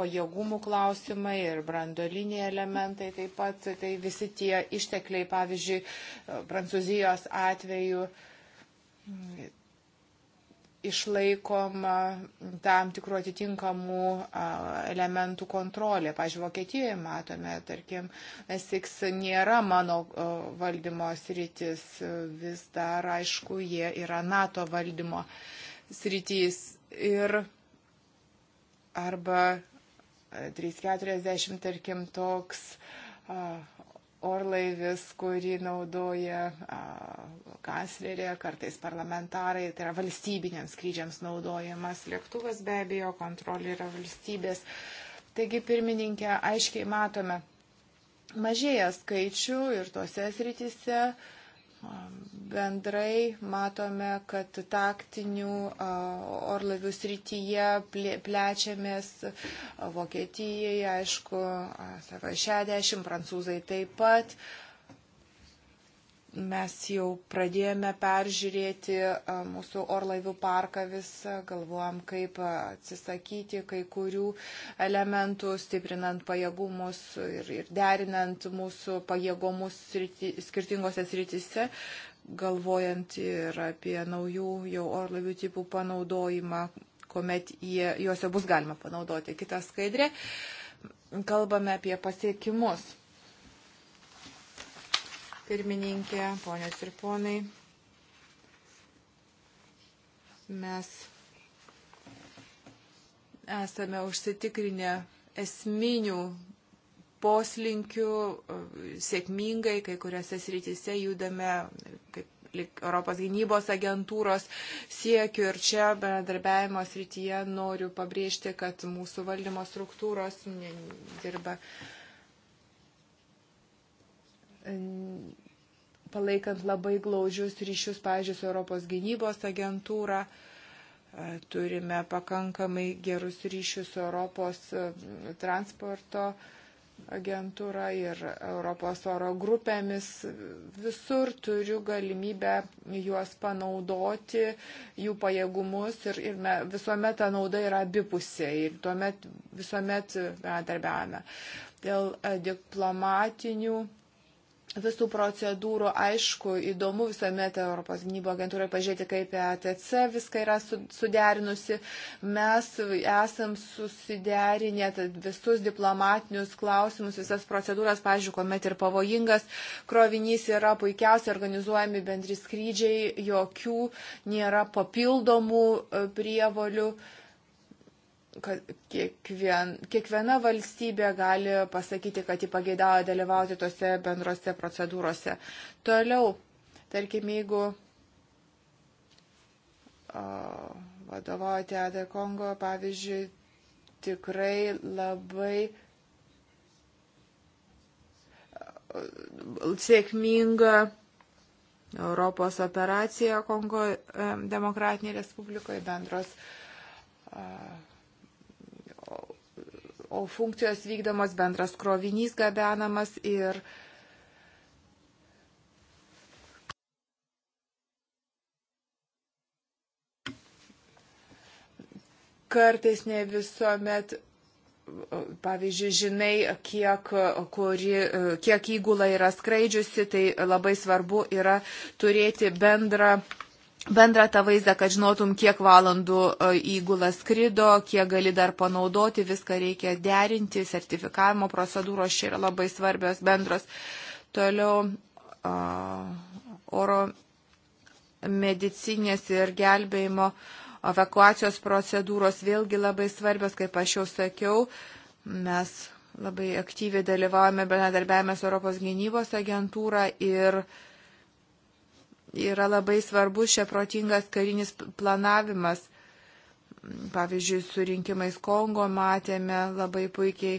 pajėgumų klausimai ir brandoliniai elementai taip pat. Tai visi tie ištekliai, pavyzdžiui, Prancūzijos atveju išlaikoma tam tikrų atitinkamų elementų kontrolė. Pavyzdžiui, Vokietijoje matome, tarkim, SX nėra mano valdymo sritis, vis dar, aišku, jie yra NATO valdymo sritys. Ir arba 340, tarkim, toks. Uh, orlaivis, kurį naudoja kanclerė, kartais parlamentarai, tai yra valstybiniams skrydžiams naudojamas lėktuvas be abejo, kontrolė yra valstybės. Taigi, pirmininkė, aiškiai matome, mažėja skaičių ir tose srityse, uh, Bendrai matome, kad taktinių orlavių srityje plečiamės Vokietijai, aišku, 60, prancūzai taip pat. Uh, Mes jau pradėjome peržiūrėti mūsų orlaivių parką visą, galvojam, kaip atsisakyti kai kurių elementų, stiprinant pajėgumus ir, ir derinant mūsų pajėgumus sriti, skirtingose sritise, galvojant ir apie naujų jau orlaivių tipų panaudojimą, kuomet jie, juose bus galima panaudoti. Kita skaidrė, kalbame apie pasiekimus pirmininkė, ponės ir ponai. Mes esame užsitikrinę esminių poslinkių sėkmingai, kai kuriuose srityse judame kaip Europos gynybos agentūros siekių ir čia bendradarbiavimo srityje noriu pabrėžti, kad mūsų valdymo struktūros dirba palaikant labai glaužius ryšius, pavyzdžiui, su Europos gynybos agentūra. E, turime pakankamai gerus ryšius su Europos e, transporto agentūra ir Europos oro grupėmis. Visur turiu galimybę juos panaudoti, jų pajėgumus ir, ir me, visuomet ta nauda yra abipusė ir tuomet visuomet e, bendarbiavame. Dėl diplomatinių visų procedūrų, aišku, įdomu visuomet Europos gynybo agentūroje pažiūrėti, kaip ETC viską yra suderinusi. Mes esam susiderinę visus diplomatinius klausimus, visas procedūras, pažiūrėjau, kuomet ir pavojingas krovinys yra puikiausiai organizuojami bendri skrydžiai, jokių nėra papildomų e, prievolių. Uh, kad kiekvien, kiekviena valstybė gali pasakyti, kad ji pageidavo dalyvauti tose bendrose procedūrose. Toliau, tarkim, jeigu uh, vadovaujate AD Kongo, pavyzdžiui, tikrai labai sėkminga Europos operacija Kongo Demokratinėje Respublikoje bendros uh, o funkcijos vykdomos bendras krovinys gabenamas ir kartais ne visuomet, pavyzdžiui, žinai, kiek, kuri, kiek įgula yra skraidžiusi, tai labai svarbu yra turėti bendrą bendrą tą vaizdą, kad žinotum, kiek valandų e, įgula skrido, kiek gali dar panaudoti, viską reikia derinti, sertifikavimo procedūros čia yra labai svarbios bendros. Toliau oro medicinės ir gelbėjimo evakuacijos procedūros vėlgi labai svarbios, kaip aš jau sakiau, mes labai aktyviai dalyvavome bendradarbiavime su Europos gynybos agentūra ir uh, yra labai svarbus šia protingas karinis planavimas. Pavyzdžiui, su rinkimais Kongo matėme labai puikiai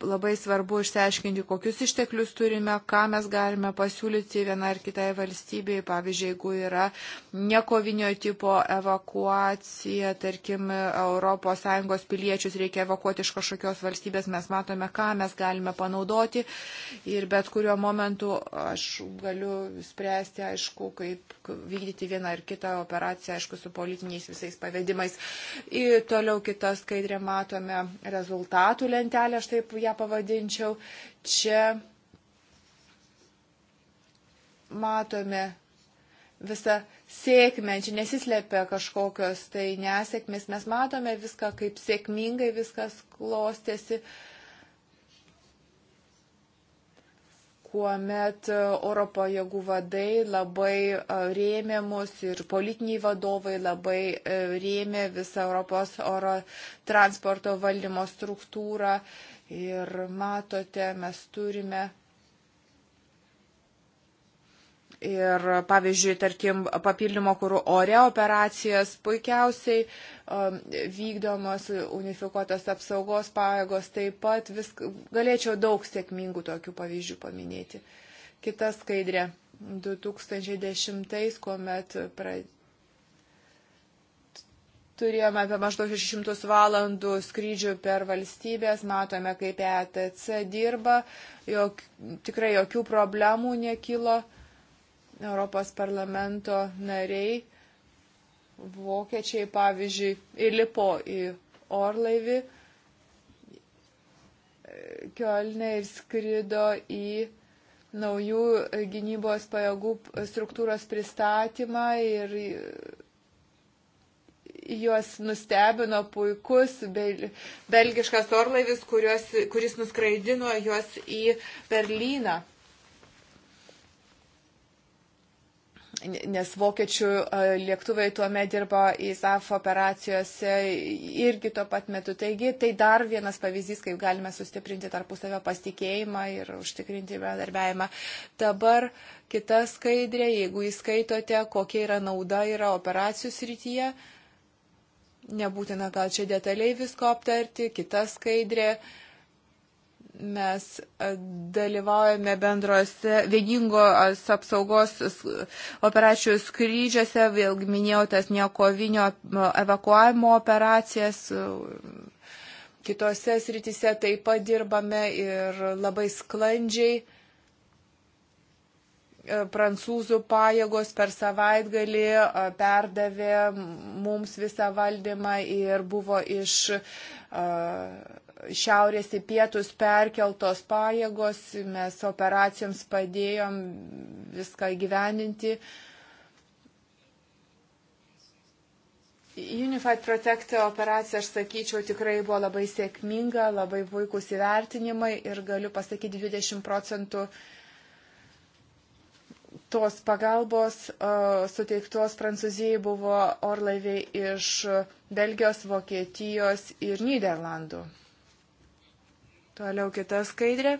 labai svarbu išsiaiškinti, kokius išteklius turime, ką mes galime pasiūlyti vienai ar kitai valstybei. Pavyzdžiui, jeigu yra nekovinio tipo evakuacija, tarkim, ES piliečius reikia evakuoti iš kažkokios valstybės, mes matome, ką mes galime panaudoti ir bet kuriuo momentu aš galiu spręsti, aišku, kaip vykdyti vieną ar kitą operaciją, aišku, su politiniais visais pavedimais. Ir toliau kitą skaidrę matome rezultatų lentelę. Štai taip ją pavadinčiau, čia matome visą sėkmę, čia nesislėpia kažkokios tai nesėkmės, mes matome viską, kaip sėkmingai viskas klostėsi, kuomet oro pajėgų vadai labai e, rėmė mus ir politiniai vadovai labai e, rėmė visą Europos oro transporto valdymo struktūrą Ir matote, mes turime. Ir pavyzdžiui, tarkim, papildymo kūrų ore operacijos puikiausiai um, vykdomos unifikuotos apsaugos pajėgos, taip pat vis, galėčiau daug sėkmingų tokių pavyzdžių paminėti. Kita skaidrė. 2010, kuomet pradėjome Turėjome apie maždaug 600 valandų skrydžių per valstybės, matome, kaip ETC dirba, jok, tikrai jokių problemų nekilo. Europos parlamento nariai, vokiečiai, pavyzdžiui, įlipo į orlaivį Kielne ir skrido į naujų gynybos pajėgų struktūros pristatymą ir juos nustebino puikus bel, belgiškas orlaivis, kurios, kuris nuskraidino juos į Berlyną. Nes vokiečių lėktuvai tuo metu dirbo ISAF operacijose irgi tuo pat metu. Taigi tai dar vienas pavyzdys, kaip galime sustiprinti tarpusavio pasitikėjimą ir užtikrinti bendarbiavimą. Dabar kita skaidrė, jeigu įskaitote, kokia yra nauda yra operacijų srityje. Uh, Nebūtina gal čia detaliai visko aptarti, kita skaidrė. Mes e, dalyvaujame bendrose vieningos e, apsaugos operacijų skrydžiuose, vėlgi minėjau tas nekovinio e, evakuavimo operacijas, kitose sritise taip pat dirbame ir labai sklandžiai E, prancūzų pajėgos per savaitgalį e, perdavė mums visą valdymą ir buvo iš e, šiaurės į pietus perkeltos pajėgos, mes operacijoms padėjom viską gyveninti. Unified Protect operacija, aš sakyčiau, tikrai buvo labai sėkminga, labai puikūs įvertinimai ir galiu pasakyti 20 procentų uh, tos pagalbos suteiktos Prancūzijai buvo orlaiviai iš Belgijos, Vokietijos ir Niderlandų. Toliau kita skaidrė.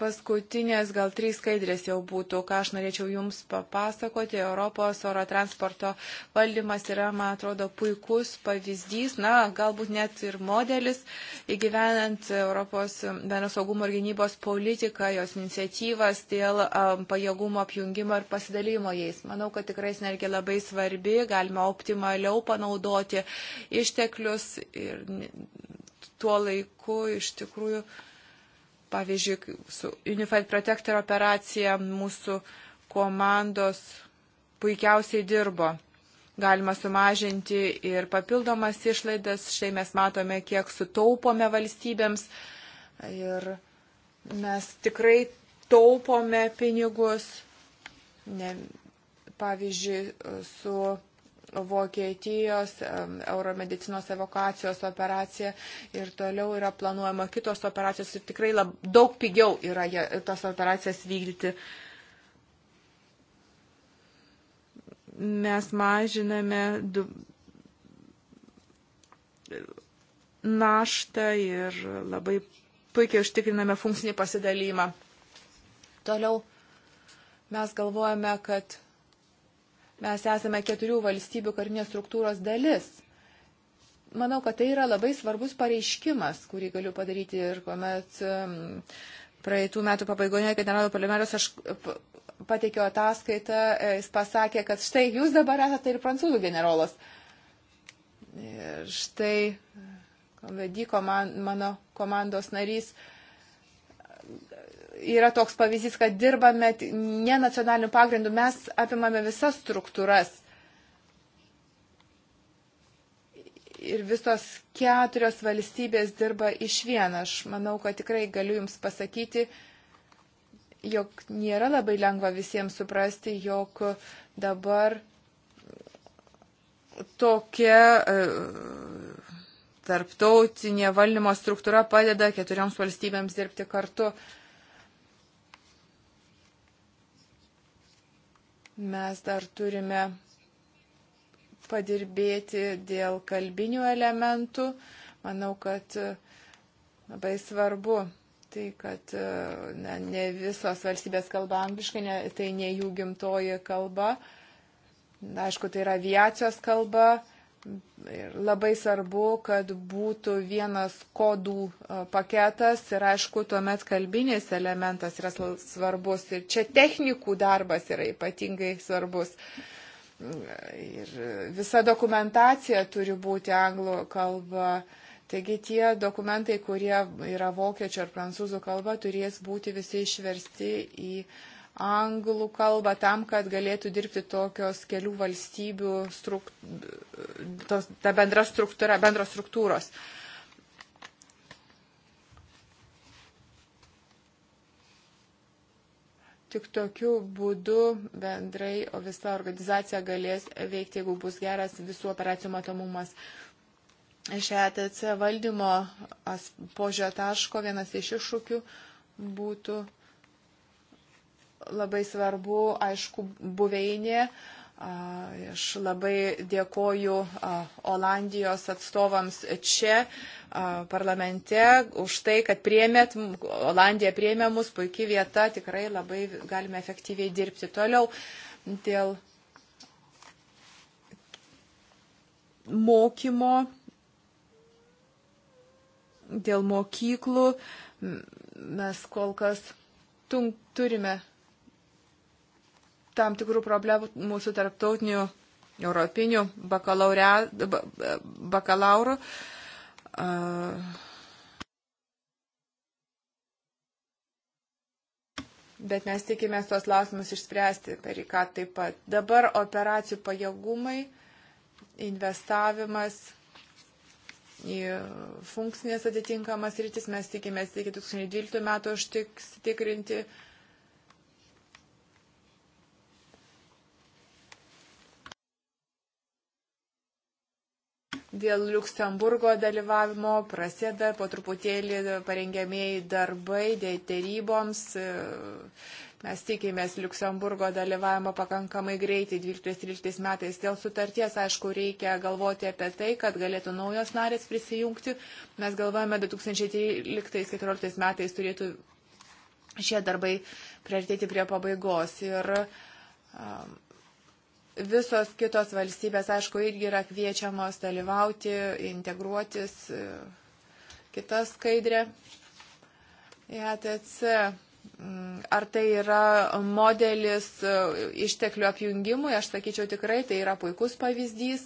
Paskutinės gal trys skaidrės jau būtų, ką aš norėčiau Jums papasakoti. Europos oro transporto valdymas yra, man atrodo, puikus pavyzdys, na, galbūt net ir modelis įgyvenant Europos bendro saugumo ir gynybos politiką, jos iniciatyvas dėl um, pajėgumo apjungimo ir pasidalymo jais. Manau, kad tikrai sinergija labai svarbi, galima optimaliau panaudoti išteklius ir tuo laiku iš tikrųjų. Pavyzdžiui, su Unified Protector operacija mūsų komandos puikiausiai dirbo. Galima sumažinti ir papildomas išlaidas. Štai mes matome, kiek sutaupome valstybėms. Ir mes tikrai taupome pinigus. Ne, pavyzdžiui, su Vokietijos euromedicinos evakuacijos operacija ir toliau yra planuojama kitos operacijos ir tikrai lab, daug pigiau yra tas operacijas vykdyti. Mes mažiname du naštą ir labai puikiai užtikriname funkcinį pasidalymą. Toliau mes galvojame, kad Mes esame keturių valstybių karinės struktūros dalis. Manau, kad tai yra labai svarbus pareiškimas, kurį galiu padaryti ir kuomet praeitų metų pabaigoje generalo Palimeros aš pateikiau ataskaitą, e, jis pasakė, kad štai jūs dabar esate ir prancūzų generolas. Ir štai Vediko man, mano komandos narys uh, yra toks pavyzdys, kad dirbame ne nacionaliniu pagrindu, mes apimame visas struktūras. ir visos keturios valstybės dirba iš vieno. Aš manau, kad tikrai galiu Jums pasakyti, jog nėra labai lengva visiems suprasti, jog dabar tokia e, tarptautinė valdymo struktūra padeda keturioms valstybėms dirbti kartu. Uh, Mes dar turime padirbėti dėl kalbinių elementų. Manau, kad e, labai svarbu tai, kad ne, ne visos valstybės kalba angliškai, ne, tai ne jų gimtoji kalba. Aišku, tai yra aviacijos kalba Ir labai svarbu, kad būtų vienas kodų e, paketas ir aišku, tuomet kalbinis elementas yra svarbus ir čia technikų darbas yra ypatingai svarbus. Ir visa dokumentacija turi būti anglų kalba. Taigi tie dokumentai, kurie yra vokiečių ar prancūzų kalba, turės būti visi išversti į uh, anglų kalbą tam, kad galėtų dirbti tokios kelių valstybių struk, tos, ta bendra struktūra, bendros struktūros. Tik tokiu būdu bendrai visa organizacija galės veikti, jeigu bus geras visų operacijų matomumas. Iš ETC valdymo požio taško vienas iš iššūkių būtų labai svarbu, aišku, buveinė. Aš labai dėkoju Olandijos atstovams čia parlamente už tai, kad priemėt, Olandija priemė mus, puikia vieta, tikrai labai galime efektyviai dirbti toliau dėl mokymo, dėl mokyklų. Mes kol kas turime tam tikrų problemų mūsų tarptautinių europinių bakalaurų. Bet mes tikimės tuos lausimus išspręsti per ką taip pat. Dabar operacijų pajėgumai, investavimas į funkcinės atitinkamas rytis mes tikimės iki 2012 metų užtikrinti. Tik Dėl Luksemburgo dalyvavimo prasėda po truputėlį parengiamieji darbai dėryboms. Mes tikimės Luksemburgo dalyvavimo pakankamai greitai 12-13 metais. Dėl sutarties, aišku, reikia galvoti apie tai, kad galėtų naujos narės prisijungti. Mes galvojame, 2013-2014 metais turėtų šie darbai priartėti prie pabaigos. Ir, um, Visos kitos valstybės, aišku, irgi yra kviečiamos dalyvauti, integruotis. E, kita skaidrė. ETC. Mm, ar tai yra modelis e, išteklių apjungimui? Aš sakyčiau tikrai, tai yra puikus pavyzdys.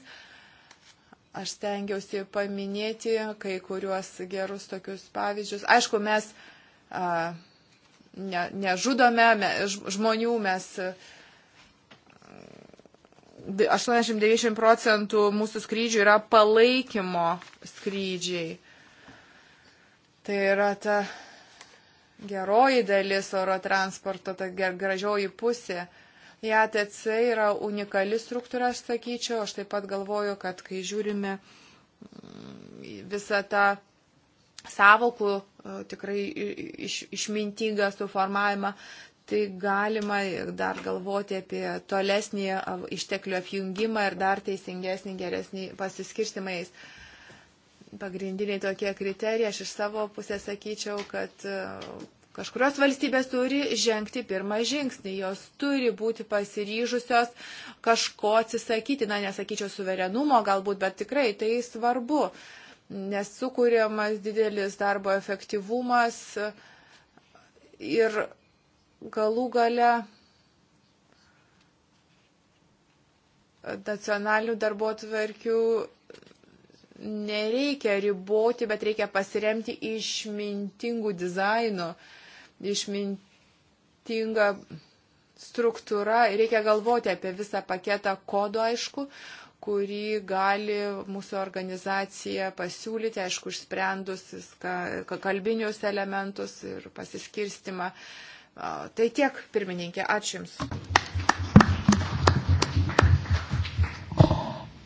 Aš stengiausi paminėti kai kuriuos gerus tokius pavyzdžius. Aišku, mes a, ne, nežudome žmonių, mes. A, 80-90 procentų mūsų skrydžių yra palaikymo skrydžiai. Tai yra ta geroji dalis oro transporto, ta gražioji pusė. JATC yra unikali struktūra, aš sakyčiau. Aš taip pat galvoju, kad kai žiūrime mm, visą tą savokų e, tikrai iš, išmintingą suformavimą, tai galima dar galvoti apie tolesnį išteklių apjungimą ir dar teisingesnį, geresnį pasiskirstimą jais. Pagrindiniai tokie kriterijai, aš iš savo pusės sakyčiau, kad e, Kažkurios valstybės turi žengti pirmą žingsnį, jos turi būti pasiryžusios kažko atsisakyti, na nesakyčiau suverenumo galbūt, bet tikrai tai svarbu, nes sukūriamas didelis darbo efektyvumas ir galų gale nacionalinių darbuotvarkių nereikia riboti, bet reikia pasiremti išmintingų dizainų, išmintingą struktūrą. Reikia galvoti apie visą paketą kodų, aišku, kurį gali mūsų organizacija pasiūlyti, aišku, išsprendus viską, kalbinius elementus ir pasiskirstimą. Uh, Tai tiek, pirmininkė, ačiū Jums.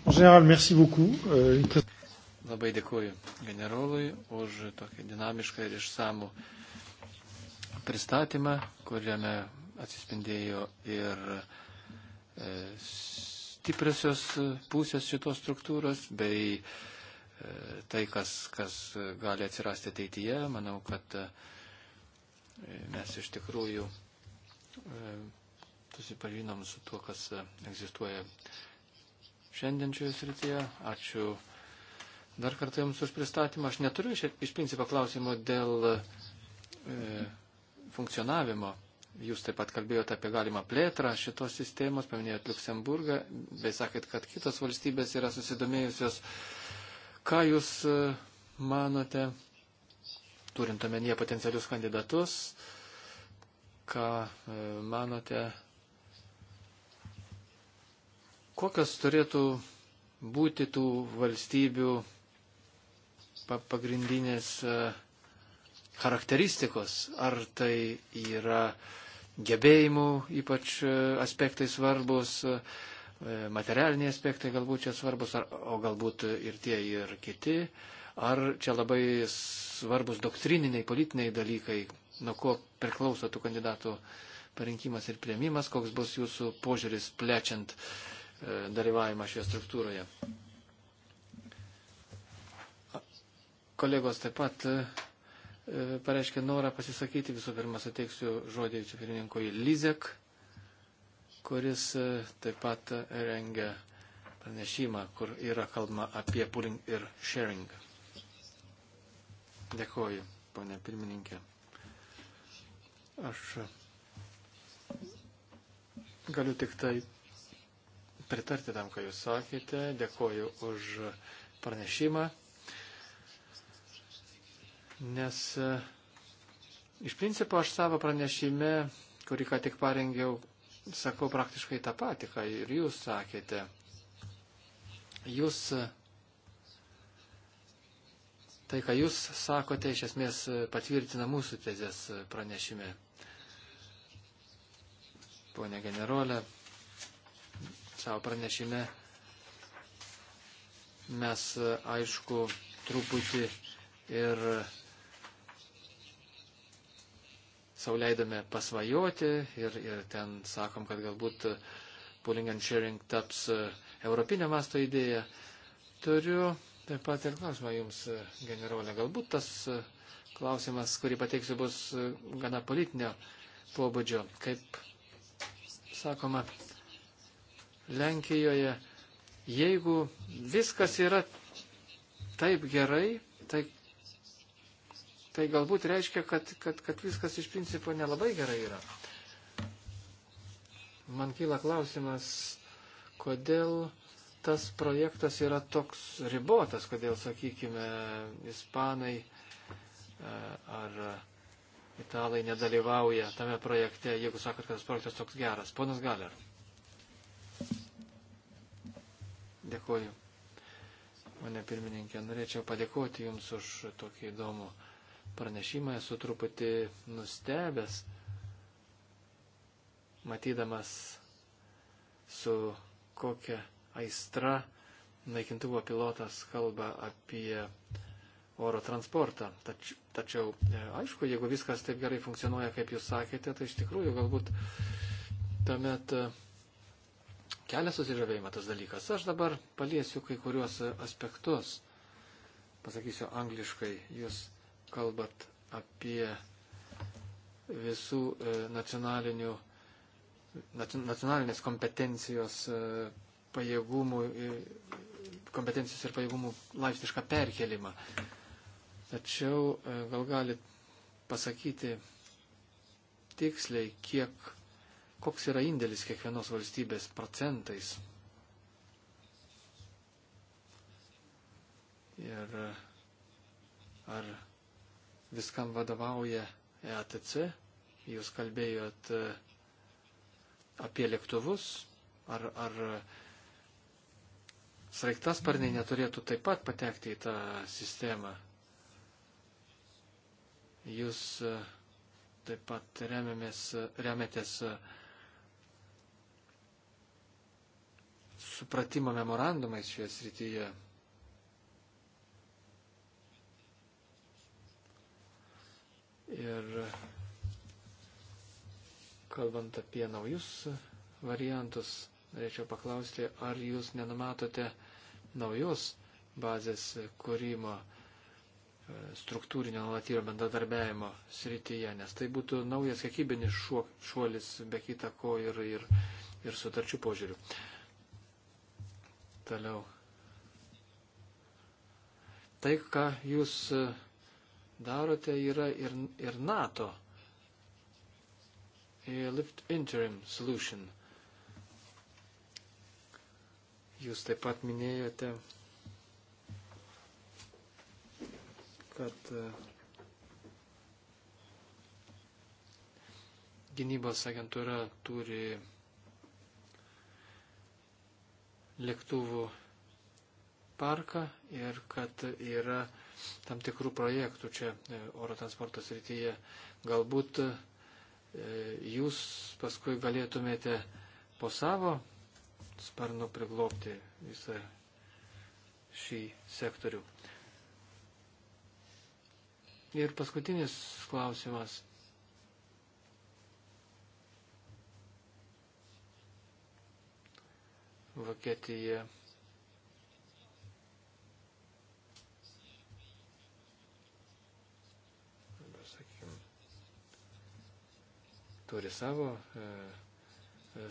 General, merci beaucoup. Euh, Labai dėkuoju generolui už tokį dinamišką ir išsamų pristatymą, kuriame atsispindėjo ir e, stipriosios pusės šitos struktūros bei e, tai, kas, kas gali atsirasti ateityje. Manau, kad uh, mes iš tikrųjų e, susipažinom su tuo, kas egzistuoja šiandien šioje srityje. Ačiū dar kartą Jums už pristatymą. Aš neturiu iš principo klausimo dėl e, funkcionavimo. Jūs taip pat kalbėjote apie galimą plėtrą šitos sistemos, paminėjot Luksemburgą, bei sakėt, kad kitos valstybės yra susidomėjusios. Ką Jūs e, manote turint omenyje potencialius kandidatus, ką e, manote, kokios turėtų būti tų valstybių pagrindinės e, charakteristikos, ar tai yra gebėjimų ypač e, aspektai svarbus, materialiniai aspektai galbūt čia svarbus, ar, o galbūt ir tie ir kiti Ar čia labai svarbus doktrininiai, politiniai dalykai, nuo ko priklauso tų kandidatų parinkimas ir prieimimas, koks bus jūsų požiūris plečiant e, dalyvavimą šioje struktūroje. Kolegos taip pat e, e, pareiškė norą pasisakyti. Visų pirma, suteiksiu žodį vicepirmininkui Lizek, kuris e, taip pat rengia pranešimą, kur yra kalbama apie pooling ir sharing. Dėkoju, ponė pirmininkė. Aš galiu tik tai pritarti tam, ką jūs sakėte. Dėkoju už pranešimą, nes e, iš principo aš savo pranešime, kurį ką tik parengiau, sakau praktiškai tą patį, ką ir jūs sakėte. Jūs Tai, ką Jūs sakote, iš esmės patvirtina mūsų tezės pranešime. Pone generolė, savo pranešime mes, aišku, truputį ir sauliaidome pasvajoti ir, ir ten sakom, kad galbūt pooling and sharing taps e, europinio masto idėja. Turiu Taip pat ir klausimą jums, e, generolė. Galbūt tas e, klausimas, kurį pateiksiu, bus e, gana politinio pobūdžio. Kaip sakoma, Lenkijoje, jeigu viskas yra taip gerai, tai, tai galbūt reiškia, kad, kad, kad viskas iš principo nelabai gerai yra. Man kyla klausimas, kodėl tas projektas yra toks ribotas, kodėl, sakykime, ispanai e, ar italai nedalyvauja tame projekte, jeigu sakot, kad tas projektas toks geras. Ponas Galer. Dėkuoju. Mane pirmininkė, norėčiau padėkoti Jums už tokį įdomų pranešimą. Esu truputį nustebęs, matydamas su kokia aistra. Naikintuvo pilotas kalba apie oro transportą. Tač, tačiau, e, aišku, jeigu viskas taip gerai funkcionuoja, kaip jūs sakėte, tai iš tikrųjų galbūt tuomet e, kelia susižavėjimą tas dalykas. Aš dabar paliesiu kai kuriuos aspektus. Pasakysiu angliškai, jūs kalbat apie visų e, nacionalinių, nacionalinės kompetencijos pajėgumų, e, kompetencijos ir pajėgumų laipsnišką perkelimą. Tačiau e, gal galit pasakyti tiksliai, kiek, koks yra indėlis kiekvienos valstybės procentais. Ir e, ar viskam vadovauja EATC, jūs kalbėjot apie lėktuvus, ar, ar sraigtasparniai neturėtų taip pat patekti į tą sistemą. Jūs e, taip pat remiatės e, supratimo memorandumais šioje srityje. Ir kalbant apie naujus variantus, norėčiau paklausti, ar jūs nenumatote naujos bazės kūrimo e, struktūrinio nuolatyro bendradarbiajimo srityje, nes tai būtų naujas kiekybinis šuo, šuolis be kita ko ir, ir, ir sutarčių požiūrių. Toliau. Tai, ką jūs e, darote, yra ir, ir NATO. E, Lift Interim Solution. Uh, Jūs taip pat minėjote, kad e, gynybos agentūra turi lėktuvų parką ir kad yra tam tikrų projektų čia e, oro transporto srityje. Galbūt e, jūs paskui galėtumėte po savo sparno priglopti visą šį sektorių. Ir paskutinis klausimas. Vokietija. turi savo e,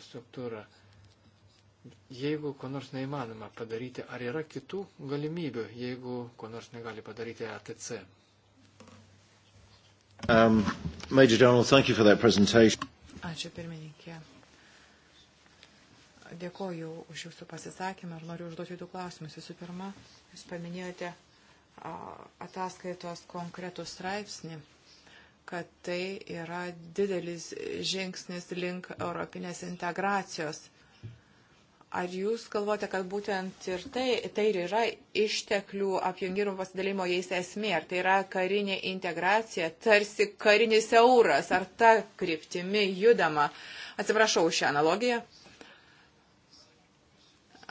struktūrą jeigu ko nors neįmanoma padaryti, ar yra kitų galimybių, jeigu ko nors negali padaryti ATC? Um, Major General, thank you for that presentation. Ačiū pirmininkė. Dėkoju už jūsų pasisakymą ir noriu užduoti du klausimus. Visų pirma, jūs paminėjote ataskaitos konkretų straipsnį kad tai yra didelis žingsnis link europinės integracijos. Ar jūs galvote, kad būtent ir tai, tai ir yra išteklių apjungimų pasidalimo jais esmė? Ar tai yra karinė integracija, tarsi karinis euras, ar ta kryptimi judama? Atsiprašau šią analogiją.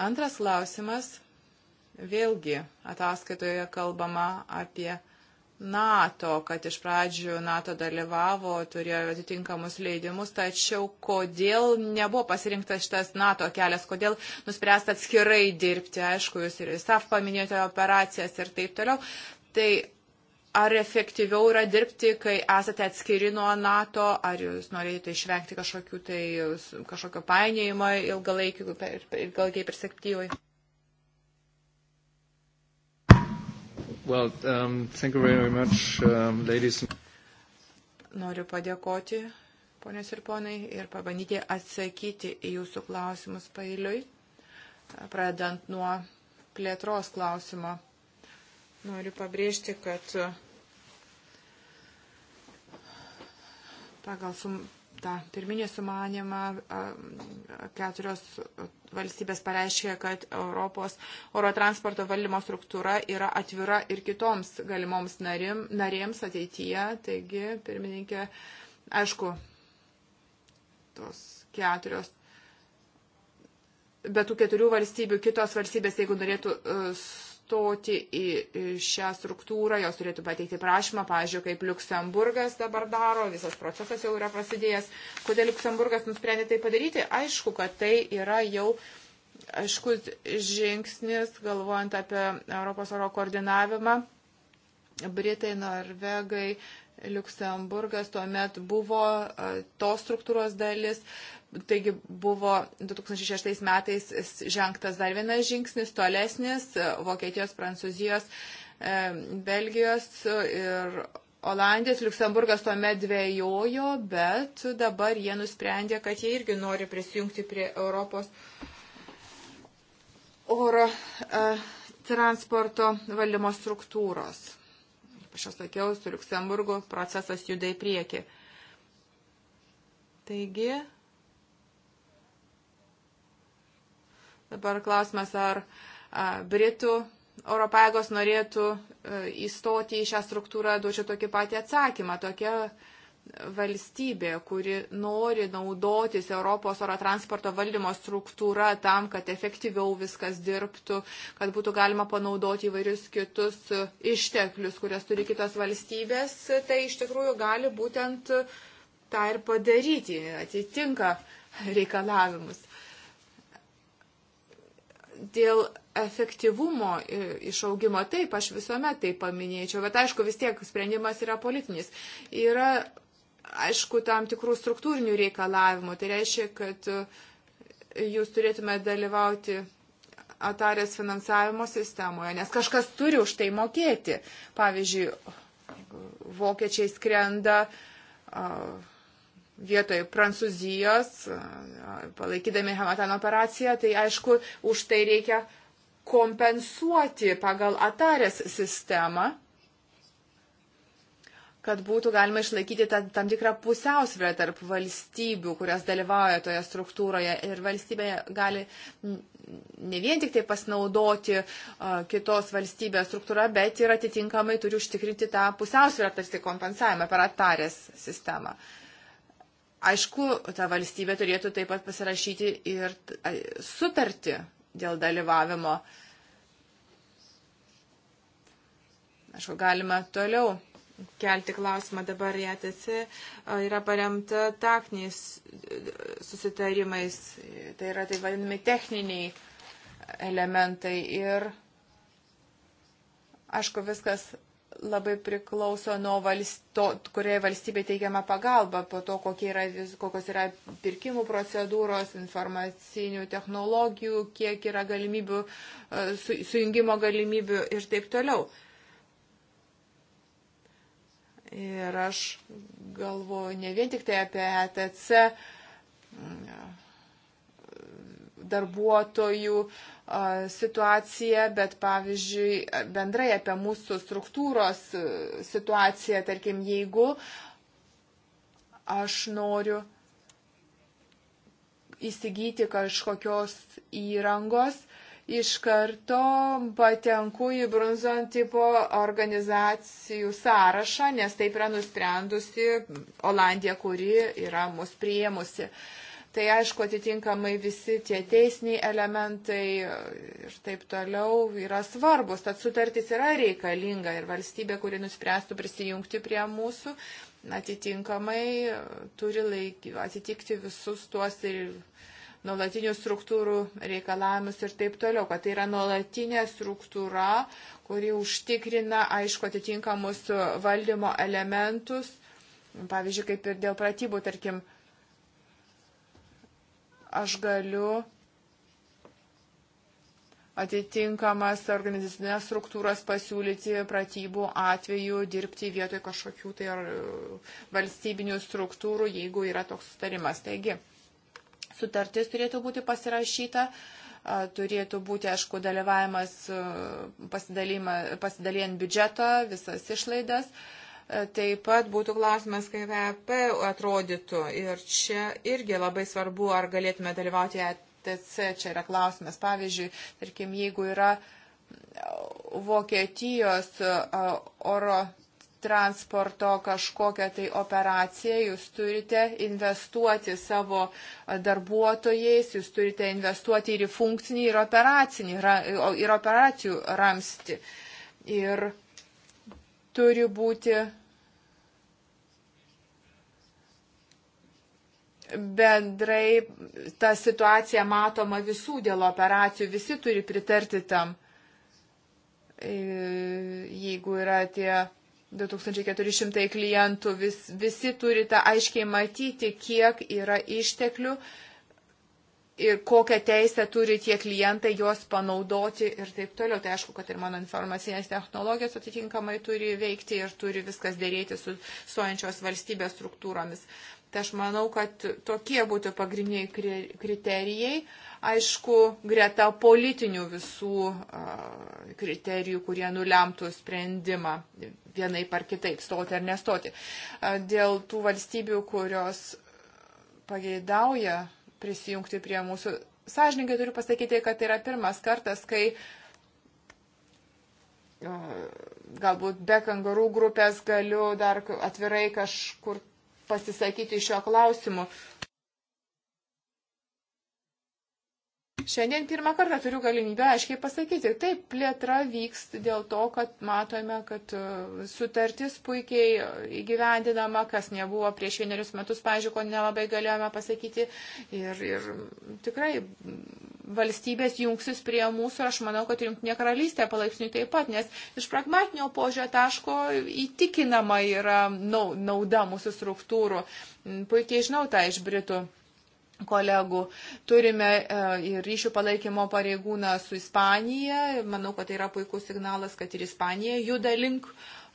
Antras klausimas. Vėlgi ataskaitoje kalbama apie NATO, kad iš pradžių NATO dalyvavo, turėjo atitinkamus leidimus, tačiau kodėl nebuvo pasirinktas šitas NATO kelias, kodėl nuspręsta atskirai dirbti, aišku, jūs ir SAF paminėjote operacijas ir taip toliau. Tai ar efektyviau yra dirbti, kai esate atskiri nuo NATO, ar jūs norėjote išvengti kažkokių tai, kažkokio painėjimo ilgalaikiai perspektyvai? Well, um, thank you very much, um, ladies. Noriu padėkoti, ponės ir ponai, ir pabandyti atsakyti į jūsų klausimus pailiui, pradant nuo plėtros klausimo. Noriu pabrėžti, kad pagal sum, tą pirminį sumanimą keturios valstybės pareiškė, kad Europos oro transporto valdymo struktūra yra atvira ir kitoms galimoms narim, narėms ateityje. Taigi, pirmininkė, aišku, tos keturios bet tų keturių valstybių kitos valstybės, jeigu norėtų e, stoti į šią struktūrą, jos turėtų pateikti prašymą, pažiūrėjau, kaip Luksemburgas dabar daro, visas procesas jau yra prasidėjęs. Kodėl Luksemburgas nusprendė tai padaryti? Aišku, kad tai yra jau aiškus žingsnis, galvojant apie Europos oro koordinavimą. Britai, norvegai, Liuksemburgas tuomet buvo e, tos struktūros dalis. Taigi buvo 2006 metais žengtas dar vienas žingsnis, tolesnis e, Vokietijos, Prancūzijos, e, Belgijos ir Olandijos, Luksemburgas tuomet dvėjojo, bet dabar jie nusprendė, kad jie irgi nori prisijungti prie Europos oro e, transporto valdymo struktūros kaip aš jau sakiau, su Luksemburgu procesas juda į priekį. Taigi, dabar klausimas, ar a, Britų Europajėgos norėtų a, e, įstoti į šią struktūrą, duočiau tokį patį atsakymą. Tokia valstybė, kuri nori naudotis Europos oro transporto valdymo struktūra tam, kad efektyviau viskas dirbtų, kad būtų galima panaudoti įvairius kitus išteklius, kurias turi kitos valstybės, tai iš tikrųjų gali būtent tą ir padaryti, atitinka reikalavimus. Dėl efektyvumo išaugimo, taip, aš visuomet tai paminėčiau, bet aišku, vis tiek sprendimas yra politinis. Yra aišku, tam tikrų struktūrinių reikalavimų. Tai reiškia, kad e, jūs turėtumėte dalyvauti atarės finansavimo sistemoje, nes kažkas turi už tai mokėti. Pavyzdžiui, vokiečiai skrenda vietoje Prancūzijos, palaikydami Hamatan operaciją, tai aišku, už tai reikia kompensuoti pagal atarės sistemą kad būtų galima išlaikyti tą, tam tikrą pusiausvyrą tarp valstybių, kurios dalyvauja toje struktūroje. Ir valstybė gali ne vien tik tai pasinaudoti a, kitos valstybės struktūrą, bet ir atitinkamai turi užtikrinti tą pusiausvyrą, tarsi kompensavimą per atarės sistemą. Aišku, ta valstybė turėtų taip pat pasirašyti ir sutartį dėl dalyvavimo. Aišku, galima toliau kelti klausimą dabar JTC yra paremta taktiniais e, susitarimais, tai yra tai vadinami techniniai elementai ir aišku viskas labai priklauso nuo valsto, kurioje valstybė teikiama pagalba, po to yra, kokios yra pirkimų procedūros, informacinių technologijų, kiek yra galimybių, e, su, sujungimo galimybių ir taip toliau. Uh, Ir aš galvoju ne vien tik tai apie ETC mm, darbuotojų situaciją, bet pavyzdžiui bendrai apie mūsų struktūros e, situaciją, tarkim, jeigu aš noriu įsigyti kažkokios įrangos, iš karto patenku į bronzon tipo organizacijų sąrašą, nes taip yra nusprendusi Olandija, kuri yra mus priėmusi. Tai aišku, atitinkamai visi tie teisiniai elementai ir taip toliau yra svarbus. Tad sutartis yra reikalinga ir valstybė, kuri nuspręstų prisijungti prie mūsų, atitinkamai turi laik, atitikti visus tuos ir nuolatinių struktūrų reikalavimus ir taip toliau, kad tai yra nuolatinė struktūra, kuri užtikrina, aišku, atitinkamus valdymo elementus, pavyzdžiui, kaip ir dėl pratybų, tarkim, aš galiu atitinkamas organizacinės struktūras pasiūlyti pratybų atveju dirbti vietoj kažkokių tai valstybinių struktūrų, jeigu yra toks sustarimas. Taigi, sutartis turėtų būti pasirašyta, turėtų būti, aišku, dalyvavimas pasidalijant biudžetą, visas išlaidas. Taip pat būtų klausimas, kaip EP atrodytų. Ir čia irgi labai svarbu, ar galėtume dalyvauti ETC. Čia yra klausimas. Pavyzdžiui, tarkim, jeigu yra Vokietijos oro transporto kažkokią tai operaciją, jūs turite investuoti savo darbuotojais, jūs turite investuoti ir į funkcinį, ir operacinį, ir operacijų ramsti. Ir turi būti bendrai ta situacija matoma visų dėl operacijų, visi turi pritarti tam, e, jeigu yra tie 2400 klientų, vis, visi turite aiškiai matyti, kiek yra išteklių ir kokią teisę turi tie klientai juos panaudoti ir taip toliau. Tai aišku, kad ir mano informacinės technologijos atitinkamai turi veikti ir turi viskas dėrėti su stojančios valstybės struktūromis. Tai aš manau, kad tokie būtų pagrindiniai kriterijai, aišku, greta politinių visų kriterijų, kurie nulemtų sprendimą vienai par kitaip, stoti ar nestoti. Dėl tų valstybių, kurios pageidauja prisijungti prie mūsų, sąžininkai turiu pasakyti, kad tai yra pirmas kartas, kai galbūt be kangarų grupės galiu dar atvirai kažkur pasisakyti šio klausimu. Šiandien pirmą kartą turiu galimybę aiškiai pasakyti, taip, plėtra vyks dėl to, kad matome, kad e, sutartis puikiai e, įgyvendinama, kas nebuvo prieš vienerius metus, pažiūrėjau, ko nelabai galėjome pasakyti. Ir, ir tikrai valstybės jungsis prie mūsų ir aš manau, kad jungtinė karalystė palaipsniui taip pat, nes iš pragmatinio požio taško įtikinama yra nauda mūsų struktūrų. Mm, puikiai žinau tą iš Britų kolegų. Turime e, ir ryšių palaikymo pareigūną su Ispanija. Manau, kad tai yra puikus signalas, kad ir Ispanija juda link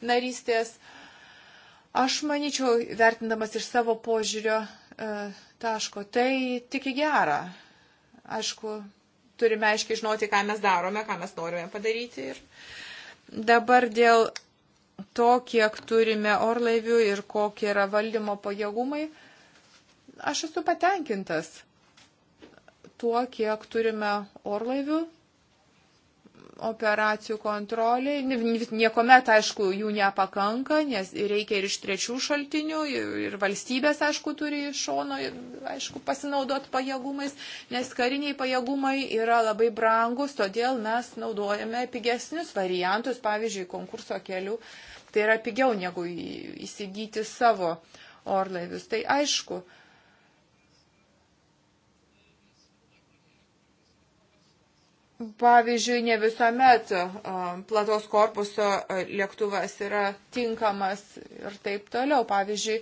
narystės. Aš manyčiau, vertindamas iš savo požiūrio e, taško, tai tik į gerą. Aišku, turime aiškiai žinoti, ką mes darome, ką mes norime padaryti. Ir dabar dėl to, kiek turime orlaivių ir kokie yra valdymo pajėgumai, aš esu patenkintas tuo, kiek turime orlaivių, operacijų kontroliai. Niekuomet, aišku, jų nepakanka, nes reikia ir iš trečių šaltinių, ir valstybės, aišku, turi iš šono, aišku, pasinaudot pajėgumais, nes kariniai pajėgumai yra labai brangus, todėl mes naudojame pigesnius variantus, pavyzdžiui, konkurso kelių. Tai yra pigiau negu įsigyti savo orlaivius. Tai aišku, uh, Pavyzdžiui, ne visuomet platos korpuso lėktuvas yra tinkamas ir taip toliau. Pavyzdžiui,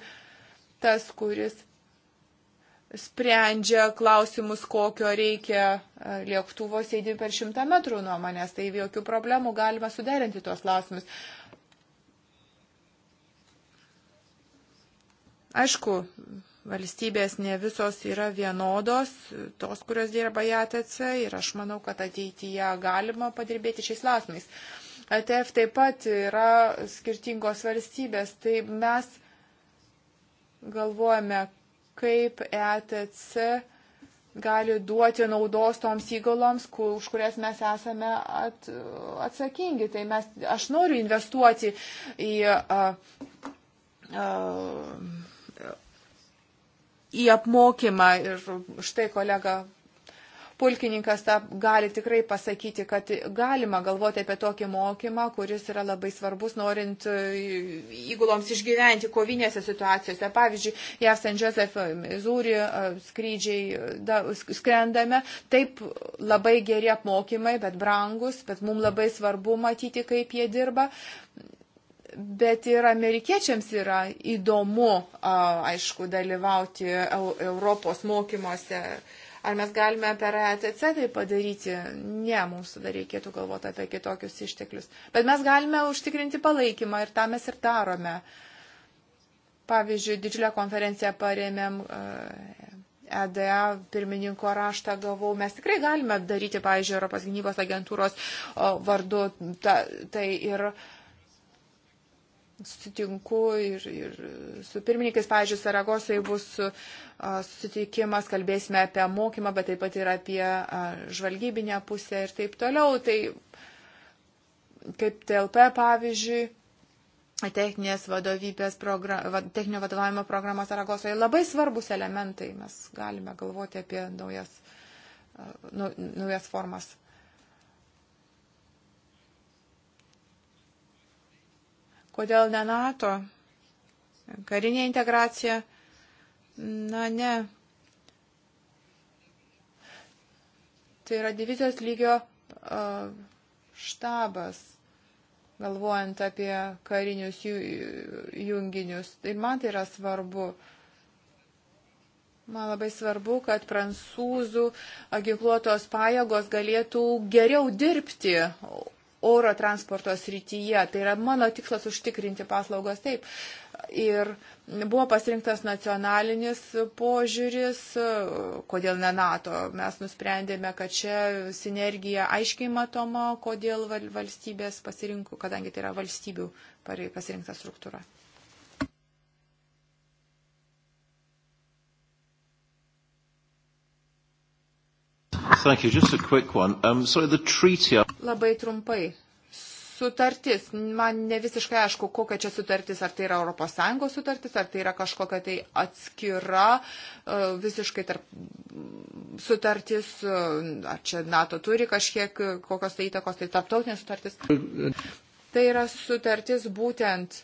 tas, kuris sprendžia klausimus, kokio reikia lėktuvo, sėdi per šimtą metrų nuo manęs, tai jokių problemų galima suderinti tuos klausimus. Aišku, valstybės ne visos yra vienodos, tos, kurios dirba JATC ir aš manau, kad ateityje galima padirbėti šiais lasmais. ATF taip pat yra skirtingos valstybės, tai mes galvojame, kaip ETC gali duoti naudos toms įgaloms, kur, už kurias mes esame at, atsakingi. Tai mes, aš noriu investuoti į. A, a, į apmokymą ir štai kolega pulkininkas tą gali tikrai pasakyti, kad galima galvoti apie tokį mokymą, kuris yra labai svarbus, norint e, įguloms išgyventi kovinėse situacijose. Pavyzdžiui, JAV St. Joseph, Zūri e, e, skrydžiai da, skrendame. Taip labai geri apmokymai, bet brangus, bet mums labai svarbu matyti, kaip jie dirba. Bet ir amerikiečiams yra įdomu, aišku, dalyvauti Europos mokymuose. Ar mes galime per ETC tai padaryti? Ne, mums tada reikėtų galvoti apie kitokius išteklius. Bet mes galime užtikrinti palaikymą ir tą mes ir darome. Pavyzdžiui, didžiulę konferenciją paremėm EDA e pirmininko raštą gavau. Mes tikrai galime daryti, pavyzdžiui, Europos gynybos agentūros vardu. Ta, tai ir. Uh, sutinku ir, ir su pirmininkais, pavyzdžiui, Saragosai bus susitikimas, kalbėsime apie mokymą, bet taip pat ir apie žvalgybinę pusę ir taip toliau. Tai kaip TLP pavyzdžiui techninės vadovybės programa, techninio vadovavimo programos Aragosoje labai svarbus elementai. Mes galime galvoti apie naujas, nu, naujas formas. Kodėl ne NATO? Karinė integracija? Na ne. Tai yra divizijos lygio uh, štabas, galvojant apie karinius junginius. Ir tai man tai yra svarbu. Man labai svarbu, kad prancūzų ginkluotos pajėgos galėtų geriau dirbti, oro transporto srityje. Tai yra mano tikslas užtikrinti paslaugos taip. Ir buvo pasirinktas nacionalinis požiūris, kodėl ne NATO. Mes nusprendėme, kad čia sinergija aiškiai matoma, kodėl valstybės pasirinko, kadangi tai yra valstybių pasirinkta struktūra. Thank you. Just a quick one. Um, sorry, the treaty... Uh, Labai trumpai. Sutartis. Man ne visiškai aišku, kokia čia sutartis. Ar tai yra ES sutartis, ar tai yra kažkokia tai atskira uh, visiškai tarp mm, sutartis, uh, ar čia NATO turi kažkiek kokios tai įtakos, tai tarptautinės sutartis. Tai yra sutartis būtent,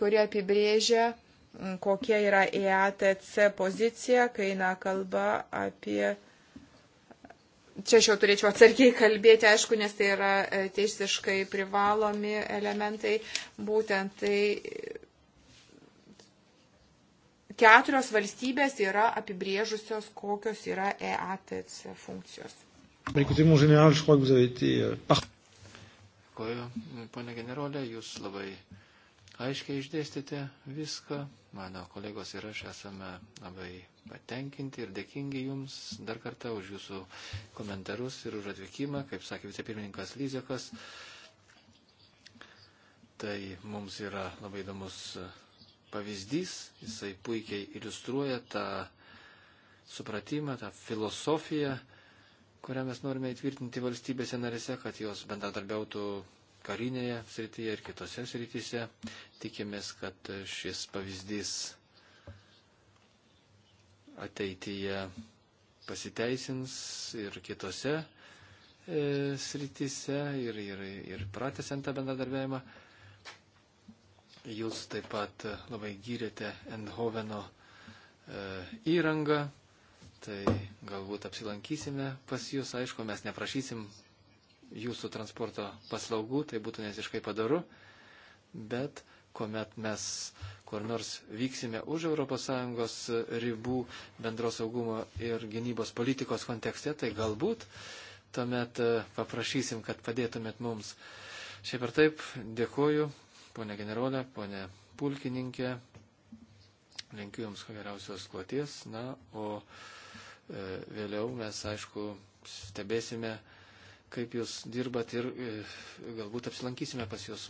kurie apibrėžia mm, kokia yra EATC pozicija, kai eina kalba apie Čia aš jau turėčiau atsargiai kalbėti, aišku, nes tai yra e, teisiškai privalomi elementai. Būtent tai e, keturios valstybės yra apibrėžusios, kokios yra EATC funkcijos. Écoutez, mon général, je crois que vous avez été euh, parfait. Dėkuoju, ponė generolė, jūs labai aiškiai išdėstėte viską. Mano kolegos ir aš esame labai patenkinti ir dėkingi Jums dar kartą už Jūsų komentarus ir už atvykimą, kaip sakė vicepirmininkas Lyzekas. Tai mums yra labai įdomus pavyzdys, jisai puikiai iliustruoja tą supratimą, tą filosofiją, kurią mes norime įtvirtinti valstybėse narėse, kad jos bendradarbiautų karinėje srityje ir kitose srityse. Tikimės, kad šis pavyzdys ateityje pasiteisins ir kitose e, srityse ir, ir, ir pratesiant tą bendradarbiavimą. Jūs taip pat labai gyrėte Endhoveno e, įrangą, tai galbūt apsilankysime pas jūs, aišku, mes neprašysim jūsų transporto paslaugų, tai būtų nesiškai padaru, bet kuomet mes kur nors vyksime už ES ribų bendros saugumo ir gynybos politikos kontekste, tai galbūt tuomet e, paprašysim, kad padėtumėt mums. Šiaip ir taip, dėkoju, ponė generolė, ponė pulkininkė, linkiu Jums ko geriausios kloties, na, o e, vėliau mes, aišku, stebėsime, kaip jūs dirbat ir e, galbūt apsilankysime pas jūs.